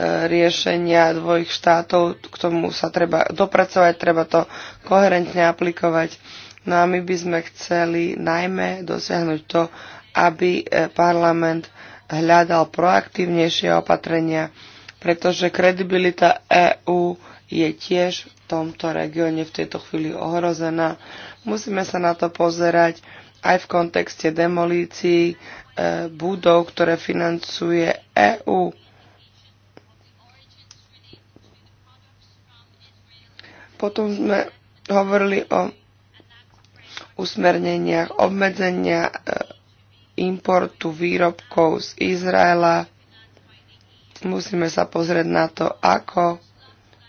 riešenia dvojich štátov, k tomu sa treba dopracovať, treba to koherentne aplikovať. No a my by sme chceli najmä dosiahnuť to, aby e, parlament hľadal proaktívnejšie opatrenia, pretože kredibilita EÚ je tiež v tomto regióne v tejto chvíli ohrozená. Musíme sa na to pozerať aj v kontexte demolícií e, budov, ktoré financuje EÚ Potom sme hovorili o usmerneniach obmedzenia e, importu výrobkov z Izraela. Musíme sa pozrieť na to, ako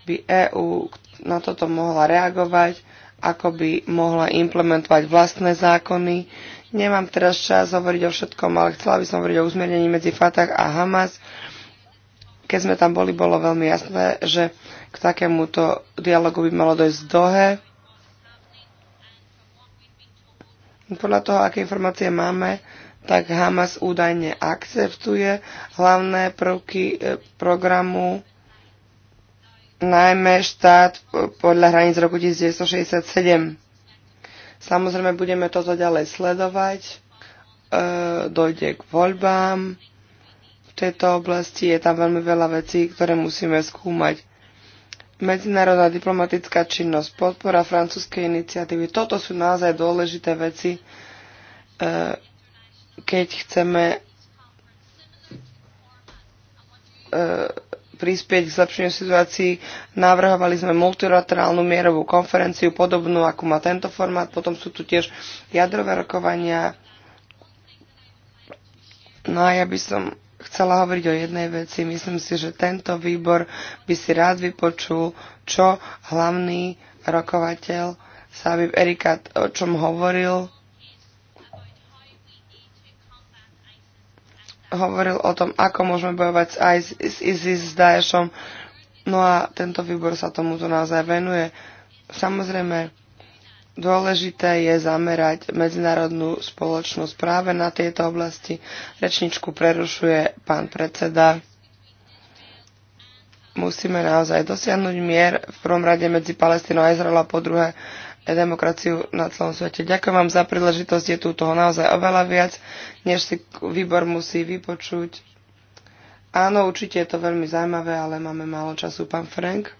by EÚ na toto mohla reagovať, ako by mohla implementovať vlastné zákony. Nemám teraz čas hovoriť o všetkom, ale chcela by som hovoriť o usmernení medzi Fatah a Hamas. Keď sme tam boli, bolo veľmi jasné, že k takémuto dialogu by malo dojsť z Dohe. Podľa toho, aké informácie máme, tak Hamas údajne akceptuje hlavné prvky e, programu, najmä štát podľa hraníc roku 1967. Samozrejme, budeme toto ďalej sledovať, e, dojde k voľbám tejto oblasti. Je tam veľmi veľa vecí, ktoré musíme skúmať. Medzinárodná diplomatická činnosť, podpora francúzskej iniciatívy, toto sú naozaj dôležité veci, e, keď chceme e, prispieť k zlepšeniu situácií. Navrhovali sme multilaterálnu mierovú konferenciu, podobnú ako má tento formát. Potom sú tu tiež jadrové rokovania. No a ja by som chcela hovoriť o jednej veci. Myslím si, že tento výbor by si rád vypočul, čo hlavný rokovateľ Sábib Erika o čom hovoril. Hovoril o tom, ako môžeme bojovať s, s ISIS, s Daešom. No a tento výbor sa tomuto naozaj venuje. Samozrejme, Dôležité je zamerať medzinárodnú spoločnosť práve na tieto oblasti. Rečničku prerušuje pán predseda. Musíme naozaj dosiahnuť mier v prvom rade medzi Palestínou a Izraelom a po druhé demokraciu na celom svete. Ďakujem vám za príležitosť, je tu toho naozaj oveľa viac, než si výbor musí vypočuť. Áno, určite je to veľmi zaujímavé, ale máme málo času, pán Frank.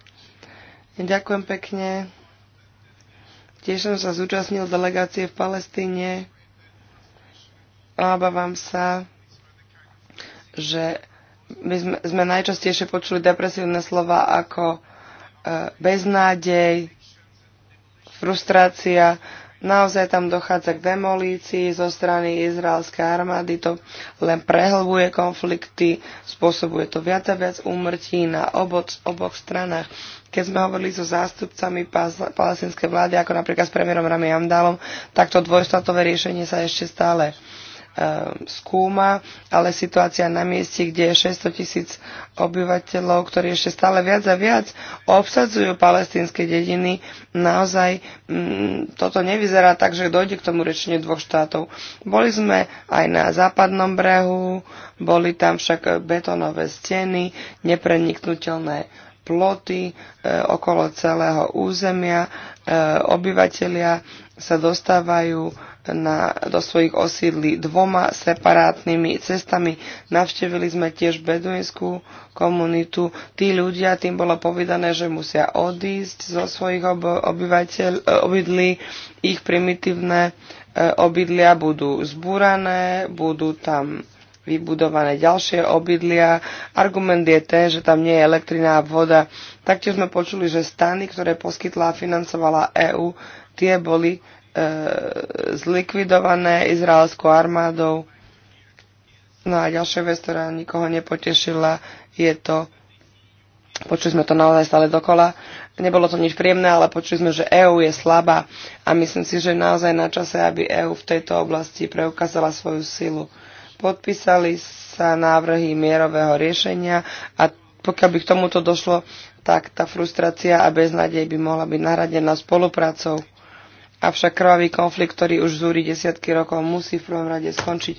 Ďakujem pekne. Tiež som sa zúčastnil delegácie v Palestíne a obávam sa, že my sme, sme najčastejšie počuli depresívne slova ako e, beznádej, frustrácia. Naozaj tam dochádza k demolícii zo strany izraelskej armády, to len prehlbuje konflikty, spôsobuje to viac a viac úmrtí na oboc, oboch stranách. Keď sme hovorili so zástupcami palestinskej vlády, ako napríklad s premiérom Rami Amdalom, tak to dvojštátové riešenie sa ešte stále Ehm, skúma, ale situácia na mieste, kde je 600 tisíc obyvateľov, ktorí ešte stále viac a viac obsadzujú palestínske dediny, naozaj m, mm, toto nevyzerá tak, že dojde k tomu rečeniu dvoch štátov. Boli sme aj na západnom brehu, boli tam však betonové steny, nepreniknutelné ploty e, okolo celého územia. E, obyvatelia sa dostávajú na, do svojich osídlí dvoma separátnymi cestami. Navštevili sme tiež beduinskú komunitu. Tí ľudia, tým bolo povedané, že musia odísť zo svojich obyvateľ, e, obydlí. Ich primitívne e, obydlia budú zbúrané, budú tam vybudované ďalšie obydlia. Argument je ten, že tam nie je elektrina a voda. Taktiež sme počuli, že stany, ktoré poskytla a financovala EÚ, tie boli e, zlikvidované izraelskou armádou. No a ďalšia vec, ktorá nikoho nepotešila, je to, počuli sme to naozaj stále dokola, nebolo to nič príjemné, ale počuli sme, že EÚ je slabá a myslím si, že naozaj na čase, aby EÚ v tejto oblasti preukázala svoju silu podpísali sa návrhy mierového riešenia a pokiaľ by k tomuto došlo, tak tá frustrácia a beznádej by mohla byť nahradená spoluprácou. Avšak krvavý konflikt, ktorý už zúri desiatky rokov, musí v prvom rade skončiť.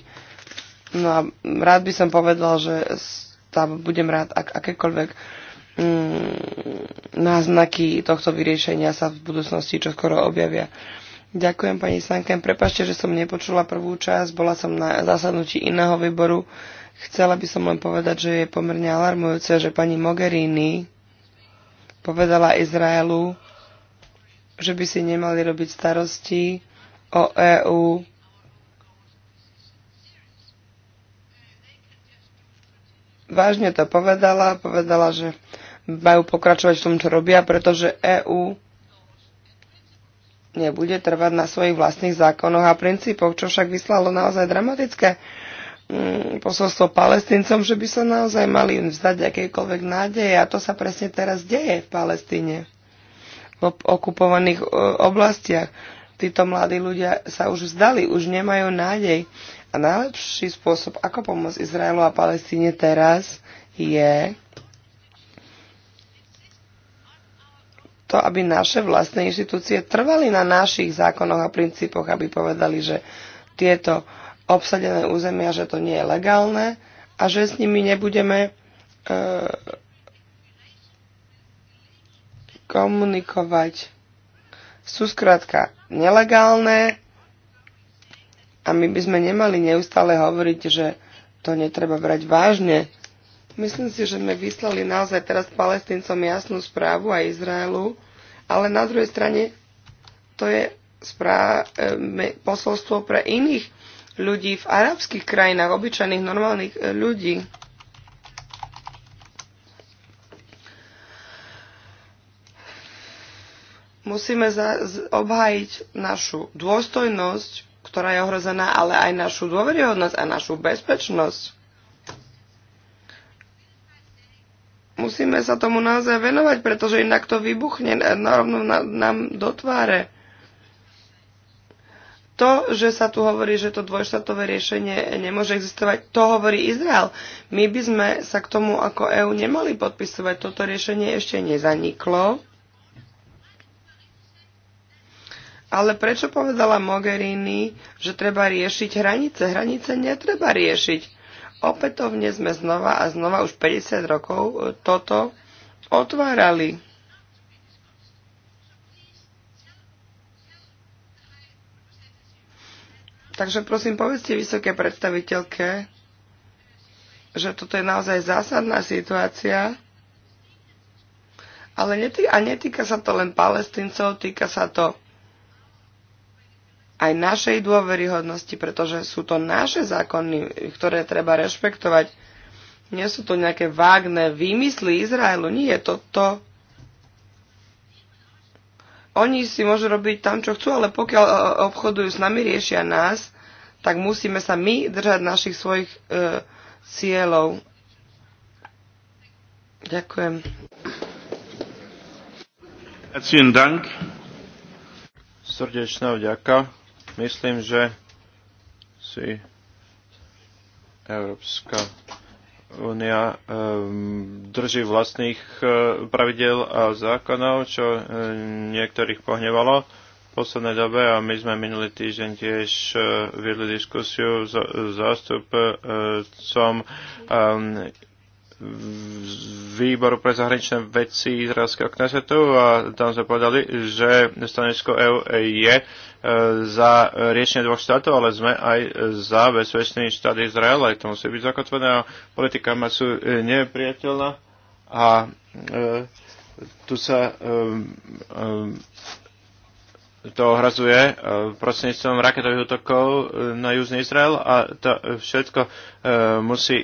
No a rád by som povedal, že tam budem rád, ak akékoľvek mm, náznaky tohto vyriešenia sa v budúcnosti čoskoro objavia. Ďakujem pani Sanken. Prepašte, že som nepočula prvú časť. Bola som na zasadnutí iného výboru. Chcela by som len povedať, že je pomerne alarmujúce, že pani Mogherini povedala Izraelu, že by si nemali robiť starosti o EÚ. Vážne to povedala. Povedala, že majú pokračovať v tom, čo robia, pretože EÚ nebude trvať na svojich vlastných zákonoch a princípoch, čo však vyslalo naozaj dramatické mm, posolstvo palestíncom, že by sa naozaj mali vzdať akékoľvek nádeje a to sa presne teraz deje v Palestíne, v okupovaných e, oblastiach. Títo mladí ľudia sa už vzdali, už nemajú nádej. A najlepší spôsob, ako pomôcť Izraelu a Palestíne teraz, je to, aby naše vlastné inštitúcie trvali na našich zákonoch a princípoch, aby povedali, že tieto obsadené územia, že to nie je legálne a že s nimi nebudeme e, komunikovať. Sú skrátka nelegálne a my by sme nemali neustále hovoriť, že to netreba brať vážne. Myslím si, že sme vyslali naozaj teraz palestíncom jasnú správu a Izraelu, ale na druhej strane to je správ, e, posolstvo pre iných ľudí v arabských krajinách, obyčajných normálnych e, ľudí. Musíme za, z, obhájiť našu dôstojnosť, ktorá je ohrozená, ale aj našu dôveryhodnosť a našu bezpečnosť. musíme sa tomu naozaj venovať, pretože inak to vybuchne narovno nám do tváre. To, že sa tu hovorí, že to dvojštátové riešenie nemôže existovať, to hovorí Izrael. My by sme sa k tomu ako EÚ nemali podpisovať. Toto riešenie ešte nezaniklo. Ale prečo povedala Mogherini, že treba riešiť hranice? Hranice netreba riešiť Opätovne sme znova a znova už 50 rokov toto otvárali. Takže prosím, povedzte vysoké predstaviteľke, že toto je naozaj zásadná situácia. Ale netý, a netýka sa to len palestincov, týka sa to aj našej dôveryhodnosti, pretože sú to naše zákony, ktoré treba rešpektovať. Nie sú to nejaké vágne výmysly Izraelu, nie je to to. Oni si môžu robiť tam, čo chcú, ale pokiaľ obchodujú s nami, riešia nás, tak musíme sa my držať našich svojich e, cieľov. Ďakujem. Srdečná vďaka. Myslím, že si Európska únia e, drží vlastných e, pravidel a zákonov, čo e, niektorých pohnevalo v poslednej dobe a my sme minulý týždeň tiež viedli diskusiu s zástupcom výboru pre zahraničné veci izraelského knesetu a tam sme povedali, že stanovisko EU je E, za riešenie dvoch štátov, ale sme aj za bezpečný štát Izraela. To musí byť zakotvené a politika ma sú e, nepriateľná. A e, tu sa to ohrazuje prostredníctvom raketových útokov na južný Izrael a to všetko musí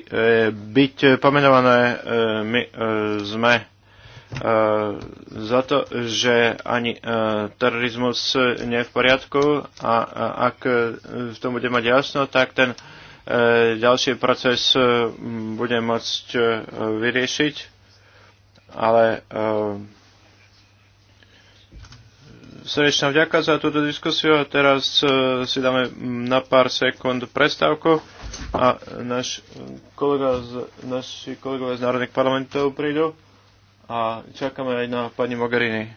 byť pomenované. My sme E, za to, že ani e, terorizmus nie je v poriadku a ak e, v tom bude mať jasno, tak ten ďalší proces bude môcť vyriešiť, ale srdečná vďaka za túto diskusiu. a Teraz si dáme na pár sekúnd prestávku a náš kolega z, naši kolegovia z národných parlamentov prídu a čakáme aj na pani Mogherini.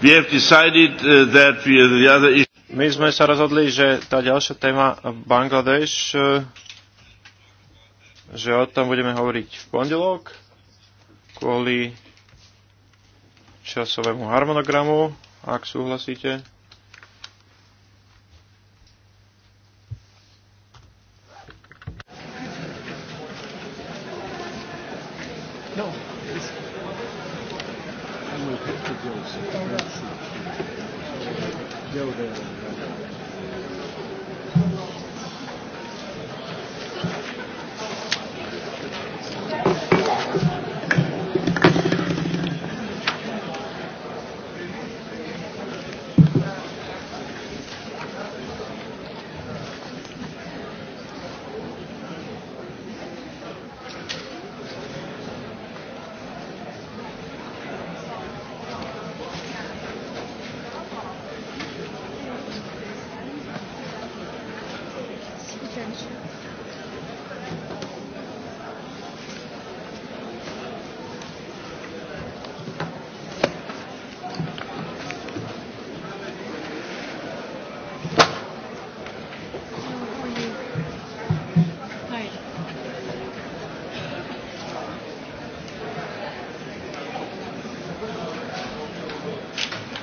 Uh, My sme sa rozhodli, že tá ďalšia téma Bangladeš, uh, že o tom budeme hovoriť v pondelok kvôli časovému harmonogramu. Ak súhlasíte,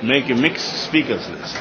make a mixed speakers list.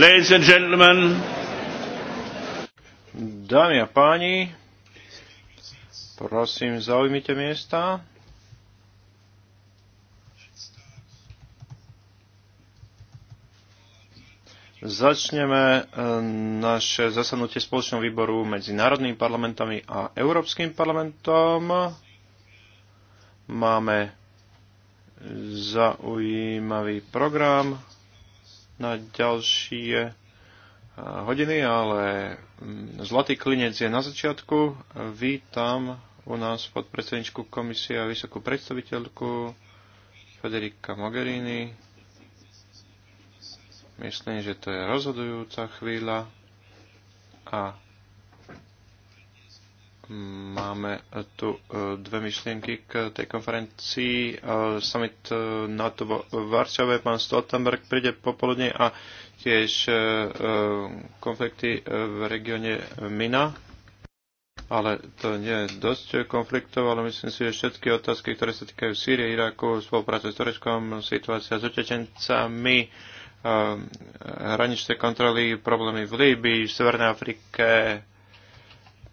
Ladies and gentlemen. Dámy a páni, prosím, zaujmite miesta. Začneme e, naše zasadnutie spoločného výboru medzi národnými parlamentami a Európskym parlamentom. Máme zaujímavý program na ďalšie e, hodiny, ale mm, zlatý klinec je na začiatku. Vítam u nás podpredsedničku komisie a vysokú predstaviteľku Federica Mogherini. Myslím, že to je rozhodujúca chvíľa a Máme tu e, dve myšlienky k tej konferencii. E, summit e, NATO v Varšave, pán Stoltenberg príde popoludne a tiež konflikty v regióne Mina. Ale to nie je dosť konfliktov, ale myslím si, že všetky otázky, ktoré sa týkajú Sýrie, Iraku, spolupráce s Tureckom, situácia s utečencami, hraničné kontroly, problémy v Líbii, v Severnej Afrike,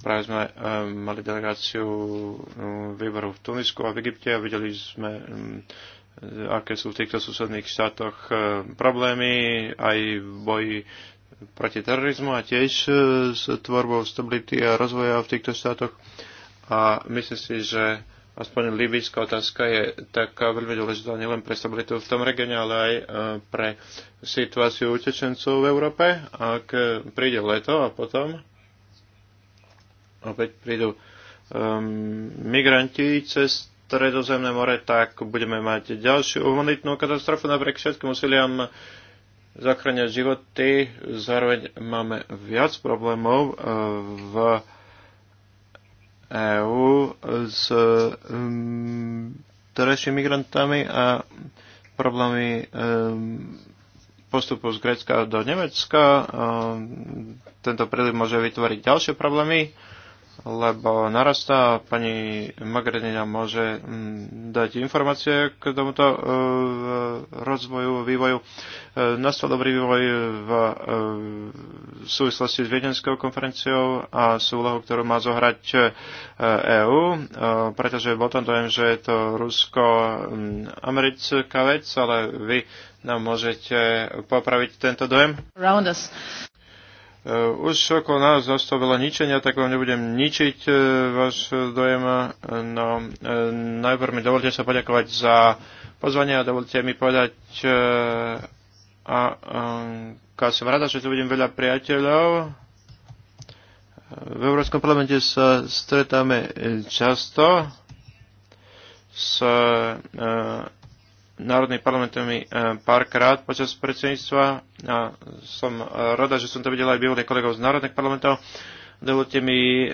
Práve sme eh, mali delegáciu eh, výboru v Tunisku a v Egypte a videli sme mm, aké sú v týchto susedných štátoch eh, problémy aj v boji proti terorizmu a tiež s tvorbou stability a rozvoja v týchto štátoch. A myslím si, že aspoň libyská otázka je taká veľmi dôležitá nielen pre stabilitu v tom regióne, ale aj pre situáciu utečencov v Európe. Ak príde leto a potom opäť prídu um, migranti cez Stredozemné more, tak budeme mať ďalšiu humanitnú katastrofu napriek všetkým úsiliam zachrániť životy. Zároveň máme viac problémov uh, v EÚ s um, terajšími migrantami a problémy um, postupu z Grécka do Nemecka. Um, tento príliv môže vytvoriť ďalšie problémy lebo narastá. Pani Magrenina môže mm, dať informácie k tomuto e, rozvoju, vývoju. E, nastal dobrý vývoj e, v súvislosti s Viedenskou konferenciou a s úlohou, ktorú má zohrať EÚ, pretože bol tam dojem, že je to rusko-americká mm, vec, ale vy nám môžete popraviť tento dojem? Eh, už okolo nás zostalo veľa ničenia, tak vám nebudem ničiť eh, váš dojem. No, eh, najprv mi dovolte sa poďakovať za pozvanie a dovolte mi povedať, a, a a som rada, že tu budem veľa priateľov. V Európskom parlamente sa stretáme často s národnými parlamentami mi eh, párkrát počas predsedníctva a som eh, rada, že som to videla aj bývalých kolegov z národných parlamentov. Dovolte mi e,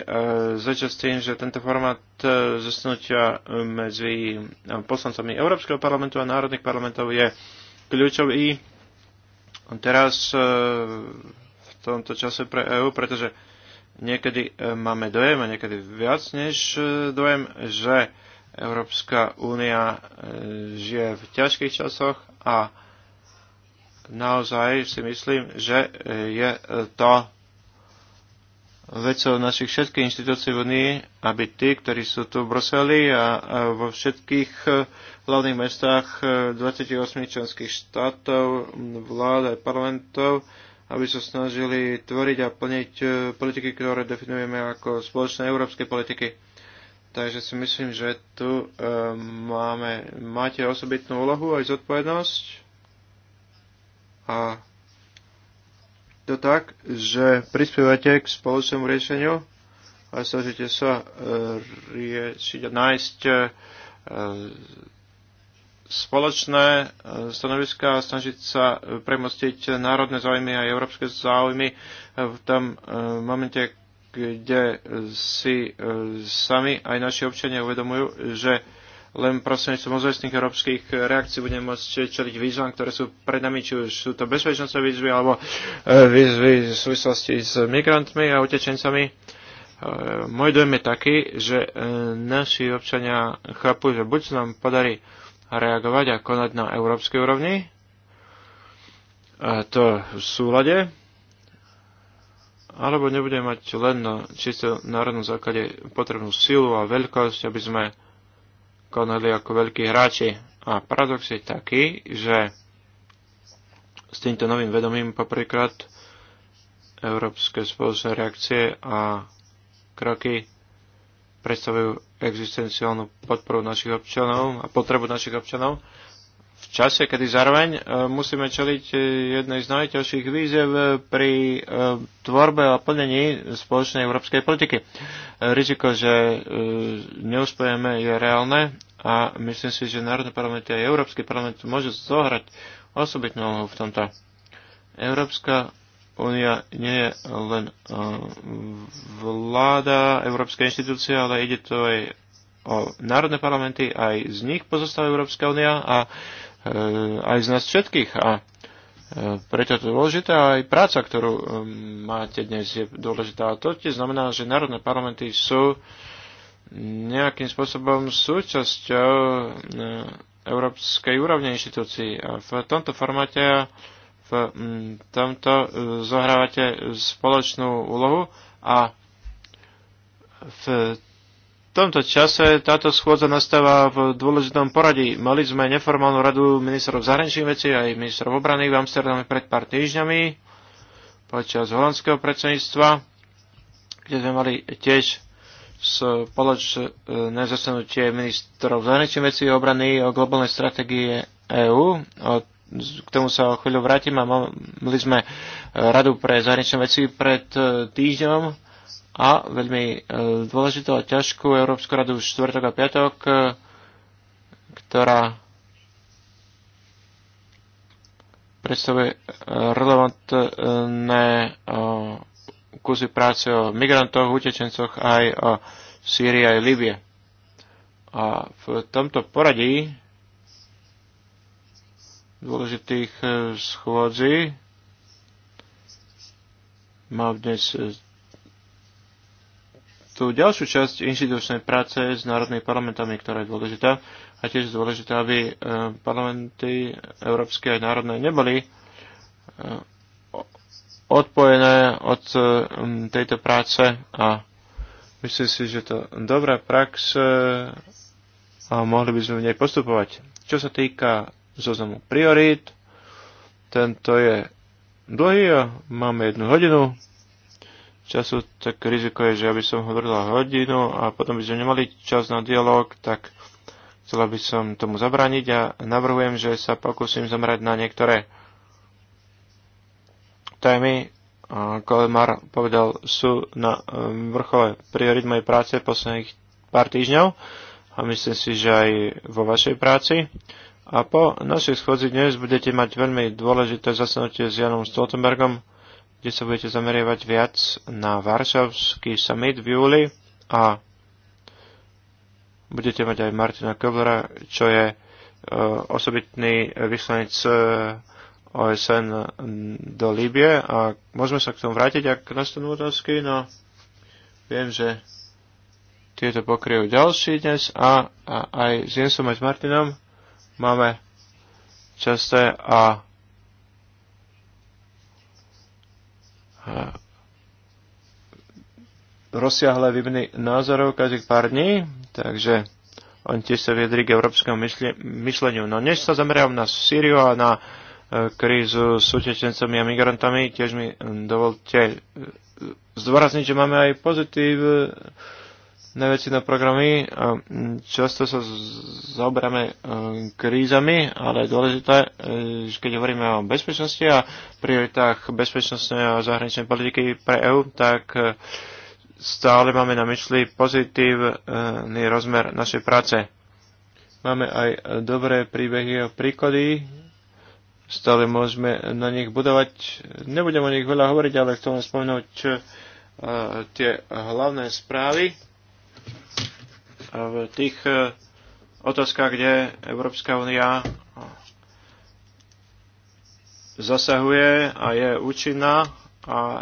začať s tým, že tento formát e, zasnutia medzi poslancami Európskeho parlamentu a národných parlamentov je kľúčový teraz e, v tomto čase pre EÚ, pretože niekedy e, máme dojem a niekedy viac než e, dojem, že e, Európska únia e, žije v ťažkých časoch a naozaj si myslím, že e, je to vecou našich všetkých inštitúcií v Unii, aby tí, ktorí sú tu v Bruseli a vo všetkých e, hlavných mestách 28 členských štátov, vlád a parlamentov, aby sa snažili tvoriť a plniť politiky, ktoré definujeme ako spoločné európske politiky Takže si myslím, že tu um, máme, máte osobitnú úlohu aj zodpovednosť. A to tak, že prispievate k spoločnému riešeniu a snažíte sa uh, riešiť a nájsť uh, spoločné stanoviska a snažiť sa premostiť národné záujmy a európske záujmy v tom momente, kde si e, sami aj naši občania uvedomujú, že len prostredníctvom mozovestných európskych reakcií budeme môcť čeliť výzvam, ktoré sú pred nami, či už sú to bezpečnostné výzvy alebo e, výzvy v súvislosti s migrantmi a utečencami. E, môj dojem je taký, že naši občania chápu, že buď sa nám podarí reagovať a konať na európskej úrovni, a to v súlade, alebo nebudeme mať len na čisto národnom základe potrebnú silu a veľkosť, aby sme konali ako veľkí hráči. A paradox je taký, že s týmto novým vedomím poprvýkrát európske spoločné reakcie a kroky predstavujú existenciálnu podporu našich občanov a potrebu našich občanov čase, kedy zároveň e, musíme čeliť e, jednej z najťažších výzev e, pri tvorbe a plnení spoločnej európskej politiky. Riziko, že neuspojeme je reálne a myslím si, že Národný parlament a Európsky parlament môže zohrať osobitnú úlohu v tomto. Európska únia nie je len vláda, európska inštitúcia, ale ide to aj o národné parlamenty, aj z nich pozostáva Európska únia a E, aj z nás všetkých. A e, preto to dôležité aj práca, ktorú e, máte dnes, je dôležitá. A to tiež znamená, že národné parlamenty sú nejakým spôsobom súčasťou európskej úrovne inštitúcií. A v tomto formáte, v tomto zohrávate spoločnú úlohu a v v tomto čase táto schôdza nastáva v dôležitom poradí. Mali sme neformálnu radu ministrov zahraničných vecí aj ministrov obrany v Amsterdame pred pár týždňami počas holandského predsedníctva, kde sme mali tiež spoločné zasadnutie ministrov zahraničných vecí a obrany o globálnej stratégie EÚ. K tomu sa o chvíľu vrátim a mali sme radu pre zahraničné veci pred e, týždňom a veľmi e, dôležitú a ťažkú Európsku radu v štvrtok a piatok, e, ktorá predstavuje e, relevantné kusy práce o migrantoch, utečencoch aj o Sýrii aj Libie. A v tomto poradí dôležitých schôdzi mám dnes tú ďalšiu časť inštitučnej práce s národnými parlamentami, ktorá je dôležitá. A tiež je dôležité, aby e, parlamenty európske aj národné neboli e, odpojené od e, tejto práce a myslím si, že to dobrá prax a mohli by sme v nej postupovať. Čo sa týka zoznamu priorít, tento je dlhý a máme jednu hodinu času, tak riziko je, že aby som hovorila hodinu a potom by sme nemali čas na dialog, tak chcela by som tomu zabrániť a navrhujem, že sa pokúsim zamerať na niektoré témy, ako povedal, sú na um, vrchole priorit mojej práce posledných pár týždňov a myslím si, že aj vo vašej práci. A po našej schodzi dnes budete mať veľmi dôležité zasadnutie s Janom Stoltenbergom, kde sa budete zameriavať viac na Varšavský summit v júli a budete mať aj Martina Koblera, čo je e, osobitný vyslanec e, OSN do Líbie a môžeme sa k tomu vrátiť, ak nastanú otázky, no viem, že tieto pokryjú ďalší dnes a, a aj s Jensom a s Martinom máme časté a rozsiahle výmeny názorov každých pár dní, takže on tiež sa viedri k európskemu mysleniu. No než sa zameriam na Sýriu a na e, krízu s utečencami a migrantami, tiež mi dovolte e, zdôrazniť, že máme aj pozitív e, najväčšina programy. Často sa zaoberáme e, krízami, ale dôležité, e, keď hovoríme o bezpečnosti a prioritách bezpečnostnej a zahraničnej politiky pre EÚ, tak e, stále máme na mysli pozitívny rozmer našej práce. Máme aj dobré príbehy a príklady, stále môžeme na nich budovať. Nebudem o nich veľa hovoriť, ale chcem spomenúť tie hlavné správy v tých e, otázkach, kde Európska únia zasahuje a je účinná a e,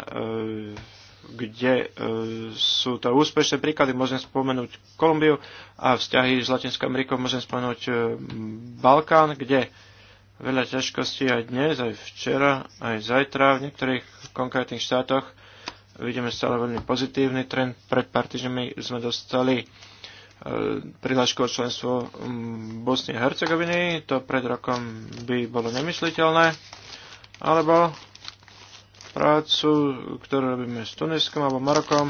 kde e, sú to úspešné príklady. Môžem spomenúť Kolumbiu a vzťahy s Latinskou Amerikou. Môžem spomenúť Balkán, kde veľa ťažkostí aj dnes, aj včera, aj zajtra v niektorých konkrétnych štátoch vidíme stále veľmi pozitívny trend. Pred pár týždňami sme dostali e, prihlášku o členstvo Bosny a Hercegoviny. To pred rokom by bolo nemysliteľné. Alebo prácu, ktorú robíme s Tuniskom alebo Marokom,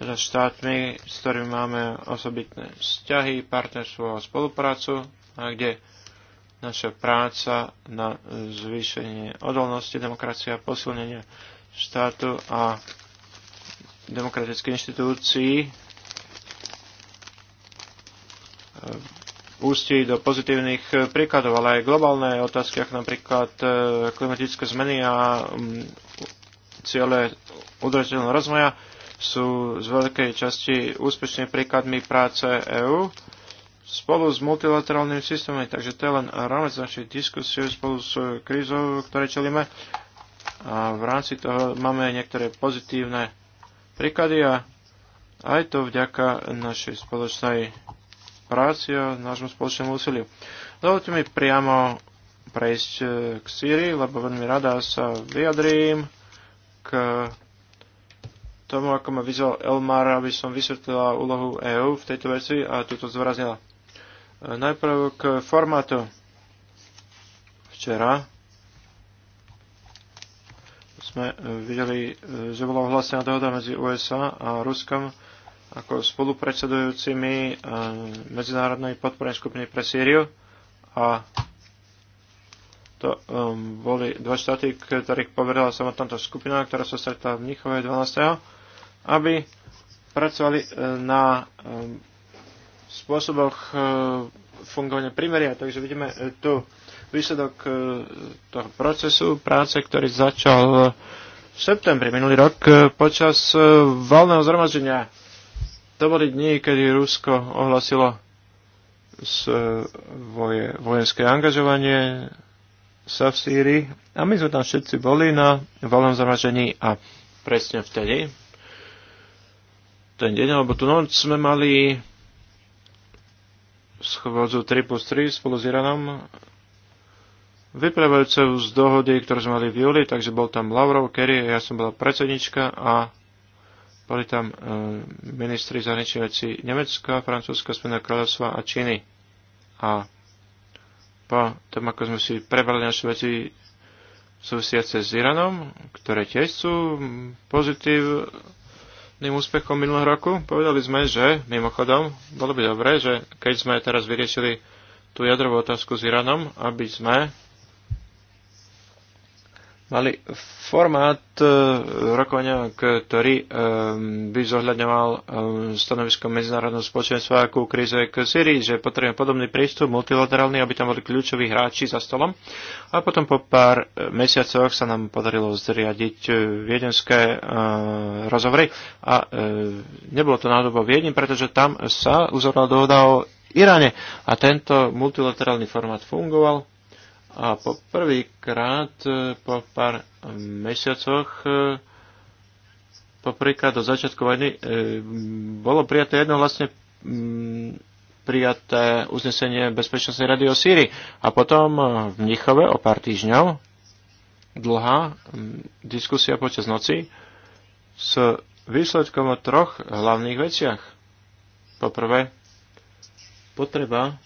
teda štátmi, s ktorými máme osobitné vzťahy, partnerstvo a spoluprácu, a kde naša práca na zvýšenie odolnosti demokracie a posilnenie štátu a demokratických inštitúcii e, ústí do pozitívnych príkladov, ale aj globálne otázky, ako napríklad e, klimatické zmeny a ciele udržateľného rozvoja sú z veľkej časti úspešnými príkladmi práce EÚ spolu s multilaterálnym systémom. Takže to je len rámec našej diskusie spolu s krízou, ktoré čelíme a v rámci toho máme aj niektoré pozitívne príklady a aj to vďaka našej spoločnej práci a nášmu spoločnému úsiliu. Dovolte mi priamo prejsť e, k Syrii, lebo veľmi rada sa vyjadrím k tomu, ako ma vyzval Elmar, aby som vysvetlila úlohu EÚ v tejto veci a túto zvraznila. E, najprv k formátu. Včera sme e, videli, e, že bola ohlásená dohoda medzi USA a Ruskom ako spolupredsedujúcimi e, medzinárodnej podpornej skupiny pre Sýriu a to um, boli dva štáty, ktorých poverila samotná táto skupina, ktorá sa stretla v Mnichove 12. aby pracovali na um, spôsoboch um, fungovania primeria. Takže vidíme tu výsledok e, toho procesu práce, ktorý začal v septembri minulý rok e, počas e, valného zhromaždenia. To boli dni, kedy Rusko ohlasilo svoje vojenské angažovanie sa v Sýrii a my sme tam všetci boli na valnom zhromaždení a presne vtedy, ten deň alebo tú noc sme mali schôdzu 3 plus 3 spolu s Iranom vypravujúcov z dohody, ktoré sme mali v júli, takže bol tam Lavrov, Kerry, ja som bola predsednička a boli tam e, ministri zahraničných vecí Nemecka, Francúzska, Spojeného kráľovstva a Číny. A po tom, ako sme si prebrali naše veci súvisiace s Iranom, ktoré tiež sú pozitívnym úspechom minulého roku, povedali sme, že mimochodom, bolo by dobré, že keď sme teraz vyriešili tú jadrovú otázku s Iranom, aby sme mali formát e, rokovania, ktorý e, by zohľadňoval e, stanovisko medzinárodného spoločenstva ku kríze k Syrii, že potrebujeme podobný prístup, multilaterálny, aby tam boli kľúčoví hráči za stolom. A potom po pár mesiacoch sa nám podarilo zriadiť viedenské rozhovory. A nebolo to nádobo Viedni, pretože tam sa uzorila dohoda o Iráne. A tento multilaterálny formát fungoval a po prvýkrát, e, po pár mesiacoch, e, poprvýkrát do začiatku vojny, e, bolo prijaté jedno vlastne mm, prijaté uznesenie Bezpečnostnej rady o Sýrii. A potom v Mnichove o pár týždňov dlhá mm, diskusia počas noci s výsledkom o troch hlavných veciach. Poprvé, potreba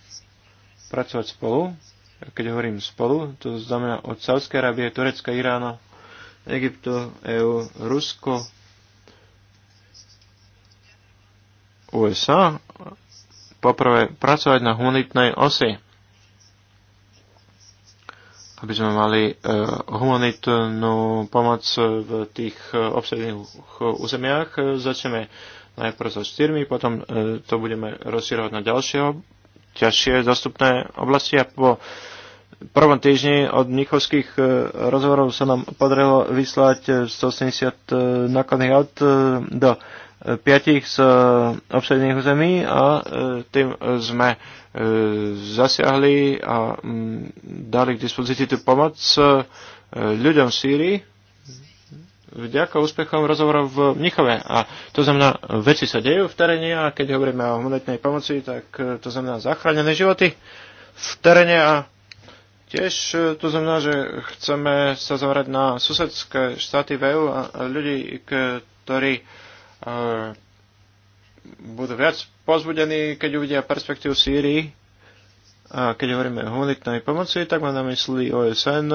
pracovať spolu, keď hovorím spolu, to znamená od Sávskej Arábie, Turecka, Irána, Egyptu, EU, Rusko, USA, poprvé pracovať na humanitnej osi, aby sme mali e, humanitnú pomoc v tých e, územiach. E, začneme najprv so štyrmi, potom e, to budeme rozširovať na ďalšie ťažšie dostupné oblasti a po prvom týždni od mnichovských e, rozhovorov sa nám podarilo vyslať 180 e, e, nákladných aut do piatich z obsadených území a tým sme zasiahli a mm, dali k dispozícii tú pomoc ľuďom v Sýrii vďaka úspechom rozhovorov v Mnichove. A to znamená, veci sa dejú v teréne a keď hovoríme o humanitnej pomoci, tak e, to znamená zachránené životy v teréne a tiež e, to znamená, že chceme sa zamerať na susedské štáty v EU a ľudí, ktorí e, budú viac pozbudení, keď uvidia perspektívu Sýrii, a keď hovoríme o humanitnej pomoci, tak mám na mysli OSN,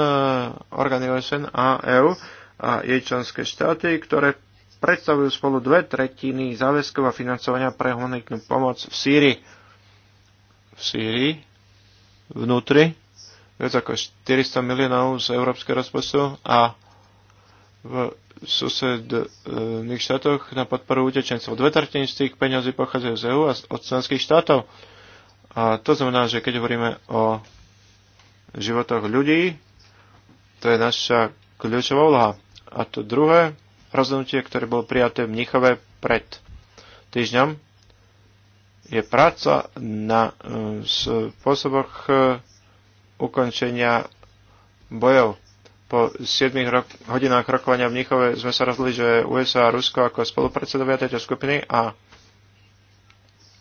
orgány OSN a EU a jej členské štáty, ktoré predstavujú spolu dve tretiny záväzkov a financovania pre humanitnú pomoc v Sýrii. V Sýrii vnútri viac ako 400 miliónov z európskeho rozpočtu a v susedných štátoch na podporu utečencov. Dve tretiny z tých peňazí pochádzajú z EÚ a od členských štátov. A to znamená, že keď hovoríme o životoch ľudí, to je naša kľúčová úloha. A to druhé rozhodnutie, ktoré bolo prijaté v Mnichove pred týždňom, je práca na e, spôsoboch e, ukončenia bojov. Po 7 rok, hodinách rokovania v Mnichove sme sa rozhodli, že USA a Rusko ako spolupredsedovia tejto skupiny a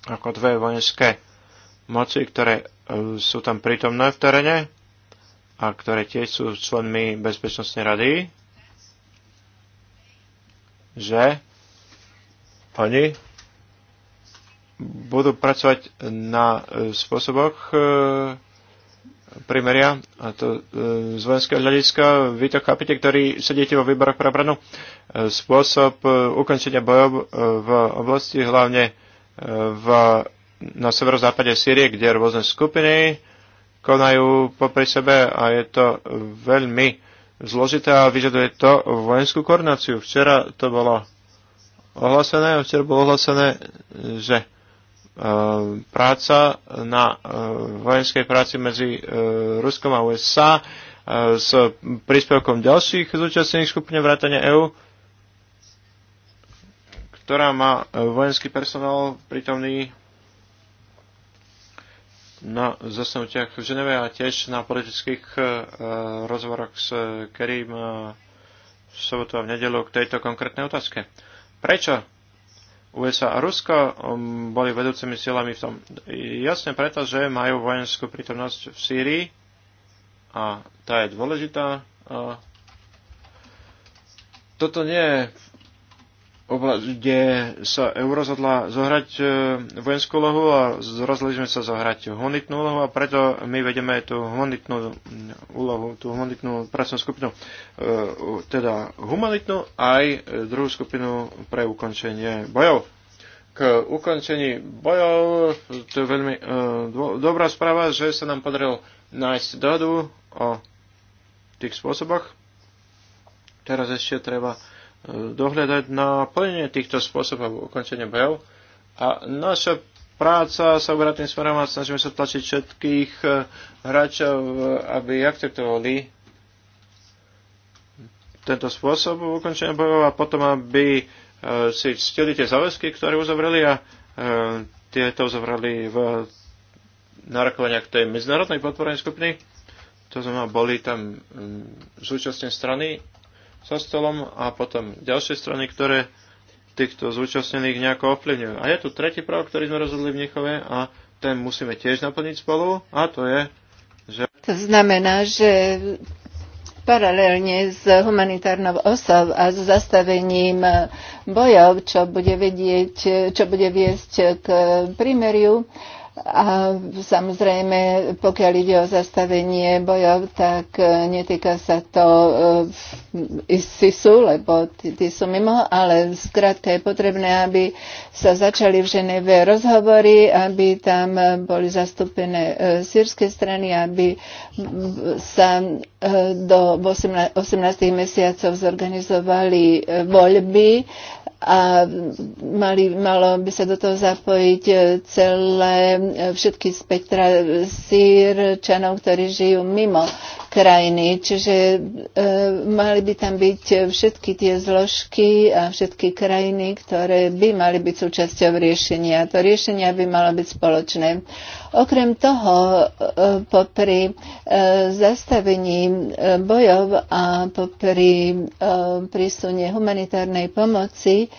ako dve vojenské moci, ktoré e, sú tam prítomné v teréne a ktoré tiež sú členmi Bezpečnostnej rady, že oni budú pracovať na e, spôsoboch e, primeria, a to e, z vojenského hľadiska, vy to chápete, ktorí sedíte vo výboroch pre obranu, spôsob ukončenia bojov v oblasti, hlavne v, na severozápade Sýrie, kde rôzne skupiny konajú popri sebe a je to veľmi zložité a vyžaduje to vojenskú koordináciu. Včera to bolo ohlásené a včera bolo ohlásené, že e, práca na e, vojenskej práci medzi e, Ruskom a USA s príspevkom ďalších zúčastnených skupín vrátania EÚ, ktorá má vojenský personál prítomný na zasadnutiach v Ženeve a tiež na politických e, rozhovoroch s e, Kerim e, v sobotu a v nedelu k tejto konkrétnej otázke. Prečo USA a Rusko um, boli vedúcimi silami v tom? Jasne preto, že majú vojenskú prítomnosť v Sýrii a tá je dôležitá. Uh, toto nie je kde sa euro rozhodla zohrať e, vojenskú lohu a rozhodli sme sa zohrať humanitnú úlohu a preto my vedeme tú humanitnú úlohu, tú humanitnú pracovnú skupinu, e, teda humanitnú aj e, druhú skupinu pre ukončenie bojov k ukončení bojov. To je veľmi dobrá správa, že sa nám podarilo nájsť dohodu o tých spôsoboch. Teraz ešte treba dohľadať na plnenie týchto spôsobov ukončenia bojov. A naša práca sa obrá tým smerom a snažíme sa tlačiť všetkých eh, hráčov, eh, aby akceptovali tento spôsob ukončenia bojov a potom, aby eh, si ctili tie záväzky, ktoré uzavreli a tieto uzavreli v narokovaniach tej medzinárodnej podpornej skupiny. To znamená, boli tam mm, zúčastnené strany so stolom a potom ďalšie strany, ktoré týchto zúčastnených nejako ovplyvňujú. A je tu tretí prvok, ktorý sme rozhodli v nichove a ten musíme tiež naplniť spolu a to je, že... To znamená, že paralelne s humanitárnou osou a s zastavením bojov, čo bude, vedieť, čo bude viesť k prímeriu, a samozrejme, pokiaľ ide o zastavenie bojov, tak e, netýka sa to e, ISISu, lebo tí sú mimo, ale zkrátka je potrebné, aby sa začali v Ženeve rozhovory, aby tam boli zastúpené e, sírske strany, aby sa do 18, 18 mesiacov zorganizovali voľby a mali, malo by sa do toho zapojiť e, celé e, všetky spektra sírčanov, ktorí žijú mimo krajiny. Čiže e, mali by tam byť všetky tie zložky a všetky krajiny, ktoré by mali byť súčasťou riešenia. To riešenia by malo byť spoločné. Okrem toho, e, popri e, zastavení e, bojov a popri e, prísune humanitárnej pomoci,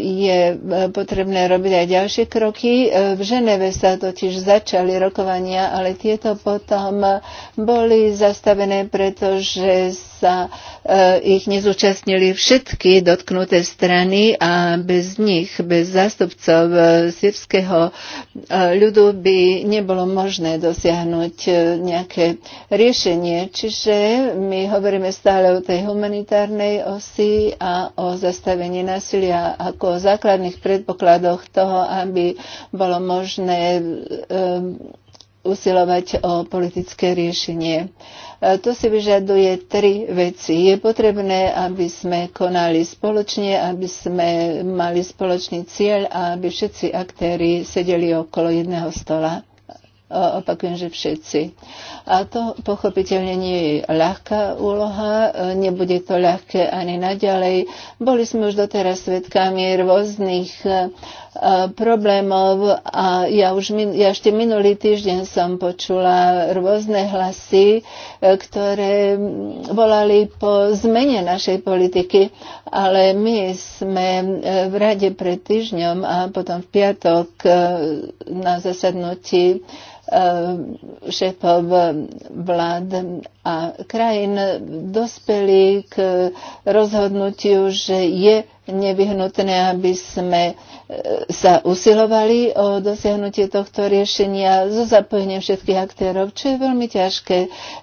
je e, potrebné robiť aj ďalšie kroky. E, v Ženeve sa totiž začali rokovania, ale tieto potom boli zastavené, pretože sa e, ich nezúčastnili všetky dotknuté strany a bez nich, bez zástupcov e, sírskeho e, ľudu by nebolo možné dosiahnuť nejaké riešenie. Čiže my hovoríme stále o tej humanitárnej osi a o zastavení násilia ako o základných predpokladoch toho, aby bolo možné usilovať o politické riešenie. Uh, E, to si vyžaduje tri veci. Je potrebné, aby sme konali spoločne, aby sme mali spoločný cieľ a aby všetci aktéry sedeli okolo jedného stola opakujem, že všetci. A to pochopiteľne nie je ľahká úloha, e, nebude to ľahké ani naďalej. Boli sme už doteraz svetkami rôznych e, Eh, problémov a ja, už min, ja ešte minulý týždeň som počula rôzne hlasy, eh, ktoré volali po zmene našej politiky, ale my sme eh, v rade pred týždňom a potom v piatok na zasadnutí šéfov vlád a krajín dospeli k rozhodnutiu, že je nevyhnutné, aby sme e, sa usilovali o dosiahnutie tohto riešenia so zapojením všetkých aktérov, čo je veľmi ťažké.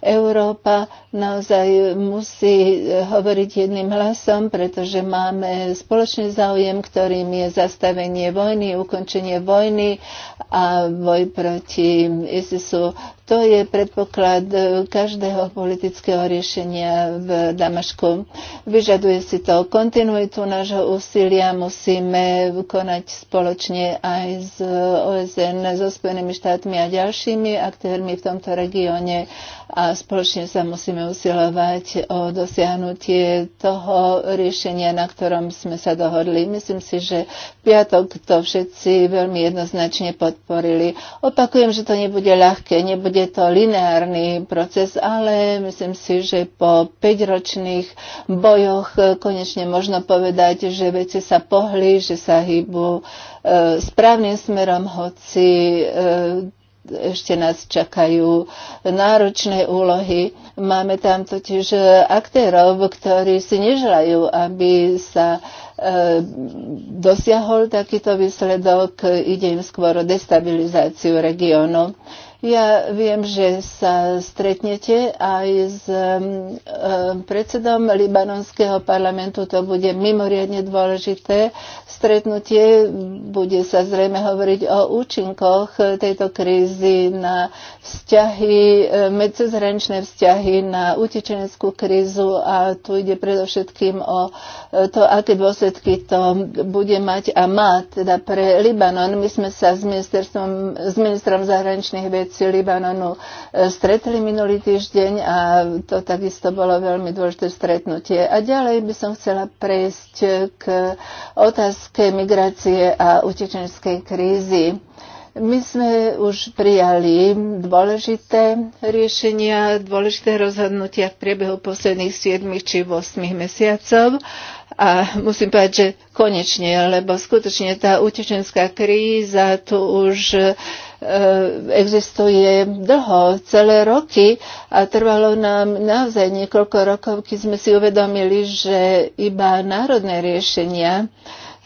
Európa naozaj musí e, hovoriť jedným hlasom, pretože máme spoločný záujem, ktorým je zastavenie vojny, ukončenie vojny a boj proti ISISu to je predpoklad e, každého politického riešenia v Damašku. Vyžaduje si to kontinuitu nášho úsilia, musíme konať spoločne aj s OSN, so Spojenými štátmi a ďalšími aktérmi v tomto regióne a spoločne sa musíme usilovať o dosiahnutie toho riešenia, na ktorom sme sa dohodli. Myslím si, že v piatok to všetci veľmi jednoznačne podporili. Opakujem, že to nebude ľahké, nebude to lineárny proces, ale myslím si, že po 5-ročných bojoch konečne možno povedať, že veci sa pohli, že sa hýbu e, správnym smerom, hoci e, ešte nás čakajú náročné úlohy. Máme tam totiž e, aktérov, ktorí si neželajú, aby sa e, dosiahol takýto výsledok. Ide im skôr o destabilizáciu regiónu. Ja viem, že sa stretnete aj s predsedom libanonského parlamentu. To bude mimoriadne dôležité stretnutie. Bude sa zrejme hovoriť o účinkoch tejto krízy na vzťahy, medzezhraničné vzťahy, na utečeneckú krízu a tu ide predovšetkým o E, to, aké dôsledky to bude mať a má teda pre Libanon. My sme sa s, ministerstvom, s ministrom zahraničných vecí Libanonu e, stretli minulý týždeň a to takisto bolo veľmi dôležité stretnutie. A ďalej by som chcela prejsť k otázke migrácie a utečenskej krízy. My sme už prijali dôležité riešenia, dôležité rozhodnutia v priebehu posledných 7 či 8 mesiacov a musím povedať, že konečne, lebo skutočne tá utečenská kríza tu už e, existuje dlho, celé roky a trvalo nám naozaj niekoľko rokov, keď sme si uvedomili, že iba národné riešenia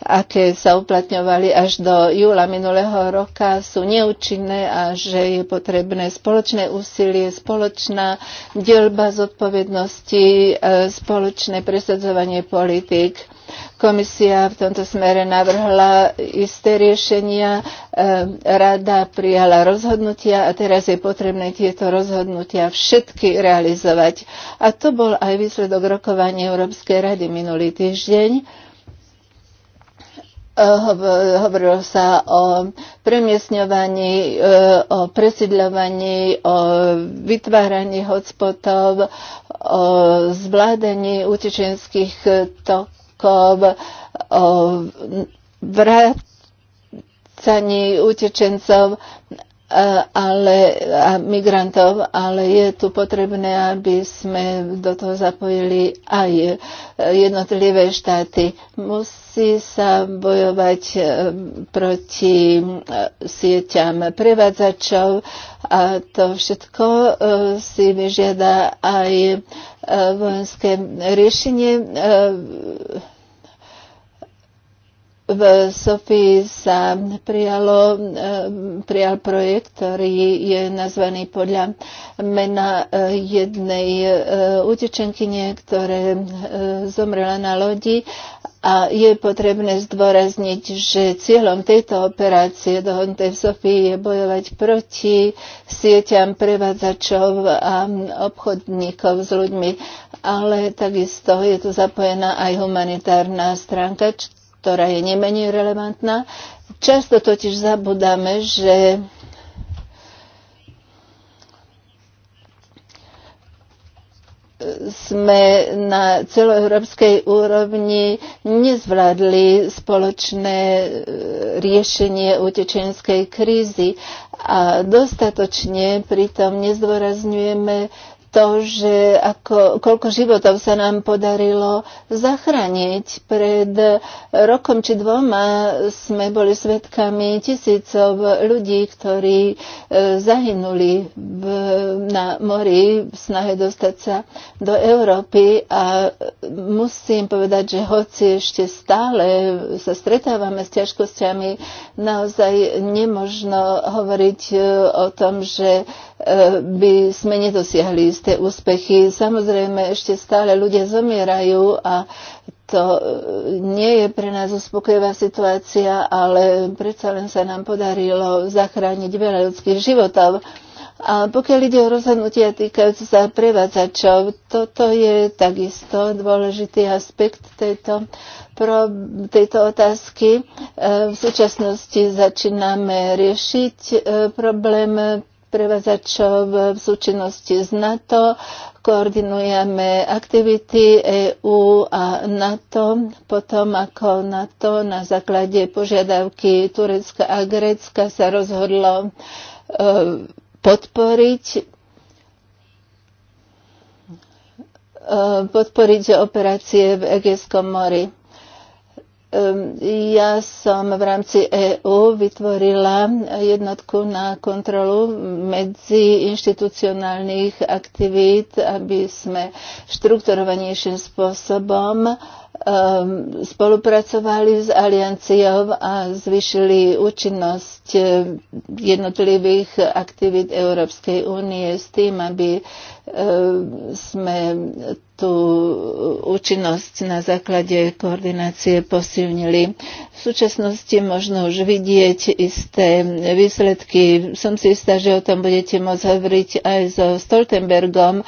aké sa uplatňovali až do júla minulého roka, sú neúčinné a že je potrebné spoločné úsilie, spoločná dielba zodpovednosti, e, spoločné presadzovanie politik. Komisia v tomto smere navrhla isté riešenia, e, rada prijala rozhodnutia a teraz je potrebné tieto rozhodnutia všetky realizovať. A to bol aj výsledok rokovania Európskej rady minulý týždeň hovorilo sa o premiesňovaní, e, o presidľovaní, o vytváraní hotspotov, o zvládaní utečenských tokov, o vrácaní utečencov ale, a migrantov, ale je tu potrebné, aby sme do toho zapojili aj jednotlivé štáty. Musí sa bojovať e, proti e, sieťam prevádzačov a to všetko e, si vyžiada aj vojenské riešenie v Sofii sa prijalo, eh, prijal projekt, ktorý je nazvaný podľa mena eh, jednej eh, utečenkyne, ktoré zomrela na lodi a je potrebné zdôrazniť, že cieľom tejto operácie dohodnutej v Sofii je bojovať proti sieťam prevádzačov a obchodníkov s ľuďmi, ale takisto je tu zapojená aj humanitárna stránka, ktorá je nemenej relevantná. Často totiž zabudáme, že sme na celoeurópskej úrovni nezvládli spoločné e, riešenie utečenskej krízy a dostatočne pritom nezdôrazňujeme to, že ako, koľko životov sa nám podarilo zachrániť. Pred rokom či dvoma sme boli svetkami tisícov ľudí, ktorí e, zahynuli v, na mori v snahe dostať sa do Európy a musím povedať, že hoci ešte stále sa stretávame s ťažkosťami, naozaj nemožno hovoriť e, o tom, že by sme nedosiahli isté úspechy. Samozrejme, ešte stále ľudia zomierajú a to e, nie je pre nás uspokojivá situácia, ale predsa len sa nám podarilo zachrániť veľa ľudských životov. A pokiaľ ide o rozhodnutia týkajúce sa prevádzačov, toto je takisto dôležitý aspekt tejto, pro, tejto otázky. E, v súčasnosti začíname riešiť e, problém Prevazačov v súčinnosti s NATO. Koordinujeme aktivity EU a NATO. Potom ako NATO na základe požiadavky Turecka a Grécka sa rozhodlo e, podporiť e, podporiť operácie v Egejskom mori. Ehm, ja som v rámci EÚ vytvorila jednotku na kontrolu medzi inštitucionálnych aktivít, aby sme štrukturovanejším spôsobom Um, spolupracovali s alianciou a zvyšili účinnosť eh, jednotlivých aktivít Európskej únie s tým, aby eh, sme tú účinnosť na základe koordinácie posilnili. V súčasnosti možno už vidieť isté výsledky. Som si istá, že o tom budete môcť hovoriť aj so Stoltenbergom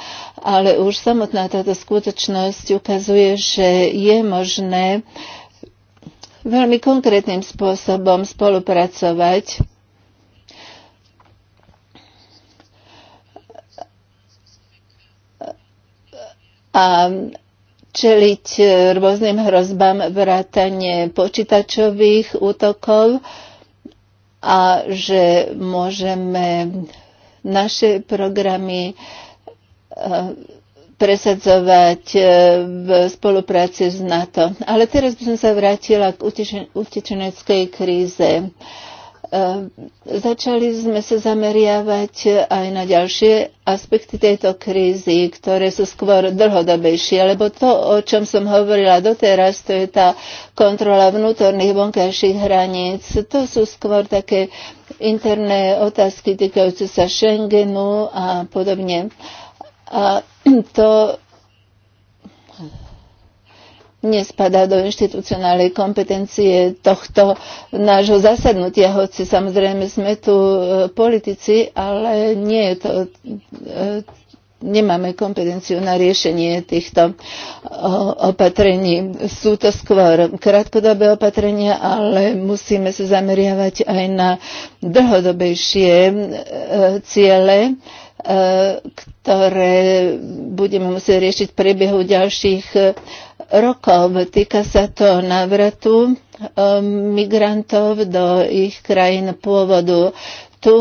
ale už samotná táto skutočnosť ukazuje, že je možné veľmi konkrétnym spôsobom spolupracovať a čeliť rôznym hrozbám vrátane počítačových útokov a že môžeme naše programy Eh, presadzovať eh, v spolupráci s NATO. Ale teraz by som sa vrátila k utečeneckej kríze. Eh, začali sme sa zameriavať aj na ďalšie aspekty tejto krízy, ktoré sú skôr dlhodobejšie, lebo to, o čom som hovorila doteraz, to je tá kontrola vnútorných vonkajších hraníc. To sú skôr také interné otázky týkajúce sa Schengenu a podobne. Uh, a to nespadá do inštitucionálnej kompetencie tohto nášho zasadnutia, hoci samozrejme sme tu e, politici, ale nie je to e, nemáme kompetenciu na riešenie týchto e, opatrení. Sú to skôr krátkodobé opatrenia, ale musíme sa zameriavať aj na dlhodobejšie ciele E, ktoré budeme musieť riešiť v priebehu ďalších e, rokov. Týka sa to návratu e, migrantov do ich krajín pôvodu. Tu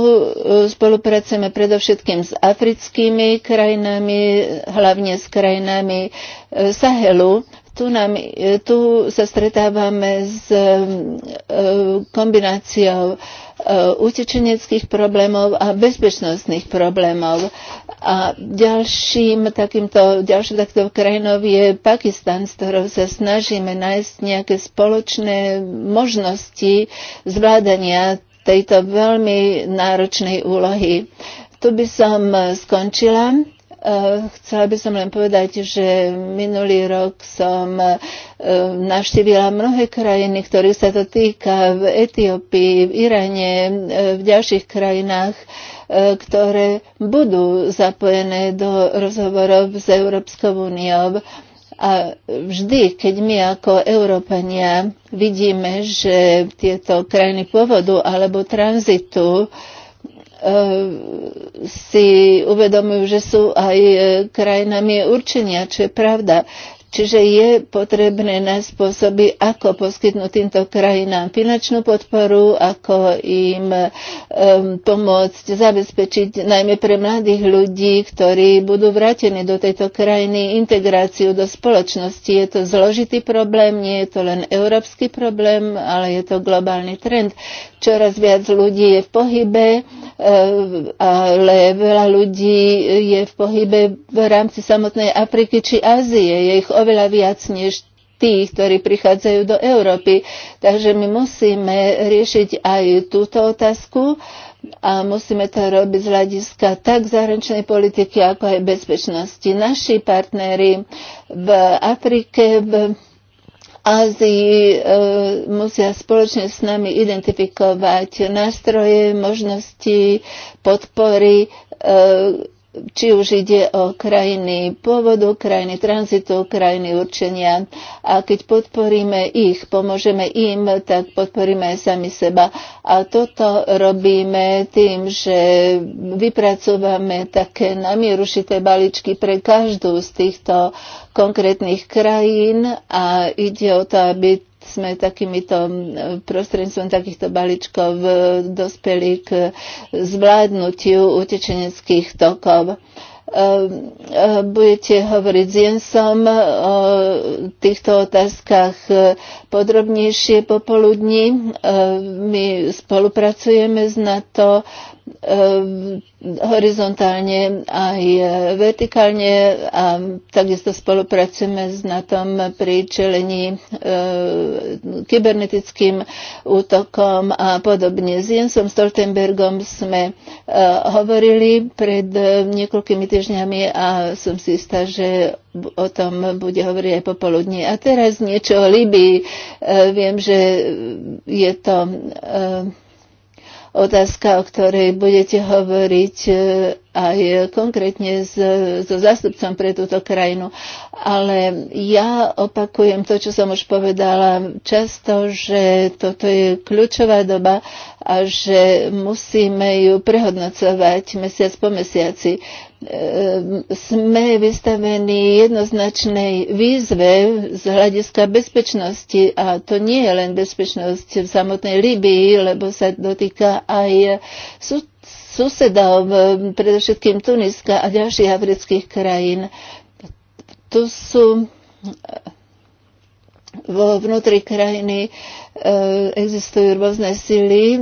spolupracujeme predovšetkým s africkými krajinami, hlavne s krajinami Sahelu, tu, nám, tu sa stretávame s e, kombináciou e, utečeneckých problémov a bezpečnostných problémov. A ďalším takýmto, ďalším takto krajinou je Pakistan, s ktorou sa snažíme nájsť nejaké spoločné možnosti zvládania tejto veľmi náročnej úlohy. Tu by som skončila Eh, chcela by som len povedať, že minulý rok som eh, navštívila mnohé krajiny, ktorých sa to týka v Etiópii, v Iráne, eh, v ďalších krajinách, ktoré budú zapojené do rozhovorov s Európskou úniou. A vždy, keď my ako Európania vidíme, že tieto krajiny pôvodu alebo tranzitu Ehm, si uvedomujú, že sú aj e, krajinami určenia, čo je pravda. Čiže je potrebné na spôsoby, ako poskytnúť týmto krajinám finančnú podporu, ako im um, pomôcť zabezpečiť najmä pre mladých ľudí, ktorí budú vrátení do tejto krajiny integráciu do spoločnosti. Je to zložitý problém, nie je to len európsky problém, ale je to globálny trend. Čoraz viac ľudí je v pohybe, eh, ale veľa ľudí je v pohybe v rámci samotnej Afriky či Ázie. Je ich oveľa viac než tých, ktorí prichádzajú do Európy. Takže my musíme riešiť aj túto otázku a musíme to robiť z hľadiska tak zahraničnej politiky, ako aj bezpečnosti. Naši partnery v Afrike, v Ázii e, musia spoločne s nami identifikovať nástroje, možnosti podpory e, či už ide o krajiny pôvodu, krajiny tranzitu, krajiny určenia. A keď podporíme ich, pomôžeme im, tak podporíme aj sami seba. A toto robíme tým, že vypracovame také namierušité balíčky pre každú z týchto konkrétnych krajín a ide o to, aby sme takýmito prostredníctvom takýchto balíčkov e, dospeli k zvládnutiu utečeneckých tokov e, e, budete hovoriť s Jensom o týchto otázkach podrobnejšie popoludní. My spolupracujeme s NATO Ehm, horizontálne aj e, vertikálne a takisto spolupracujeme s NATO pri čelení e, kybernetickým útokom a podobne. S Jensom Stoltenbergom sme e, hovorili pred niekoľkými týždňami a som si istá, že o tom bude hovoriť aj popoludní. A teraz niečo o Libii. viem, že je to otázka, o ktorej budete hovoriť e, aj konkrétne s, so zástupcom pre túto krajinu. Ale ja opakujem to, čo som už povedala často, že toto je kľúčová doba a že musíme ju prehodnocovať mesiac po mesiaci sme vystavení jednoznačnej výzve z hľadiska bezpečnosti a to nie je len bezpečnosť v samotnej Libii, lebo sa dotýka aj susedov, predovšetkým Tuniska a ďalších afrických krajín. Tu sú vo vnútri krajiny e, existujú rôzne sily e,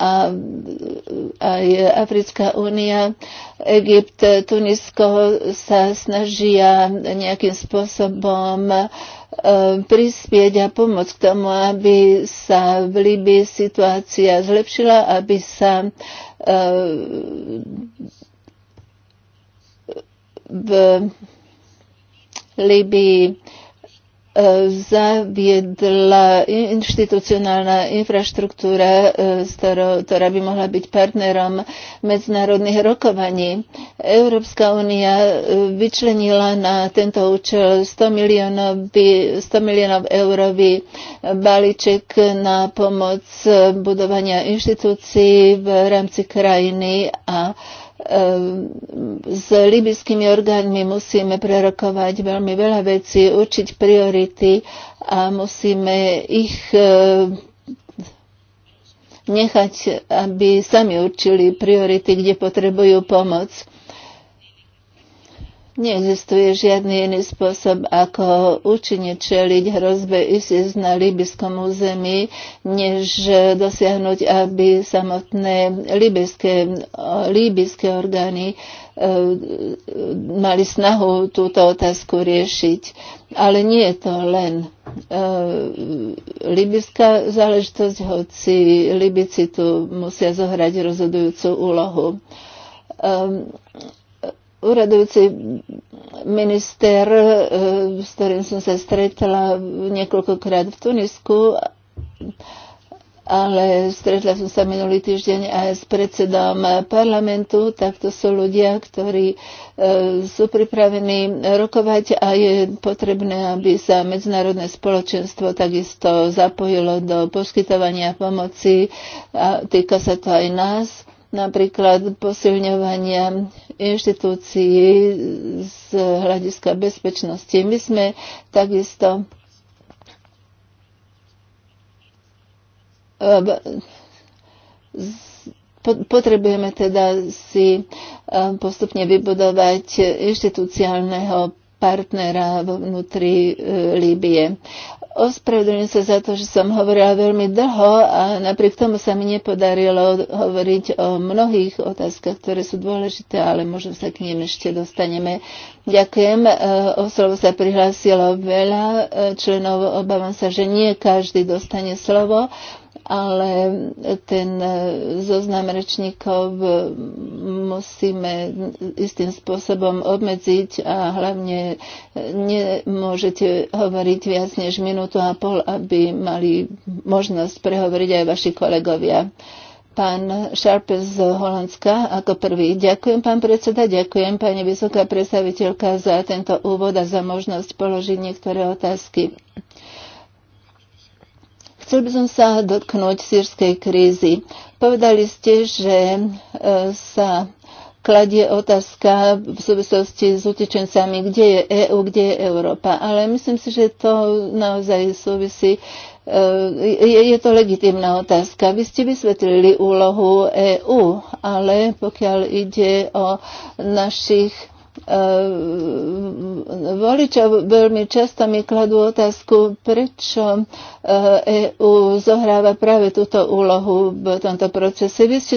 a aj Africká únia, Egypt, Tunisko sa snažia nejakým spôsobom e, prispieť a pomôcť k tomu, aby sa v Líbii situácia zlepšila, aby sa e, v Líbii E, zaviedla inštitucionálna infraštruktúra, e, ktorá by mohla byť partnerom medzinárodných rokovaní. Európska únia e, vyčlenila na tento účel 100 miliónov, 100 miliónov eurový balíček na pomoc budovania inštitúcií v rámci krajiny a s libyskými orgánmi musíme prerokovať veľmi veľa vecí, určiť priority a musíme ich e, nechať, aby sami určili priority, kde potrebujú pomoc. Neexistuje žiadny iný spôsob, ako účinne čeliť hrozbe ISIS na libyskom území, než dosiahnuť, aby samotné libyské, libyské orgány e, mali snahu túto otázku riešiť. Ale nie je to len e, libyská záležitosť, hoci Libici tu musia zohrať rozhodujúcu úlohu e, Uradujúci minister, e, s ktorým som sa stretla niekoľkokrát v Tunisku, ale stretla som sa minulý týždeň aj s predsedom parlamentu, tak to sú ľudia, ktorí e, sú pripravení rokovať a je potrebné, aby sa medzinárodné spoločenstvo takisto zapojilo do poskytovania pomoci a týka sa to aj nás, napríklad posilňovania inštitúcií z hľadiska bezpečnosti. My sme takisto eh, potrebujeme teda si eh, postupne vybudovať inštitúciálneho partnera vnútri eh, Líbie. Ospravedlňujem sa za to, že som hovorila veľmi dlho a napriek tomu sa mi nepodarilo hovoriť o mnohých otázkach, ktoré sú dôležité, ale možno sa k nim ešte dostaneme. Ďakujem. E, o slovo sa prihlásilo veľa e, členov. Obávam sa, že nie každý dostane slovo ale ten e, zoznam rečníkov e, musíme istým spôsobom obmedziť a hlavne e, nemôžete hovoriť viac než minútu a pol, aby mali možnosť prehovoriť aj vaši kolegovia pán Šarpe z Holandska ako prvý. Ďakujem, pán predseda, ďakujem, pani vysoká predstaviteľka, za tento úvod a za možnosť položiť niektoré otázky. Chcel by som sa dotknúť sírskej krízy. Povedali ste, že e, sa kladie otázka v súvislosti s utečencami, kde je EU, kde je Európa. Ale myslím si, že to naozaj súvisí e, je, je to legitimná otázka. Vy ste vysvetlili úlohu EÚ, ale pokiaľ ide o našich Ehm, voličov veľmi často mi kladú otázku, prečo EU eh, e zohráva práve túto úlohu v tomto procese. Vy ste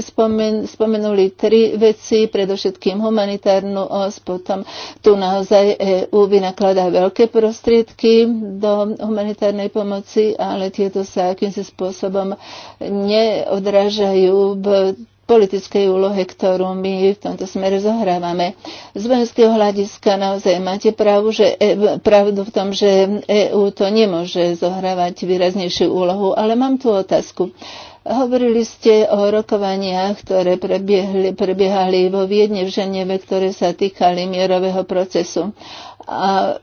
spomenuli tri veci, predovšetkým humanitárnu os, potom tu naozaj EU vynakladá veľké prostriedky do humanitárnej pomoci, ale tieto sa akýmsi spôsobom neodrážajú v politickej úlohe, ktorú my v tomto smere zohrávame. Z vojenského hľadiska naozaj máte pravdu, že, e, pravdu v tom, že EÚ to nemôže zohrávať výraznejšiu úlohu, ale mám tu otázku. Hovorili ste o rokovaniach, ktoré prebiehli, prebiehali vo Viedne v Ženeve, ktoré sa týkali mierového procesu. A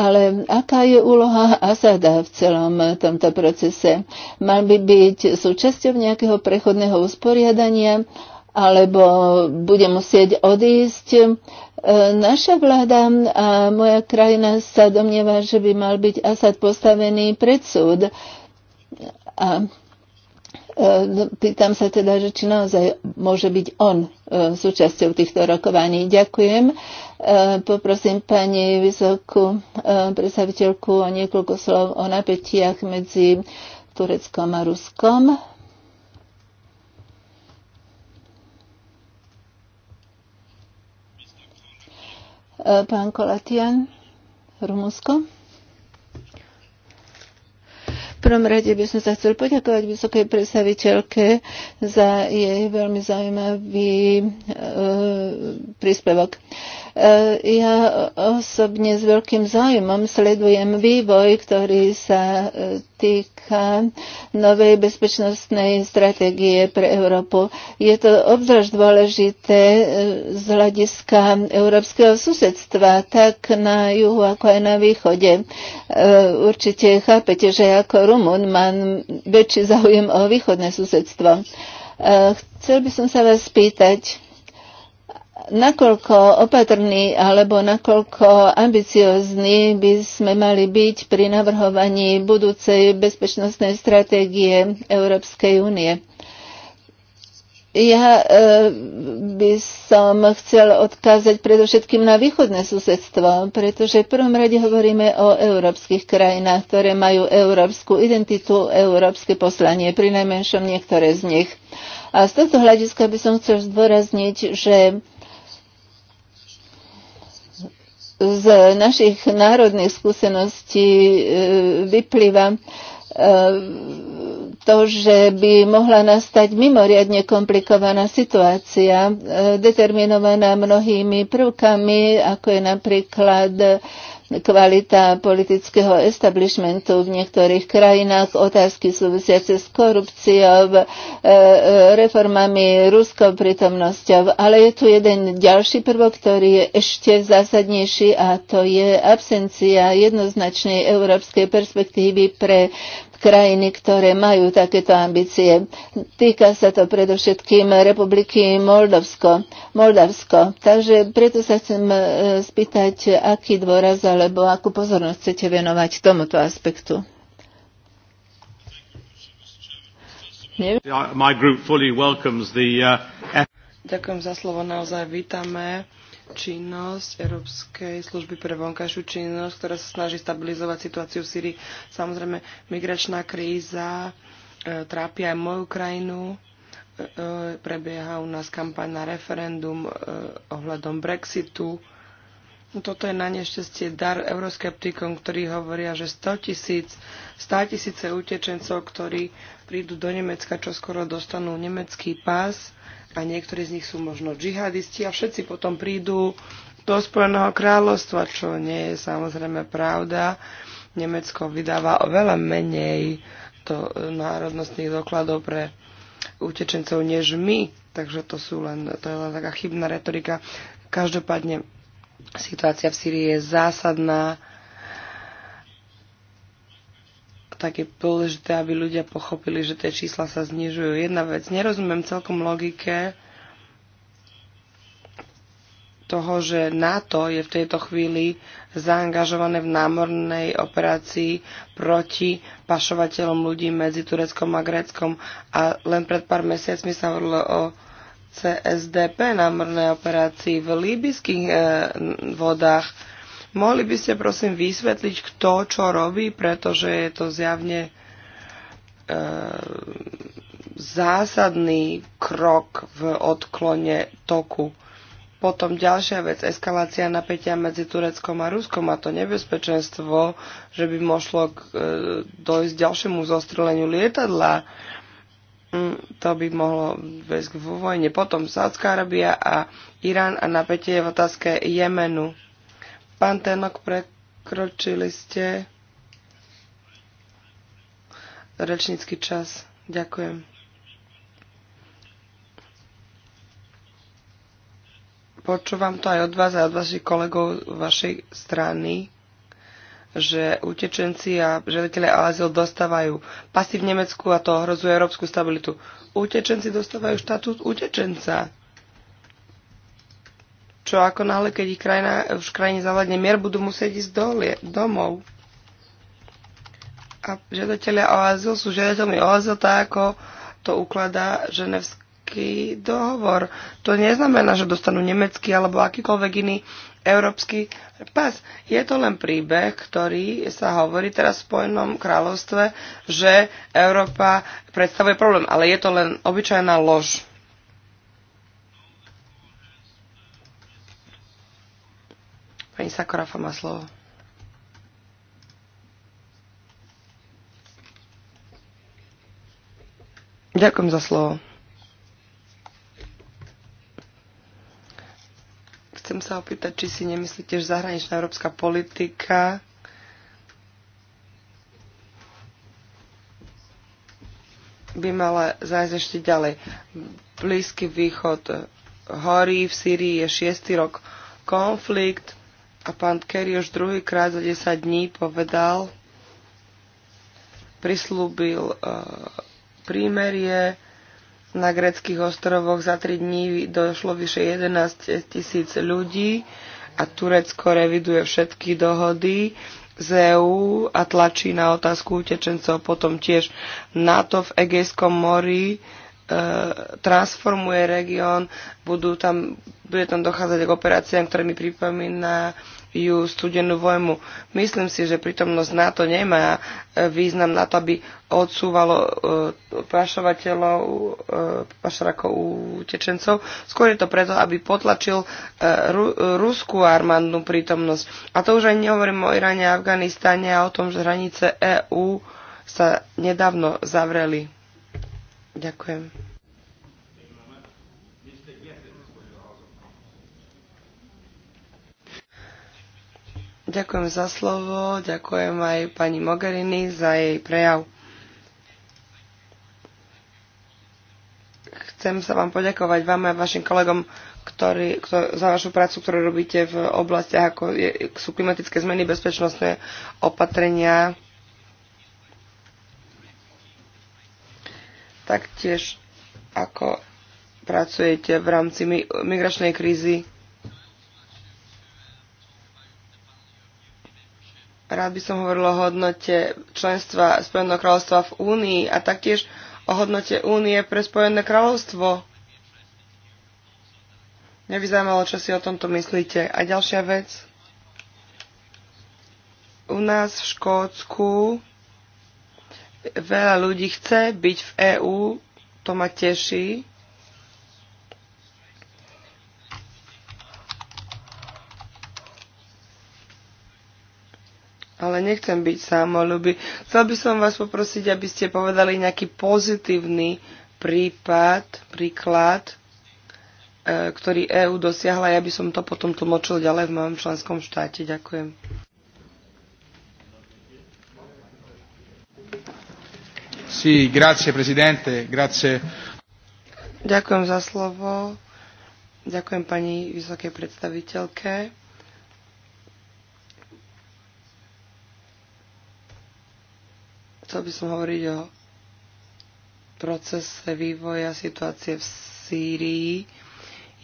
ale aká je úloha Asada v celom tomto procese? Mal by byť súčasťou nejakého prechodného usporiadania alebo bude musieť odísť. E, naša vláda a moja krajina sa domnieva, že by mal byť Asad postavený pred súd. A E, no, pýtam sa teda, že či naozaj môže byť on e, súčasťou týchto rokovaní. Ďakujem. E, poprosím pani vysokú predstaviteľku o niekoľko slov o napätiach medzi Tureckom a Ruskom. Pán Kolatian, Rumunsko prvom rade by som sa chcel poďakovať vysokej predstaviteľke za jej veľmi zaujímavý e, príspevok. E, E, ja osobne s veľkým záujmom sledujem vývoj, ktorý sa e, týka novej bezpečnostnej stratégie pre Európu. Je to obzvlášť dôležité e, z hľadiska európskeho susedstva, tak na juhu ako aj na východe. Určite chápete, že ako Rumun mám väčší záujem o východné susedstvo. Chcel by som sa vás spýtať, nakoľko opatrní alebo nakoľko ambiciozní by sme mali byť pri navrhovaní budúcej bezpečnostnej stratégie Európskej únie. Ja e, by som chcel odkázať predovšetkým na východné susedstvo, pretože v prvom rade hovoríme o európskych krajinách, ktoré majú európsku identitu, európske poslanie, pri najmenšom niektoré z nich. A z tohto hľadiska by som chcel zdôrazniť, že z našich národných skúseností e, vyplýva e, to, že by mohla nastať mimoriadne komplikovaná situácia, e, determinovaná mnohými prvkami, ako je napríklad kvalita politického establishmentu v niektorých krajinách, otázky súvisiace s korupciou, e, e, reformami, ruskou prítomnosťou. Ale je tu jeden ďalší prvok, ktorý je ešte zásadnejší a to je absencia jednoznačnej európskej perspektívy pre krajiny, ktoré majú takéto ambície. Týka sa to predovšetkým Republiky Moldavsko. Moldavsko. Takže preto sa chcem e, spýtať, aký dôraz alebo akú pozornosť chcete venovať tomuto aspektu. Uh, Ďakujem za slovo, naozaj vítame činnosť Európskej služby pre vonkajšiu činnosť, ktorá sa snaží stabilizovať situáciu v Syrii. Samozrejme, migračná kríza e, trápia aj moju krajinu. E, e, prebieha u nás kampaň na referendum e, ohľadom Brexitu. Toto je na nešťastie dar euroskeptikom, ktorí hovoria, že 100 tisíc, 100 tisíce utečencov, ktorí prídu do Nemecka, čo skoro dostanú nemecký pás, a niektorí z nich sú možno džihadisti a všetci potom prídu do Spojeného kráľovstva, čo nie je samozrejme pravda. Nemecko vydáva oveľa menej to e, národnostných dokladov pre utečencov než my, takže to, sú len, to je len taká chybná retorika. Každopádne situácia v Sýrii je zásadná tak je dôležité, aby ľudia pochopili, že tie čísla sa znižujú. Jedna vec, nerozumiem celkom logike toho, že NATO je v tejto chvíli zaangažované v námornej operácii proti pašovateľom ľudí medzi Tureckom a Gréckom. A len pred pár mesiacmi sa hovorilo o CSDP námornej operácii v líbyských e, eh, vodách Mohli by ste prosím vysvetliť, kto čo robí, pretože je to zjavne e, zásadný krok v odklone toku. Potom ďalšia vec, eskalácia napätia medzi Tureckom a Ruskom a to nebezpečenstvo, že by mohlo k, e, dojsť ďalšiemu zostreleniu lietadla, mm, to by mohlo viesť k vojne. Potom Sádzka Arabia a Irán a napätie v otázke Jemenu. Pán Tenok, prekročili ste rečnícky čas. Ďakujem. Počúvam to aj od vás a od vašich kolegov vašej strany, že utečenci a žiadatelia o azyl dostávajú pasy v Nemecku a to ohrozuje európsku stabilitu. Utečenci dostávajú štatút utečenca čo ako náhle, keď ich krajina, už krajine zavadne mier, budú musieť ísť dolie, domov. A žiadatelia o azyl sú žiadateľmi o azyl tak, ako to ukladá ženevský dohovor. To neznamená, že dostanú nemecký alebo akýkoľvek iný európsky pas. Je to len príbeh, ktorý sa hovorí teraz v Spojenom kráľovstve, že Európa predstavuje problém, ale je to len obyčajná lož. Pani Sakorafa má slovo. Ďakujem za slovo. Chcem sa opýtať, či si nemyslíte, že zahraničná európska politika by mala zájsť ešte ďalej. Blízky východ horí, v Sýrii je šiestý rok konflikt, a pán Kerry už druhýkrát za 10 dní povedal, prislúbil uh, prímerie, na greckých ostrovoch za 3 dní došlo vyše 11 tisíc ľudí a Turecko reviduje všetky dohody z EU a tlačí na otázku utečencov potom tiež NATO v Egejskom mori E, transformuje región, budú tam, bude tam dochádzať k operáciám, ktoré mi pripomínajú studenú vojmu. Myslím si, že prítomnosť NATO nemá e, význam na to, aby odsúvalo e, pašovateľov, pašrakov, utečencov. Skôr je to preto, aby potlačil ruskú armádnu prítomnosť. A to už aj nehovorím o Iráne a Afganistáne a o tom, že hranice EÚ sa nedávno zavreli Ďakujem. Ďakujem za slovo, ďakujem aj pani Mogherini za jej prejav. Chcem sa vám poďakovať vám a vašim kolegom ktorý, ktorý, za vašu prácu, ktorú robíte v oblastiach, ako je, sú klimatické zmeny, bezpečnostné opatrenia, taktiež ako pracujete v rámci migračnej krízy. Rád by som hovoril o hodnote členstva Spojeného kráľovstva v Únii a taktiež o hodnote Únie pre Spojené kráľovstvo. Mňa by zaujímalo, čo si o tomto myslíte. A ďalšia vec. U nás v Škótsku Veľa ľudí chce byť v EÚ, to ma teší. Ale nechcem byť samolubý. Chcel by som vás poprosiť, aby ste povedali nejaký pozitívny prípad, príklad, e, ktorý EÚ dosiahla. Ja by som to potom tlmočil ďalej v mojom členskom štáte. Ďakujem. Ďakujem za slovo. Ďakujem pani vysokej predstaviteľke. Chcel by som hovoriť o procese vývoja situácie v Sýrii.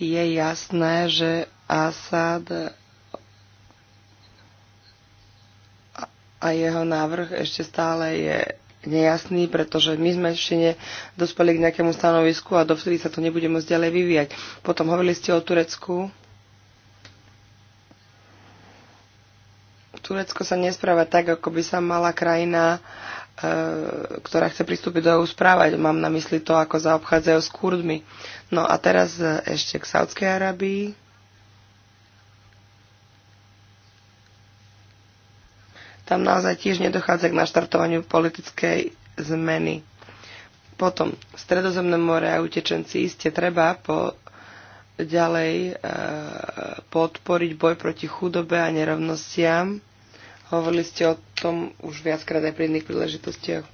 Je jasné, že Asad a jeho návrh ešte stále je nejasný, pretože my sme ešte nedospeli k nejakému stanovisku a dovtedy sa to nebude môcť ďalej vyvíjať. Potom hovorili ste o Turecku. Turecko sa nespráva tak, ako by sa mala krajina, e, ktorá chce pristúpiť do EU správať. Mám na mysli to, ako zaobchádzajú s Kurdmi. No a teraz e, ešte k Saudskej Arabii. tam naozaj tiež nedochádza k naštartovaniu politickej zmeny. Potom Stredozemné more a utečenci iste treba po, ďalej e, podporiť boj proti chudobe a nerovnostiam. Hovorili ste o tom už viackrát aj pri iných príležitostiach.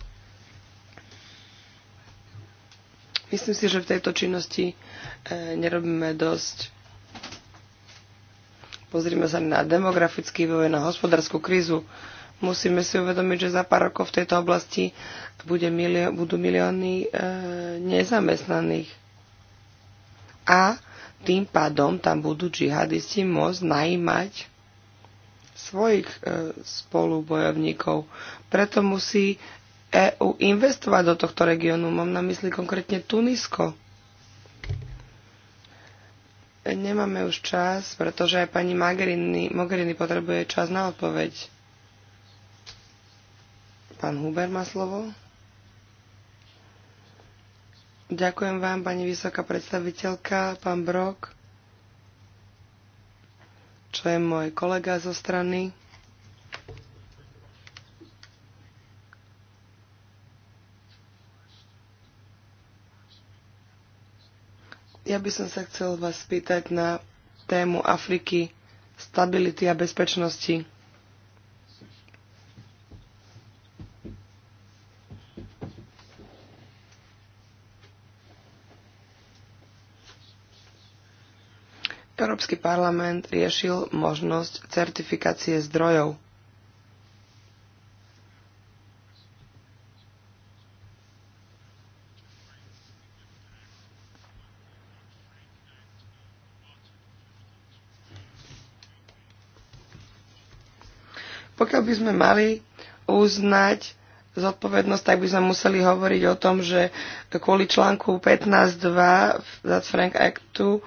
Myslím si, že v tejto činnosti e, nerobíme dosť. Pozrime sa na demografický vývoj, na hospodárskú krízu. E, Musíme si uvedomiť, že za pár rokov v tejto oblasti bude milio, budú milióny e, nezamestnaných. A tým pádom tam budú džihadisti môcť najímať svojich e, spolubojovníkov. Preto musí EU investovať do tohto regiónu. Mám na mysli konkrétne Tunisko. Nemáme už čas, pretože aj pani Mogherini potrebuje čas na odpoveď. Pán Huber má slovo. Ďakujem vám, pani vysoká predstaviteľka, pán Brok, čo je môj kolega zo strany. Ja by som sa chcel vás spýtať na tému Afriky, stability a bezpečnosti. Európsky parlament riešil možnosť certifikácie zdrojov. Pokiaľ by sme mali uznať zodpovednosť, tak by sme museli hovoriť o tom, že kvôli článku 15.2 Dodd-Frank Actu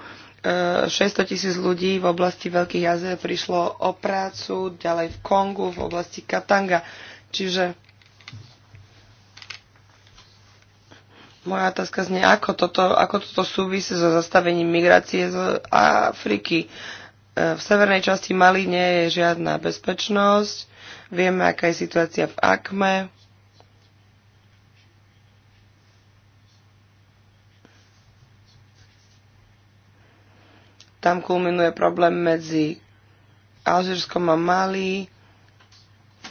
600 tisíc ľudí v oblasti Veľkých jazer prišlo o prácu, ďalej v Kongu, v oblasti Katanga. Čiže moja otázka znie, ako toto, ako toto súvisí so zastavením migrácie z Afriky. E, v severnej časti Mali nie je žiadna bezpečnosť. Vieme, aká je situácia v Akme. Tam kulminuje problém medzi Alžírskom a Mali.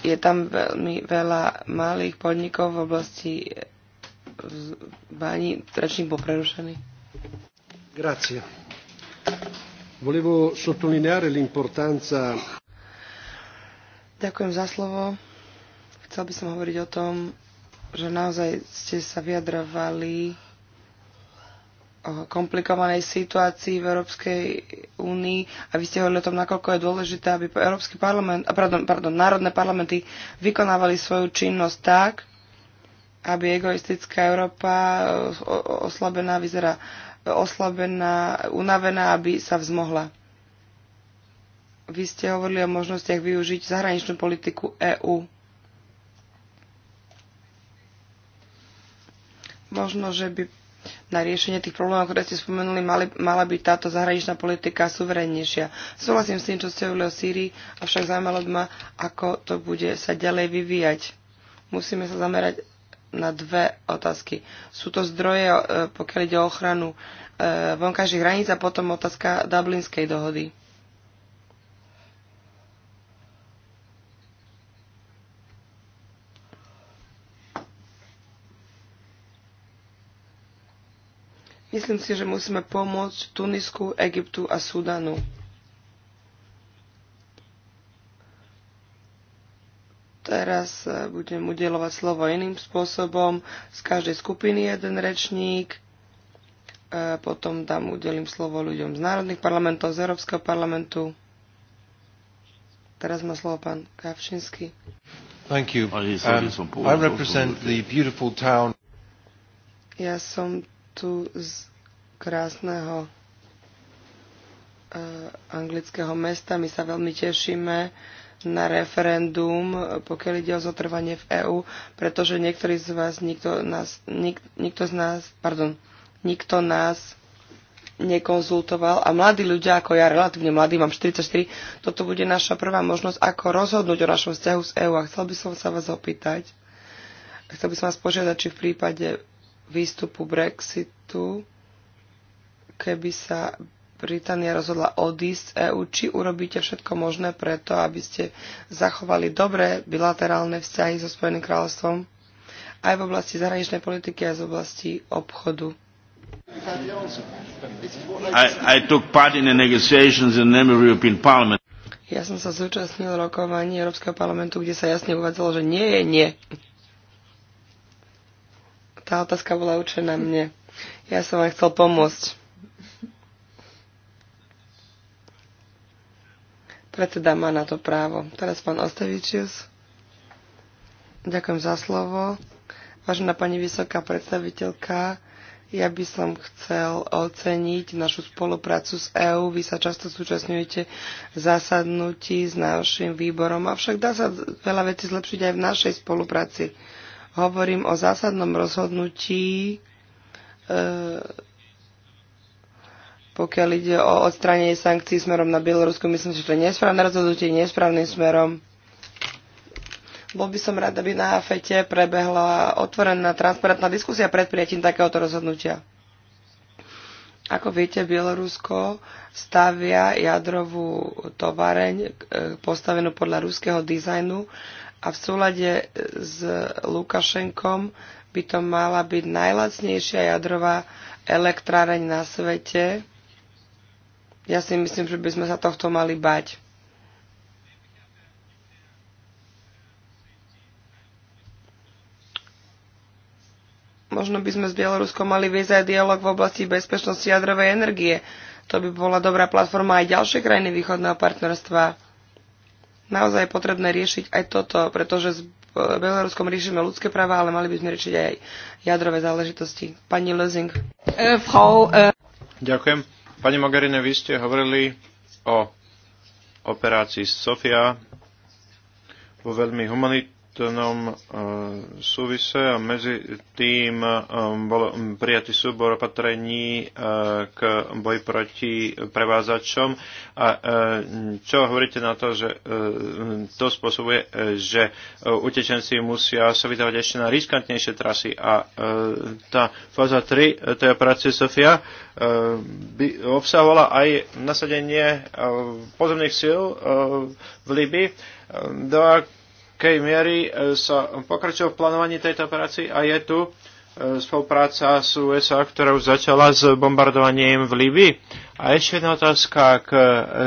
Je tam veľmi veľa malých podnikov v oblasti Bani, tračným bol prerušený. Grazie. Volevo sottolineare l'importanza Ďakujem za slovo. Chcel by som hovoriť o tom, že naozaj ste sa vyjadrovali Eh, komplikovanej situácii v Európskej únii a vy ste hovorili o tom, nakoľko je dôležité, aby Európsky parlament, eh, pardon, pardon, národné parlamenty vykonávali svoju činnosť tak, aby egoistická Európa eh, oslabená vyzerá oslabená, unavená, aby sa vzmohla. Vy ste hovorili o možnostiach využiť zahraničnú politiku EÚ. Možno, že by na riešenie tých problémov, ktoré ste spomenuli, mali, mala byť táto zahraničná politika suverennejšia. Súhlasím s tým, čo ste hovorili o Sýrii, avšak zaujímalo by ma, ako to bude sa ďalej vyvíjať. Musíme sa zamerať na dve otázky. Sú to zdroje, e, pokiaľ ide o ochranu e, vonkajších hraníc a potom otázka Dublinskej dohody. Myslím si, že musíme pomôcť Tunisku, Egyptu a Sudanu. Teraz eh, budem udelovať slovo iným spôsobom. Z každej skupiny jeden rečník. Eh, potom dám, udelím slovo ľuďom z národných parlamentov, z Európskeho parlamentu. Teraz má slovo pán Kavčinský. Thank you. Um, I represent the beautiful town. Ja som tu z krásneho eh, anglického mesta. My sa veľmi tešíme na referendum, pokiaľ ide o zotrvanie v EÚ, pretože niektorí z vás, nikto, nás, nik, nikto z nás, pardon, nikto nás nekonzultoval a mladí ľudia ako ja, relatívne mladí, mám 44, toto bude naša prvá možnosť, ako rozhodnúť o našom vzťahu s EÚ a chcel by som sa vás opýtať, chcel by som vás požiadať, či v prípade výstupu Brexitu, keby sa Británia rozhodla odísť z EÚ, či urobíte všetko možné preto, aby ste zachovali dobré bilaterálne vzťahy so Spojeným kráľovstvom aj v oblasti zahraničnej politiky, aj z oblasti obchodu. I, I took part in the negotiations in the European Parliament. Ja som sa zúčastnil rokovaní Európskeho parlamentu, kde sa jasne uvádzalo, že nie je nie tá otázka bola určená mne. Ja som vám chcel pomôcť. Predseda má na to právo. Teraz pán Ostevičius. Ďakujem za slovo. Vážená pani vysoká predstaviteľka, ja by som chcel oceniť našu spoluprácu s EÚ. Vy sa často súčasňujete zasadnutí s našim výborom, avšak dá sa veľa vecí zlepšiť aj v našej spolupráci. Hovorím o zásadnom rozhodnutí, e, pokiaľ ide o odstránenie sankcií smerom na Bielorusku. Myslím, že to je nesprávne rozhodnutie, nesprávnym smerom. Bol by som rád, aby na AFETE prebehla otvorená, transparentná diskusia pred prijatím takéhoto rozhodnutia. Ako viete, Bielorusko stavia jadrovú tovareň e, postavenú podľa ruského dizajnu a v súlade e, s Lukašenkom by to mala byť najlacnejšia jadrová elektráreň na svete. Ja si myslím, že by sme sa tohto mali bať. Možno by sme s Bieloruskom mali viesť aj dialog v oblasti bezpečnosti jadrovej energie. To by bola dobrá platforma aj ďalšie krajiny východného partnerstva naozaj potrebné riešiť aj toto, pretože s Bieloruskom riešime ľudské práva, ale mali by sme riešiť aj jadrové záležitosti. Pani Lezing. E, e. Ďakujem. Pani Mogherine, vy ste hovorili o operácii Sofia vo veľmi humanit- osobitnom e, súvise a medzi tým e, bol prijatý súbor opatrení e, k boji proti prevázačom. A čo hovoríte na to, že to spôsobuje, že utečenci musia sa vydávať ešte na riskantnejšie trasy a tá fáza 3 tej operácie Sofia by obsahovala aj nasadenie pozemných síl v Libii do akej miery e, sa pokračuje v plánovaní tejto operácii a je tu e, spolupráca s USA, ktorá už začala s bombardovaním v Líbii. A ešte jedna otázka k e,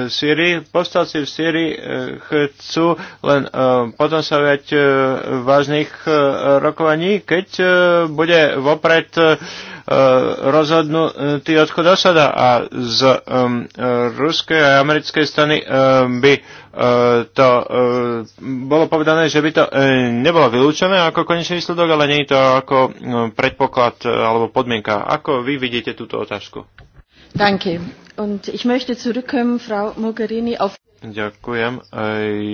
Syrii. Postavci v Syrii chcú len potom sa viať vážnych rokovaní, keď bude vopred Eh, rozhodnutý eh, odchod Asada a z um, ruskej a americkej strany um, by uh, to um, bolo povedané, že by to um, nebolo vylúčené ako konečný výsledok, ale nie je to ako um, predpoklad alebo podmienka. Ako vy vidíte túto otázku? Danke. Und ich möchte zurückkommen, Frau Mogherini, auf Ďakujem.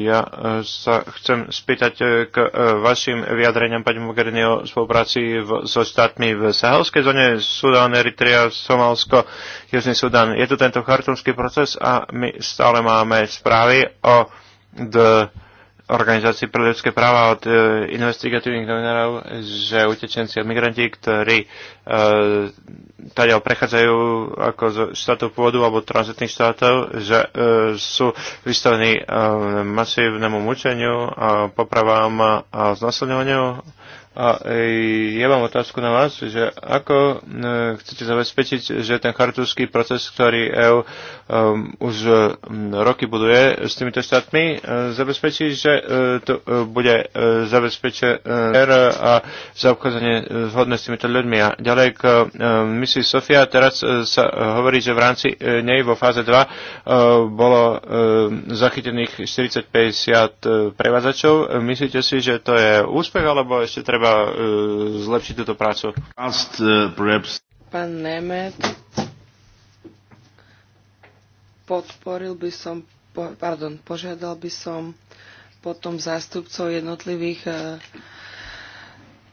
Ja eh, sa chcem spýtať eh, k eh, vašim vyjadreniam, pani Mogherini, o spolupráci v, so štátmi v Sahelskej zóne, Sudán, Eritrea, Somálsko, Južný Sudán. Je tu tento chartumský proces a my stále máme správy o d- organizácií pre ľudské práva od e, investigatívnych novinárov, že utečenci a migranti, ktorí e, tadiaľ prechádzajú ako z štátov pôvodu alebo tranzitných štátov, že e, sú vystavení e, masívnemu mučeniu, a popravám a znásilňovaniu a ja mám otázku na vás, že ako e, chcete zabezpečiť, že ten chartúrsky proces, ktorý EU e, už e, roky buduje s týmito štátmi, zabezpečí, že to bude zabezpečené a zaobchádzanie zhodné s týmito ľuďmi. A ďalej k misii Sofia, teraz sa hovorí, že v rámci nej vo fáze 2 bolo zachytených 40-50 prevádzačov. Myslíte si, že to je úspech, alebo ešte treba treba uh, zlepšiť túto prácu. uh, perhaps... Pán Nemet, podporil by som, po, pardon, požiadal by som potom zástupcov jednotlivých e,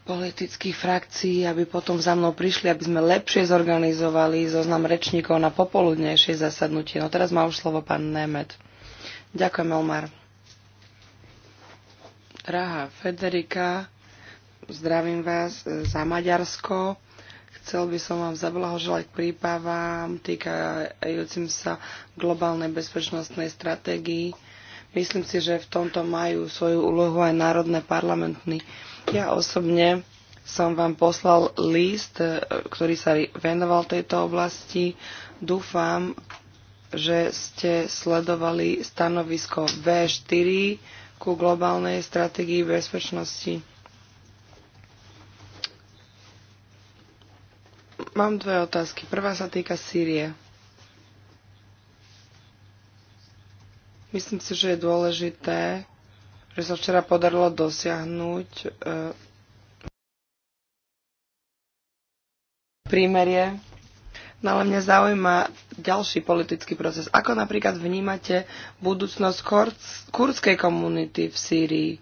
politických frakcií, aby potom za mnou prišli, aby sme lepšie zorganizovali zoznam rečníkov na popoludnejšie zasadnutie. No teraz má už slovo pán Nemet. Ďakujem, Elmar. Drahá Federika, Zdravím vás e, za Maďarsko. Chcel by som vám zablahoželať k prípavám týkajúcim sa globálnej bezpečnostnej stratégii. Myslím si, že v tomto majú svoju úlohu aj národné parlamentní. Ja osobne som vám poslal list, e, ktorý sa venoval tejto oblasti. Dúfam, že ste sledovali stanovisko V4 ku globálnej stratégii bezpečnosti. Mám dve otázky. Prvá sa týka Sýrie. Myslím si, že je dôležité, že sa včera podarilo dosiahnuť e, prímerie. No ale mňa zaujíma ďalší politický proces. Ako napríklad vnímate budúcnosť kurdskej komunity v Sýrii?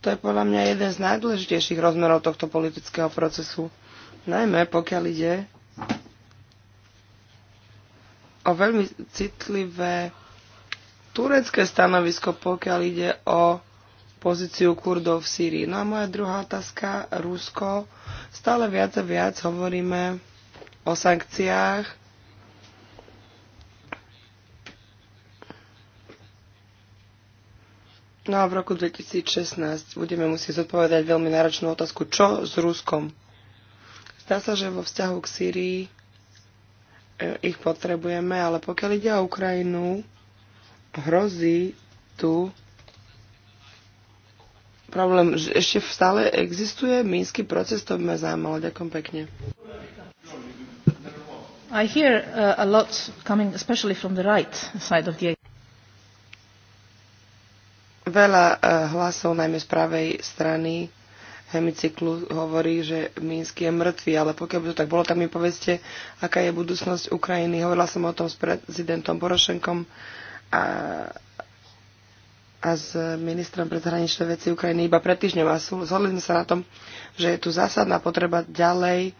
To je podľa mňa jeden z najdôležitejších rozmerov tohto politického procesu. Najmä pokiaľ ide o veľmi citlivé turecké stanovisko, pokiaľ ide o pozíciu Kurdov v Sýrii. No a moja druhá otázka, Rusko. Stále viac a viac hovoríme o sankciách. No a v roku 2016 budeme musieť zodpovedať veľmi náročnú otázku, čo s Ruskom. Zdá sa, že vo vzťahu k Syrii e, ich potrebujeme, ale pokiaľ ide o Ukrajinu, hrozí tu problém, že ešte stále existuje mínsky proces, to by ma zaujímalo. Ďakujem pekne. I hear uh, a lot coming especially from the right side of the Veľa uh, hlasov najmä z pravej strany hemicyklu hovorí, že Minsk je mŕtvý, ale pokiaľ by to tak bolo, tak mi povedzte, aká je budúcnosť Ukrajiny. Hovorila som o tom s prezidentom Porošenkom a, a s ministrom pre zahraničné veci Ukrajiny iba pred týždňom a zhodli sme sa na tom, že je tu zásadná potreba ďalej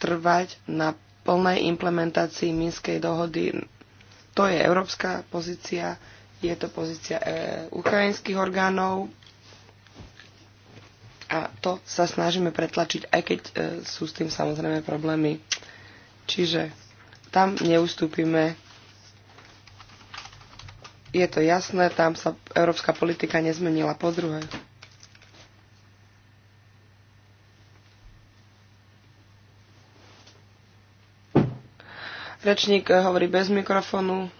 trvať na plnej implementácii Minskej dohody. To je európska pozícia, je to pozícia e, ukrajinských orgánov, a to sa snažíme pretlačiť, aj keď e, sú s tým samozrejme problémy. Čiže tam neustúpime. Je to jasné, tam sa európska politika nezmenila po druhé. Rečník e, hovorí bez mikrofonu.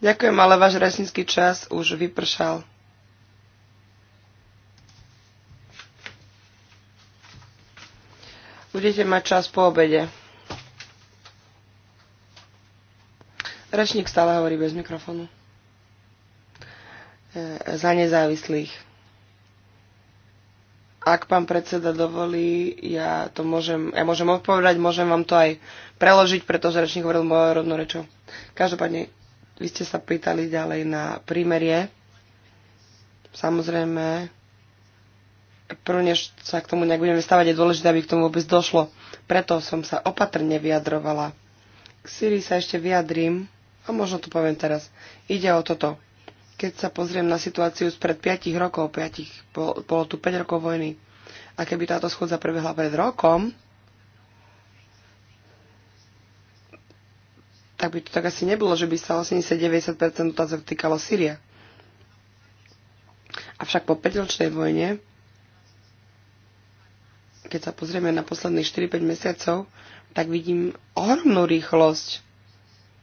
Ďakujem, ale váš resnický čas už vypršal. Budete mať čas po obede. Rečník stále hovorí bez mikrofónu. E, za nezávislých. Ak pán predseda dovolí, ja to môžem, ja môžem odpovedať, môžem vám to aj preložiť, pretože rečník hovoril moje rovnou rečo. Každopádne, vy ste sa pýtali ďalej na prímerie. Samozrejme, prvne, než sa k tomu nejak budeme stavať, je dôležité, aby k tomu vôbec došlo. Preto som sa opatrne vyjadrovala. K Syrii sa ešte vyjadrím a možno to poviem teraz. Ide o toto. Keď sa pozriem na situáciu spred 5 rokov, 5, bolo, bolo tu 5 rokov vojny, a keby táto schôdza prebehla pred rokom, tak by to tak asi nebolo, že by sa 80-90% vlastne otázok týkalo Syria. Avšak po 5-ročnej vojne keď sa pozrieme na posledných 4-5 mesiacov, tak vidím ohromnú rýchlosť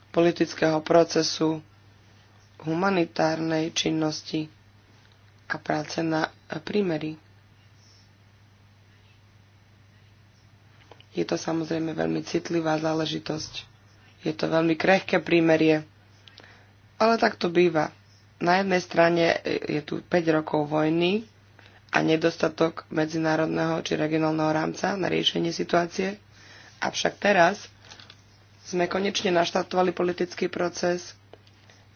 politického procesu, humanitárnej činnosti a práce na prímery. Je to samozrejme veľmi citlivá záležitosť. Je to veľmi krehké prímerie. Ale tak to býva. Na jednej strane je tu 5 rokov vojny, a nedostatok medzinárodného či regionálneho rámca na riešenie situácie. Avšak teraz sme konečne naštartovali politický proces,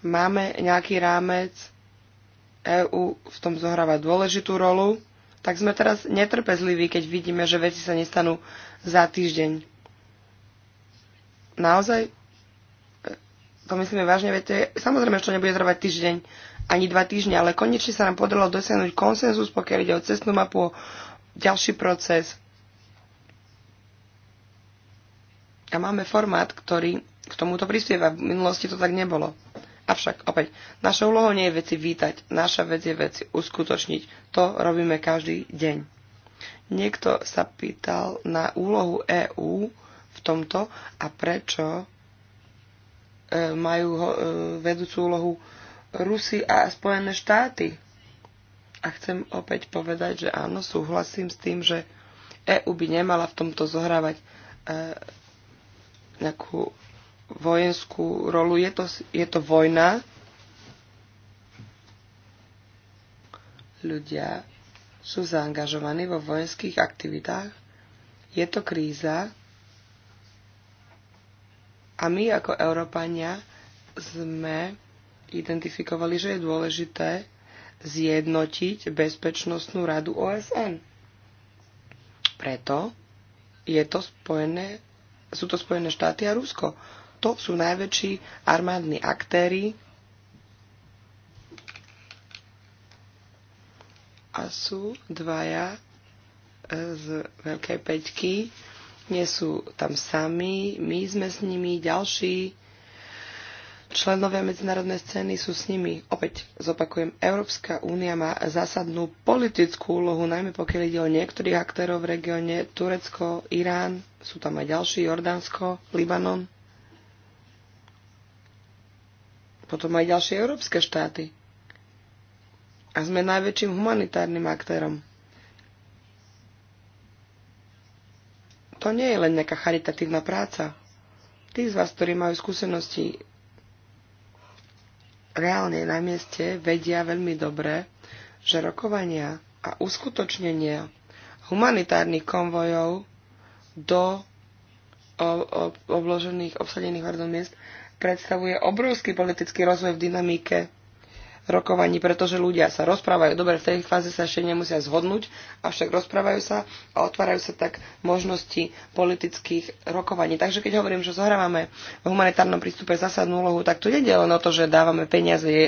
máme nejaký rámec, EÚ v tom zohráva dôležitú rolu, tak sme teraz netrpezliví, keď vidíme, že veci sa nestanú za týždeň. Naozaj e, to myslíme vážne, viete, samozrejme, že to nebude trvať týždeň, ani dva týždne, ale konečne sa nám podarilo dosiahnuť konsenzus, pokiaľ ide o cestnú mapu, o ďalší proces. A máme formát, ktorý k tomuto prispieva. V minulosti to tak nebolo. Avšak, opäť, naša úloha nie je veci vítať, naša vec je veci uskutočniť. To robíme každý deň. Niekto sa pýtal na úlohu EÚ v tomto a prečo e, majú e, vedúcu úlohu Rusi a Spojené štáty. A chcem opäť povedať, že áno, súhlasím s tým, že EU by nemala v tomto zohrávať e, nejakú vojenskú rolu. Je to, je to vojna. Ľudia sú zaangažovaní vo vojenských aktivitách. Je to kríza. A my ako Európania sme identifikovali, že je dôležité zjednotiť Bezpečnostnú radu OSN. Preto je to spojené, sú to Spojené štáty a Rusko. To sú najväčší armádni aktéry a sú dvaja e, z Veľkej peťky. Nie sú tam sami, my sme s nimi, ďalší členovia medzinárodnej scény sú s nimi. Opäť zopakujem, Európska únia má zásadnú politickú úlohu, najmä pokiaľ ide o niektorých aktérov v regióne, Turecko, Irán, sú tam aj ďalší, Jordánsko, Libanon. Potom aj ďalšie európske štáty. A sme najväčším humanitárnym aktérom. To nie je len nejaká charitatívna práca. Tí z vás, ktorí majú skúsenosti reálne na mieste vedia veľmi dobre, že rokovania a uskutočnenia humanitárnych konvojov do obložených, obsadených hrdom miest predstavuje obrovský politický rozvoj v dynamike rokovaní, pretože ľudia sa rozprávajú. Dobre, v tej fáze sa ešte nemusia zhodnúť, avšak rozprávajú sa a otvárajú sa tak možnosti politických rokovaní. Takže keď hovorím, že zohrávame v humanitárnom prístupe zásadnú úlohu, tak to nie len o to, že dávame peniaze, je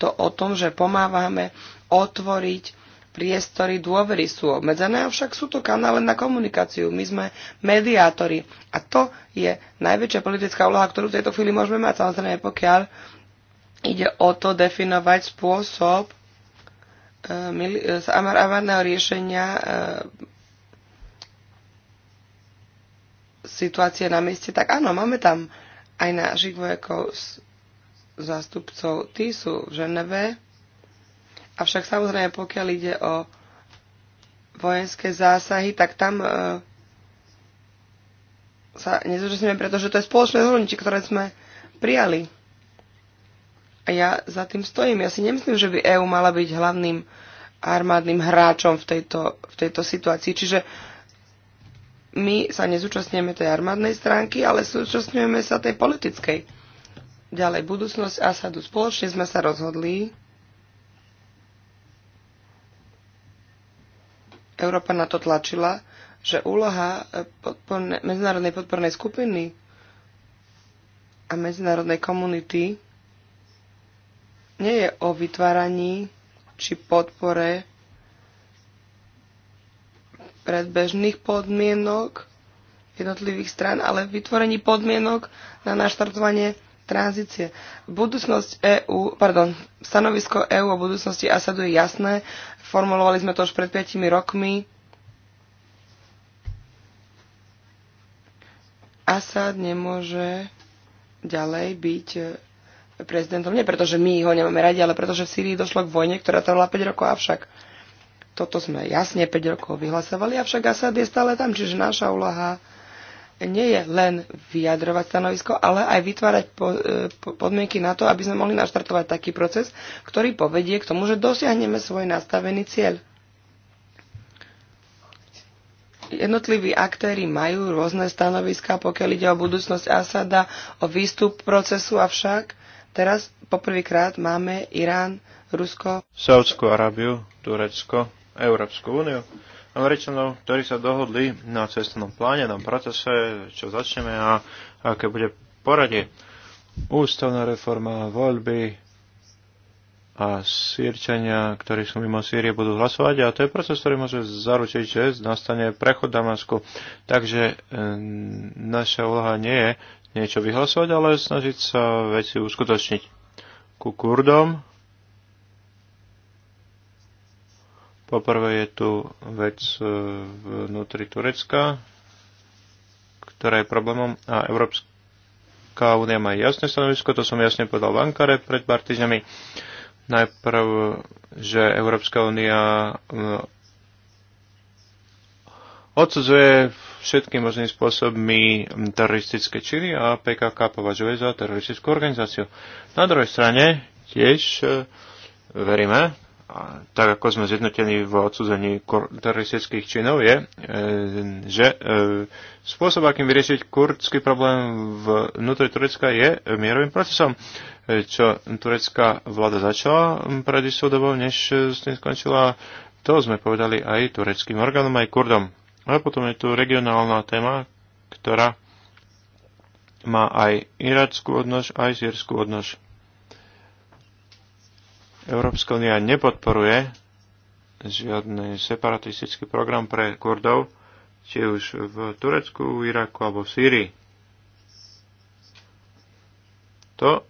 to o tom, že pomávame otvoriť priestory dôvery sú obmedzené, avšak sú to kanále na komunikáciu. My sme mediátori a to je najväčšia politická úloha, ktorú v tejto chvíli môžeme mať. Samozrejme, pokiaľ Ide o to definovať spôsob e, e, z riešenia e, situácie na mieste, tak áno, máme tam aj našich vojakov zástupcov. Tí sú v Ženeve, avšak samozrejme, pokiaľ ide o vojenské zásahy, tak tam e, sa nezúčastňujeme, pretože to je spoločné rozhodnutie, ktoré sme prijali. A ja za tým stojím. Ja si nemyslím, že by EÚ mala byť hlavným armádnym hráčom v tejto, v tejto situácii. Čiže my sa nezúčastňujeme tej armádnej stránky, ale súčastňujeme sa tej politickej. Ďalej, budúcnosť Asadu. Spoločne sme sa rozhodli. Európa na to tlačila, že úloha eh, podporne, medzinárodnej podpornej skupiny a medzinárodnej komunity nie je o vytváraní či podpore predbežných podmienok jednotlivých strán, ale vytvorení podmienok na naštartovanie tranzície. Budúcnosť EU, pardon, stanovisko EU o budúcnosti Asadu je jasné. Formulovali sme to už pred 5 rokmi. Asad nemôže ďalej byť prezidentom. Nie preto, že my ho nemáme radi, ale preto, že v Syrii došlo k vojne, ktorá trvala 5 rokov. Avšak toto sme jasne 5 rokov vyhlasovali, avšak Asad je stále tam, čiže naša úloha nie je len vyjadrovať stanovisko, ale aj vytvárať po, e, po, podmienky na to, aby sme mohli naštartovať taký proces, ktorý povedie k tomu, že dosiahneme svoj nastavený cieľ. Jednotliví aktéry majú rôzne stanoviská, pokiaľ ide o budúcnosť Asada, o výstup procesu, avšak Teraz poprvýkrát máme Irán, Rusko, Saudskú Arábiu, Turecko, Európsku úniu, Američanov, ktorí sa dohodli na cestnom pláne, na procese, čo začneme a aké bude poradie. Ústavná reforma, voľby a sírčania, ktorí sú mimo Sýrie, budú hlasovať a to je proces, ktorý môže zaručiť, že nastane prechod Damasku. Takže e, naša úloha nie je niečo vyhlasovať, ale snažiť sa veci uskutočniť. Ku Kurdom Poprvé je tu vec e, vnútri Turecka, ktorá je problémom a Európska únia má jasné stanovisko, to som jasne povedal v Ankare pred pár týždňami. Najprv, že Európska únia e, odsudzuje v všetky možným spôsobmi teroristické činy a PKK považuje za teroristickú organizáciu. Na druhej strane tiež e, veríme, a tak ako sme zjednotení v odsúzení teroristických činov, je, e, že e, spôsob, akým vyriešiť kurdský problém vnútri Turecka je mierovým procesom, čo turecká vláda začala pred istou dobou, než s tým skončila. To sme povedali aj tureckým orgánom, aj kurdom. Ale potom je tu regionálna téma, ktorá má aj irackú odnož, aj sírskú odnož. Európska unia nepodporuje žiadny separatistický program pre Kurdov, či už v Turecku, v Iraku alebo v Sýrii. To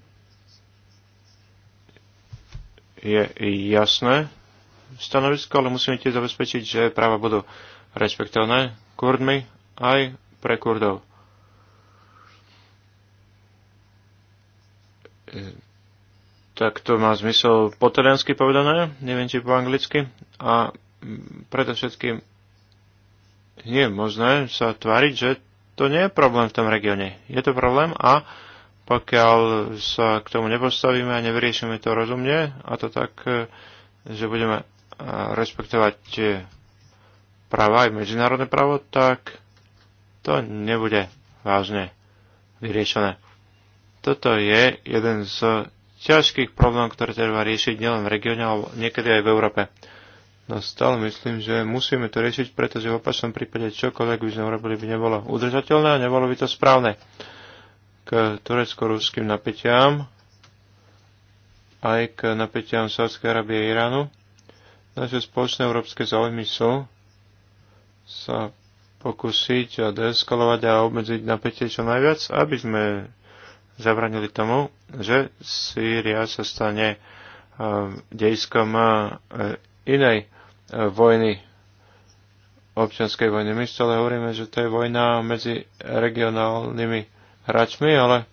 je jasné stanovisko, ale musíme tiež zabezpečiť, že práva budú respektované Kurdmi aj pre Kurdov. E, tak to má zmysel po taliansky povedané, neviem či po anglicky. A predovšetkým nie je možné sa tváriť, že to nie je problém v tom regióne. Je to problém a pokiaľ sa k tomu nepostavíme a nevyriešime to rozumne, a to tak, e, že budeme rešpektovať e, práva, aj medzinárodné právo, tak to nebude vážne vyriešené. Toto je jeden z ťažkých problémov, ktoré treba riešiť nielen v regióne, ale niekedy aj v Európe. No stále myslím, že musíme to riešiť, pretože v opačnom prípade čokoľvek by sme urobili, by nebolo udržateľné a nebolo by to správne. K turecko-ruským napätiam aj k napätiam Sádskej Arábie a Iránu. Naše spoločné európske záujmy sú, sa pokúsiť a deeskalovať a obmedziť napätie čo najviac, aby sme zabranili tomu, že Sýria sa stane um, dejskom uh, inej uh, vojny, občianskej vojny. My stále hovoríme, že to je vojna medzi regionálnymi hráčmi, ale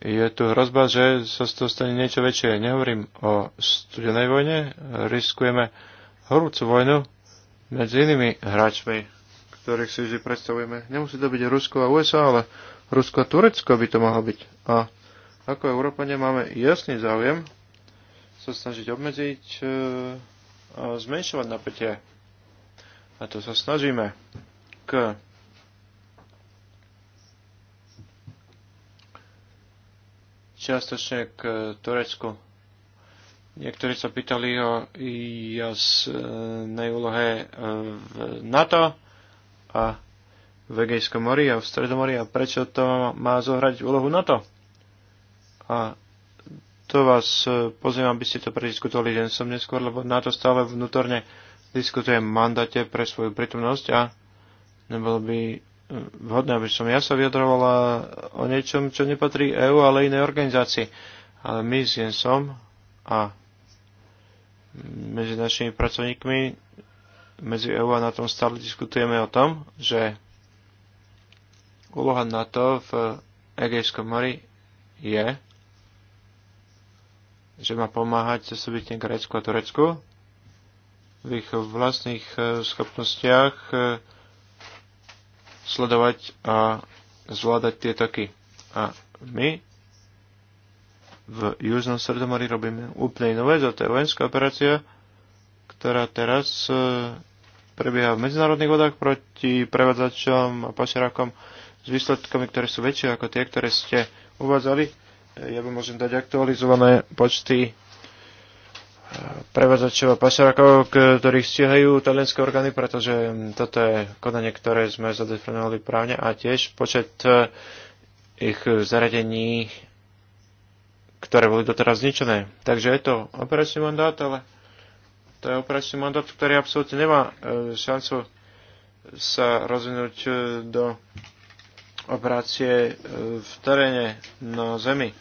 je tu hrozba, že sa z toho stane niečo väčšie. Nehovorím o studenej vojne, riskujeme horúcu vojnu, medzi inými hráčmi, ktorých si vždy predstavujeme. Nemusí to byť Rusko a USA, ale Rusko a Turecko by to mohlo byť. A ako Európania máme jasný záujem sa snažiť obmedziť e, a zmenšovať napätie. A to sa snažíme k čiastočne k Turecku. Niektorí sa pýtali o jasnej úlohe e, v NATO a v Egejskom mori a v Stredomori a prečo to má zohrať úlohu NATO. A to vás e, pozývam, aby ste to prediskutovali deň som neskôr, lebo NATO stále vnútorne diskutuje mandate pre svoju prítomnosť a nebolo by e, vhodné, aby som ja sa vyjadrovala o niečom, čo nepatrí EU, ale inej organizácii. Ale my s Jensom a medzi našimi pracovníkmi, medzi EU a na tom stále diskutujeme o tom, že úloha NATO v Egejskom mori je, že má pomáhať osobitne Grécku a Turecku v ich vlastných e, schopnostiach e, sledovať a zvládať tie toky. A my v Južnom Sredomorí robíme úplne inú vec, a to je vojenská operácia, ktorá teraz e, prebieha v medzinárodných vodách proti prevádzačom a pašerákom s výsledkami, ktoré sú väčšie ako tie, ktoré ste uvádzali. E, ja by môžem dať aktualizované počty e, prevádzačov a pašerákov, ktorých stiehajú talianské orgány, pretože toto je konanie, ktoré sme zadefinovali právne a tiež počet ich zariadení ktoré boli doteraz zničené. Takže je to operačný mandát, ale to je operačný mandát, ktorý absolútne nemá e, šancu sa rozvinúť e, do operácie e, v teréne na Zemi.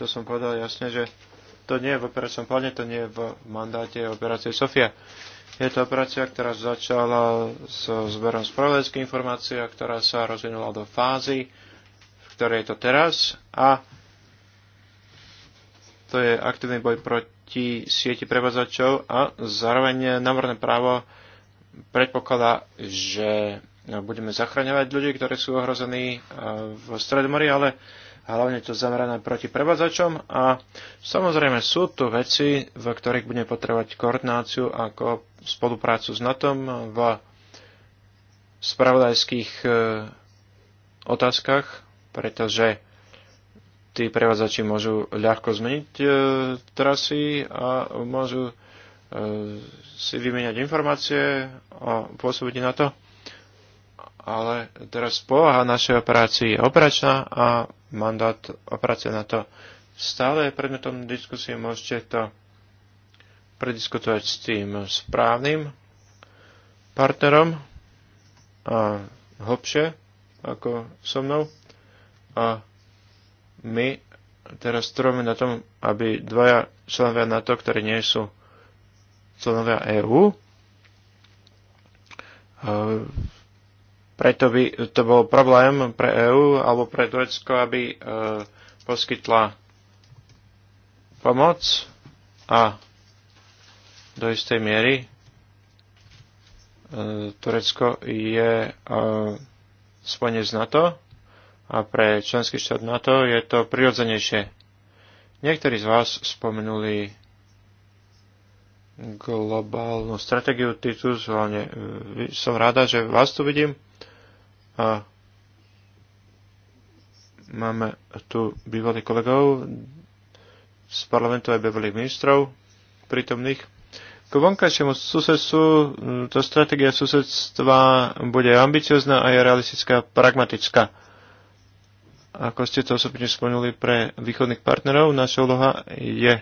To som povedal jasne, že to nie je v operačnom pláne, to nie je v mandáte operácie Sofia. Je to operácia, ktorá začala s zberom spravodajských informácií, ktorá sa rozvinula do fázy, v ktorej je to teraz a to je aktívny boj proti sieti prevádzačov a zároveň námorné právo predpokladá, že budeme zachraňovať ľudí, ktorí sú ohrození e, v stredomori, ale hlavne to zamerané proti prevádzačom a samozrejme sú tu veci, v ktorých budeme potrebovať koordináciu ako spoluprácu s NATO v spravodajských e, otázkach, pretože tí prevádzači môžu ľahko zmeniť e, trasy a môžu e, si vymeniať informácie a pôsobiť na to. Ale teraz povaha našej operácie je operačná a mandát operácie na to stále je predmetom diskusie. Môžete to prediskutovať s tým správnym partnerom a hlbšie ako so mnou. A my teraz trváme na tom, aby dvaja členovia NATO, ktorí nie sú členovia EÚ, e, preto by to bol problém pre EÚ alebo pre Turecko, aby e, poskytla pomoc a do istej miery e, Turecko je spojené z NATO a pre členský štát NATO je to prirodzenejšie. Niektorí z vás spomenuli globálnu stratégiu Titus, hlavne e, som rada, že vás tu vidím. A máme tu bývalých kolegov z parlamentu aj bývalých ministrov prítomných. K vonkajšiemu susedstvu e, tá stratégia susedstva bude ambiciozná a je realistická, pragmatická ako ste to osobne spomenuli pre východných partnerov, naša úloha je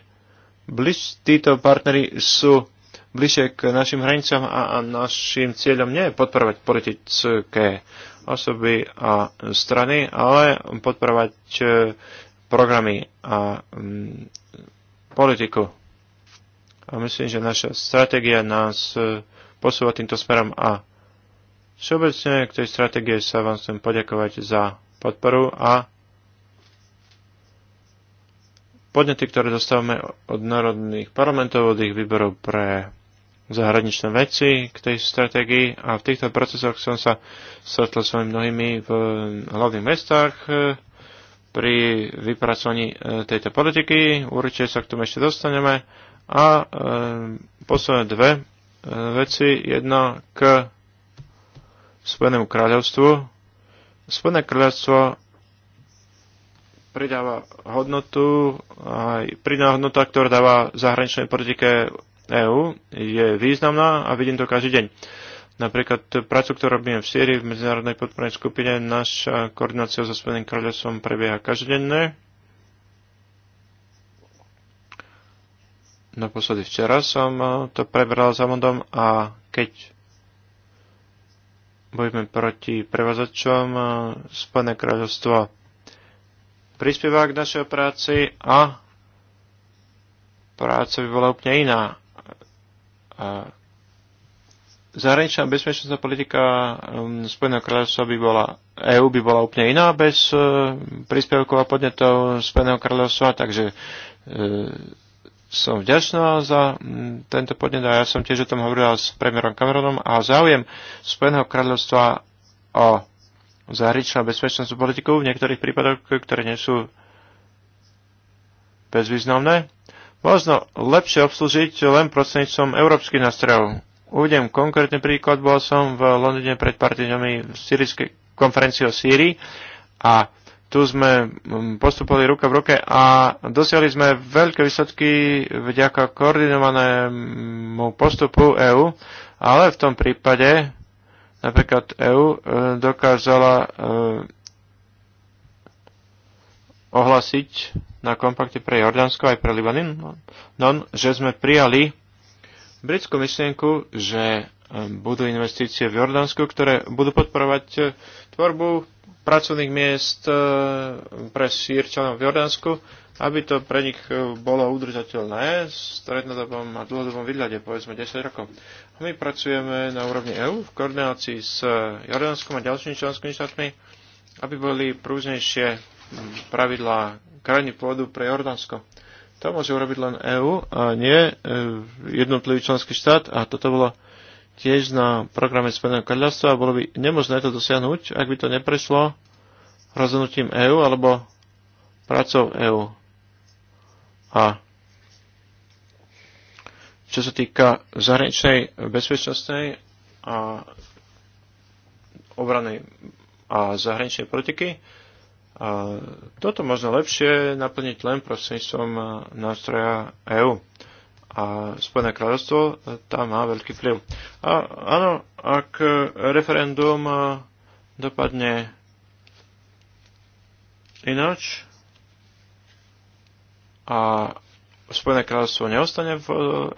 bliž, títo partnery sú bližšie k našim hranicám a, a našim cieľom nie je podporovať politické osoby a strany, ale podporovať e, programy a m, mm, politiku. A myslím, že naša stratégia nás e, posúva týmto smerom a všeobecne k tej stratégie sa vám chcem poďakovať za podporu a podnety, ktoré dostávame od národných parlamentov, od ich výborov pre zahraničné veci k tej stratégii a v týchto procesoch som sa stretol s mnohými v hlavných mestách eh, pri vypracovaní eh, tejto politiky. Určite sa k tomu ešte dostaneme. A e, posledné dve veci. Jedna k Spojenému kráľovstvu Spodné kráľovstvo pridáva hodnotu, aj pridáva hodnota, ktorá dáva zahraničnej politike EÚ, je významná a vidím to každý deň. Napríklad prácu, ktorú robíme v Sýrii v medzinárodnej podpornej skupine, naša koordinácia so Spodným kráľovstvom prebieha každodenne. Naposledy včera som to preberal za Amondom a keď bojujeme proti prevazačom Spojené kráľovstvo prispieva k našej práci a práca by bola úplne iná. A zahraničná bezpečnostná politika um, Spojeného kráľovstva by bola, EÚ by bola úplne iná bez uh, príspevkov a podnetov Spojeného kráľovstva, takže uh, som vďačná za mm, tento podnet a ja som tiež o tom hovorila s premiérom Cameronom a záujem Spojeného kráľovstva o zahraničnú bezpečnostnú politiku v niektorých prípadoch, ktoré nie sú bezvýznamné, možno lepšie obslúžiť len prostredníctvom európskych nástrojov. Uvidím konkrétny príklad, bol som v Londýne pred pár týždňami v konferencii o Sýrii a tu sme mm, postupovali ruka v ruke a dosiahli sme veľké výsledky vďaka koordinovanému postupu EÚ, ale v tom prípade napríklad EÚ e, dokázala e, ohlasiť na kompakte pre Jordánsko aj pre Libanon, no, že sme prijali britskú myšlienku, že e, budú investície v Jordánsku, ktoré budú podporovať tvorbu pracovných miest e, pre sírčanov v Jordánsku, aby to pre nich e, bolo udržateľné v strednodobom a dlhodobom výhľade, povedzme 10 rokov. A my pracujeme na úrovni EÚ v koordinácii s Jordánskom a ďalšími členskými štátmi, aby boli prúznejšie pravidlá krajiny pôdu pre Jordánsko. To môže urobiť len EÚ a nie e, jednotlivý členský štát a toto bolo tiež na programe Spojeného kráľovstva a bolo by nemožné to dosiahnuť, ak by to neprešlo rozhodnutím EÚ alebo prácou EÚ. A čo sa týka zahraničnej bezpečnostnej a obranej a zahraničnej politiky, a toto možno lepšie naplniť len prostredníctvom nástroja EÚ a Spojené kráľovstvo e, tam má veľký vplyv. A áno, ak e, referendum e, dopadne ináč a Spojené kráľovstvo neostane v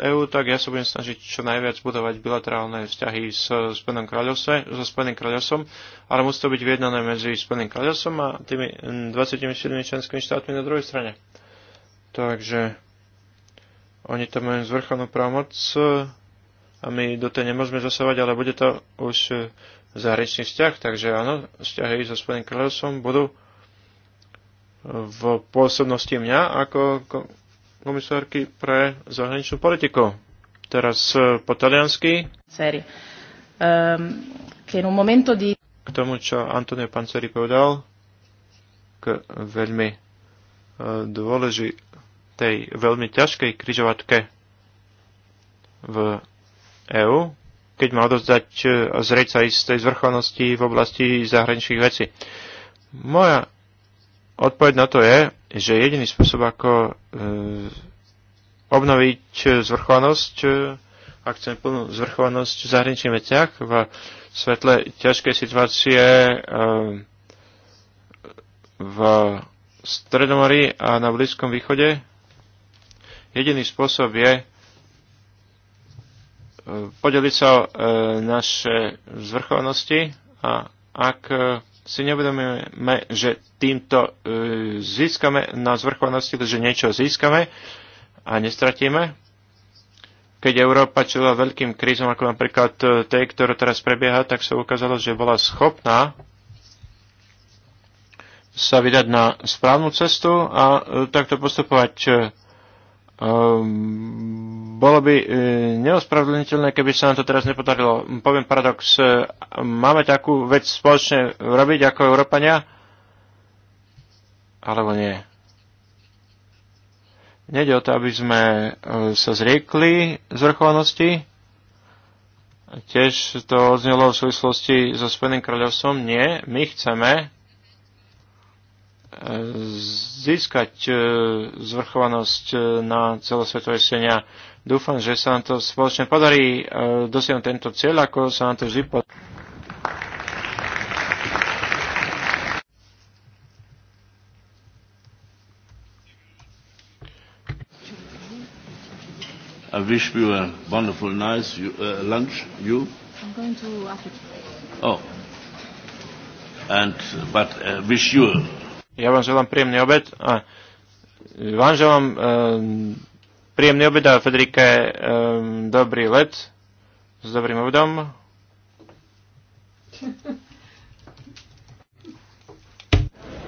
EÚ, tak ja sa budem snažiť čo najviac budovať bilaterálne vzťahy s Spojeným kráľovstvom, so Spojeným kráľovstvom, ale musí to byť vyjednané medzi Spojeným kráľovstvom a tými 27 členskými štátmi na druhej strane. Takže oni tam majú zvrchanú právomoc eh, a my do tej nemôžeme zasávať, ale bude to už eh, zahraničný vzťah, takže áno, vzťahy so Spojeným kráľovstvom budú eh, v pôsobnosti mňa ako komisárky pre zahraničnú politiku. Teraz po taliansky. Seri. Um, ehm, che in un momento di... K tomu, čo Antonio Panceri povedal, k veľmi dôležitým tej veľmi ťažkej križovatke v EÚ, keď má odozdať e, zrieť sa z tej zvrchovanosti v oblasti zahraničných vecí. Moja odpoveď na to je, že jediný spôsob, ako e, obnoviť e, zvrchovanosť, e, ak chcem plnú zvrchovanosť v zahraničných veciach, v svetle ťažkej situácie e, v Stredomorí a na Blízkom východe, Jediný spôsob je e, podeliť sa o e, naše zvrchovanosti a ak e, si nevedomíme, že týmto získame na zvrchovanosti, že niečo získame a nestratíme, keď Európa čelila veľkým krízom, ako napríklad tej, ktorá teraz prebieha, tak sa ukázalo, že bola schopná sa vydať na správnu cestu a takto postupovať Ehm, bolo by e, neospravedlniteľné, keby sa nám to teraz nepodarilo. Poviem paradox, e, máme takú vec spoločne robiť ako Európania? Alebo nie? Nede o to, aby sme e, sa zriekli zvrchovanosti. Tiež to odznelo v súvislosti so Spojeným kráľovstvom. Nie, my chceme získať e, zvrchovanosť e, na celosvetové scéne. Dúfam, že sa nám to spoločne podarí e, dosiahnuť tento cieľ, ako sa nám to vždy podarí. I wish you a wonderful, nice you, uh, lunch. You? I'm going to Africa. Oh. And uh, but I uh, wish you a ja vám želám príjemný obed a vám želám um, príjemný obed a Federike um, dobrý let s dobrým obedom. Thank you.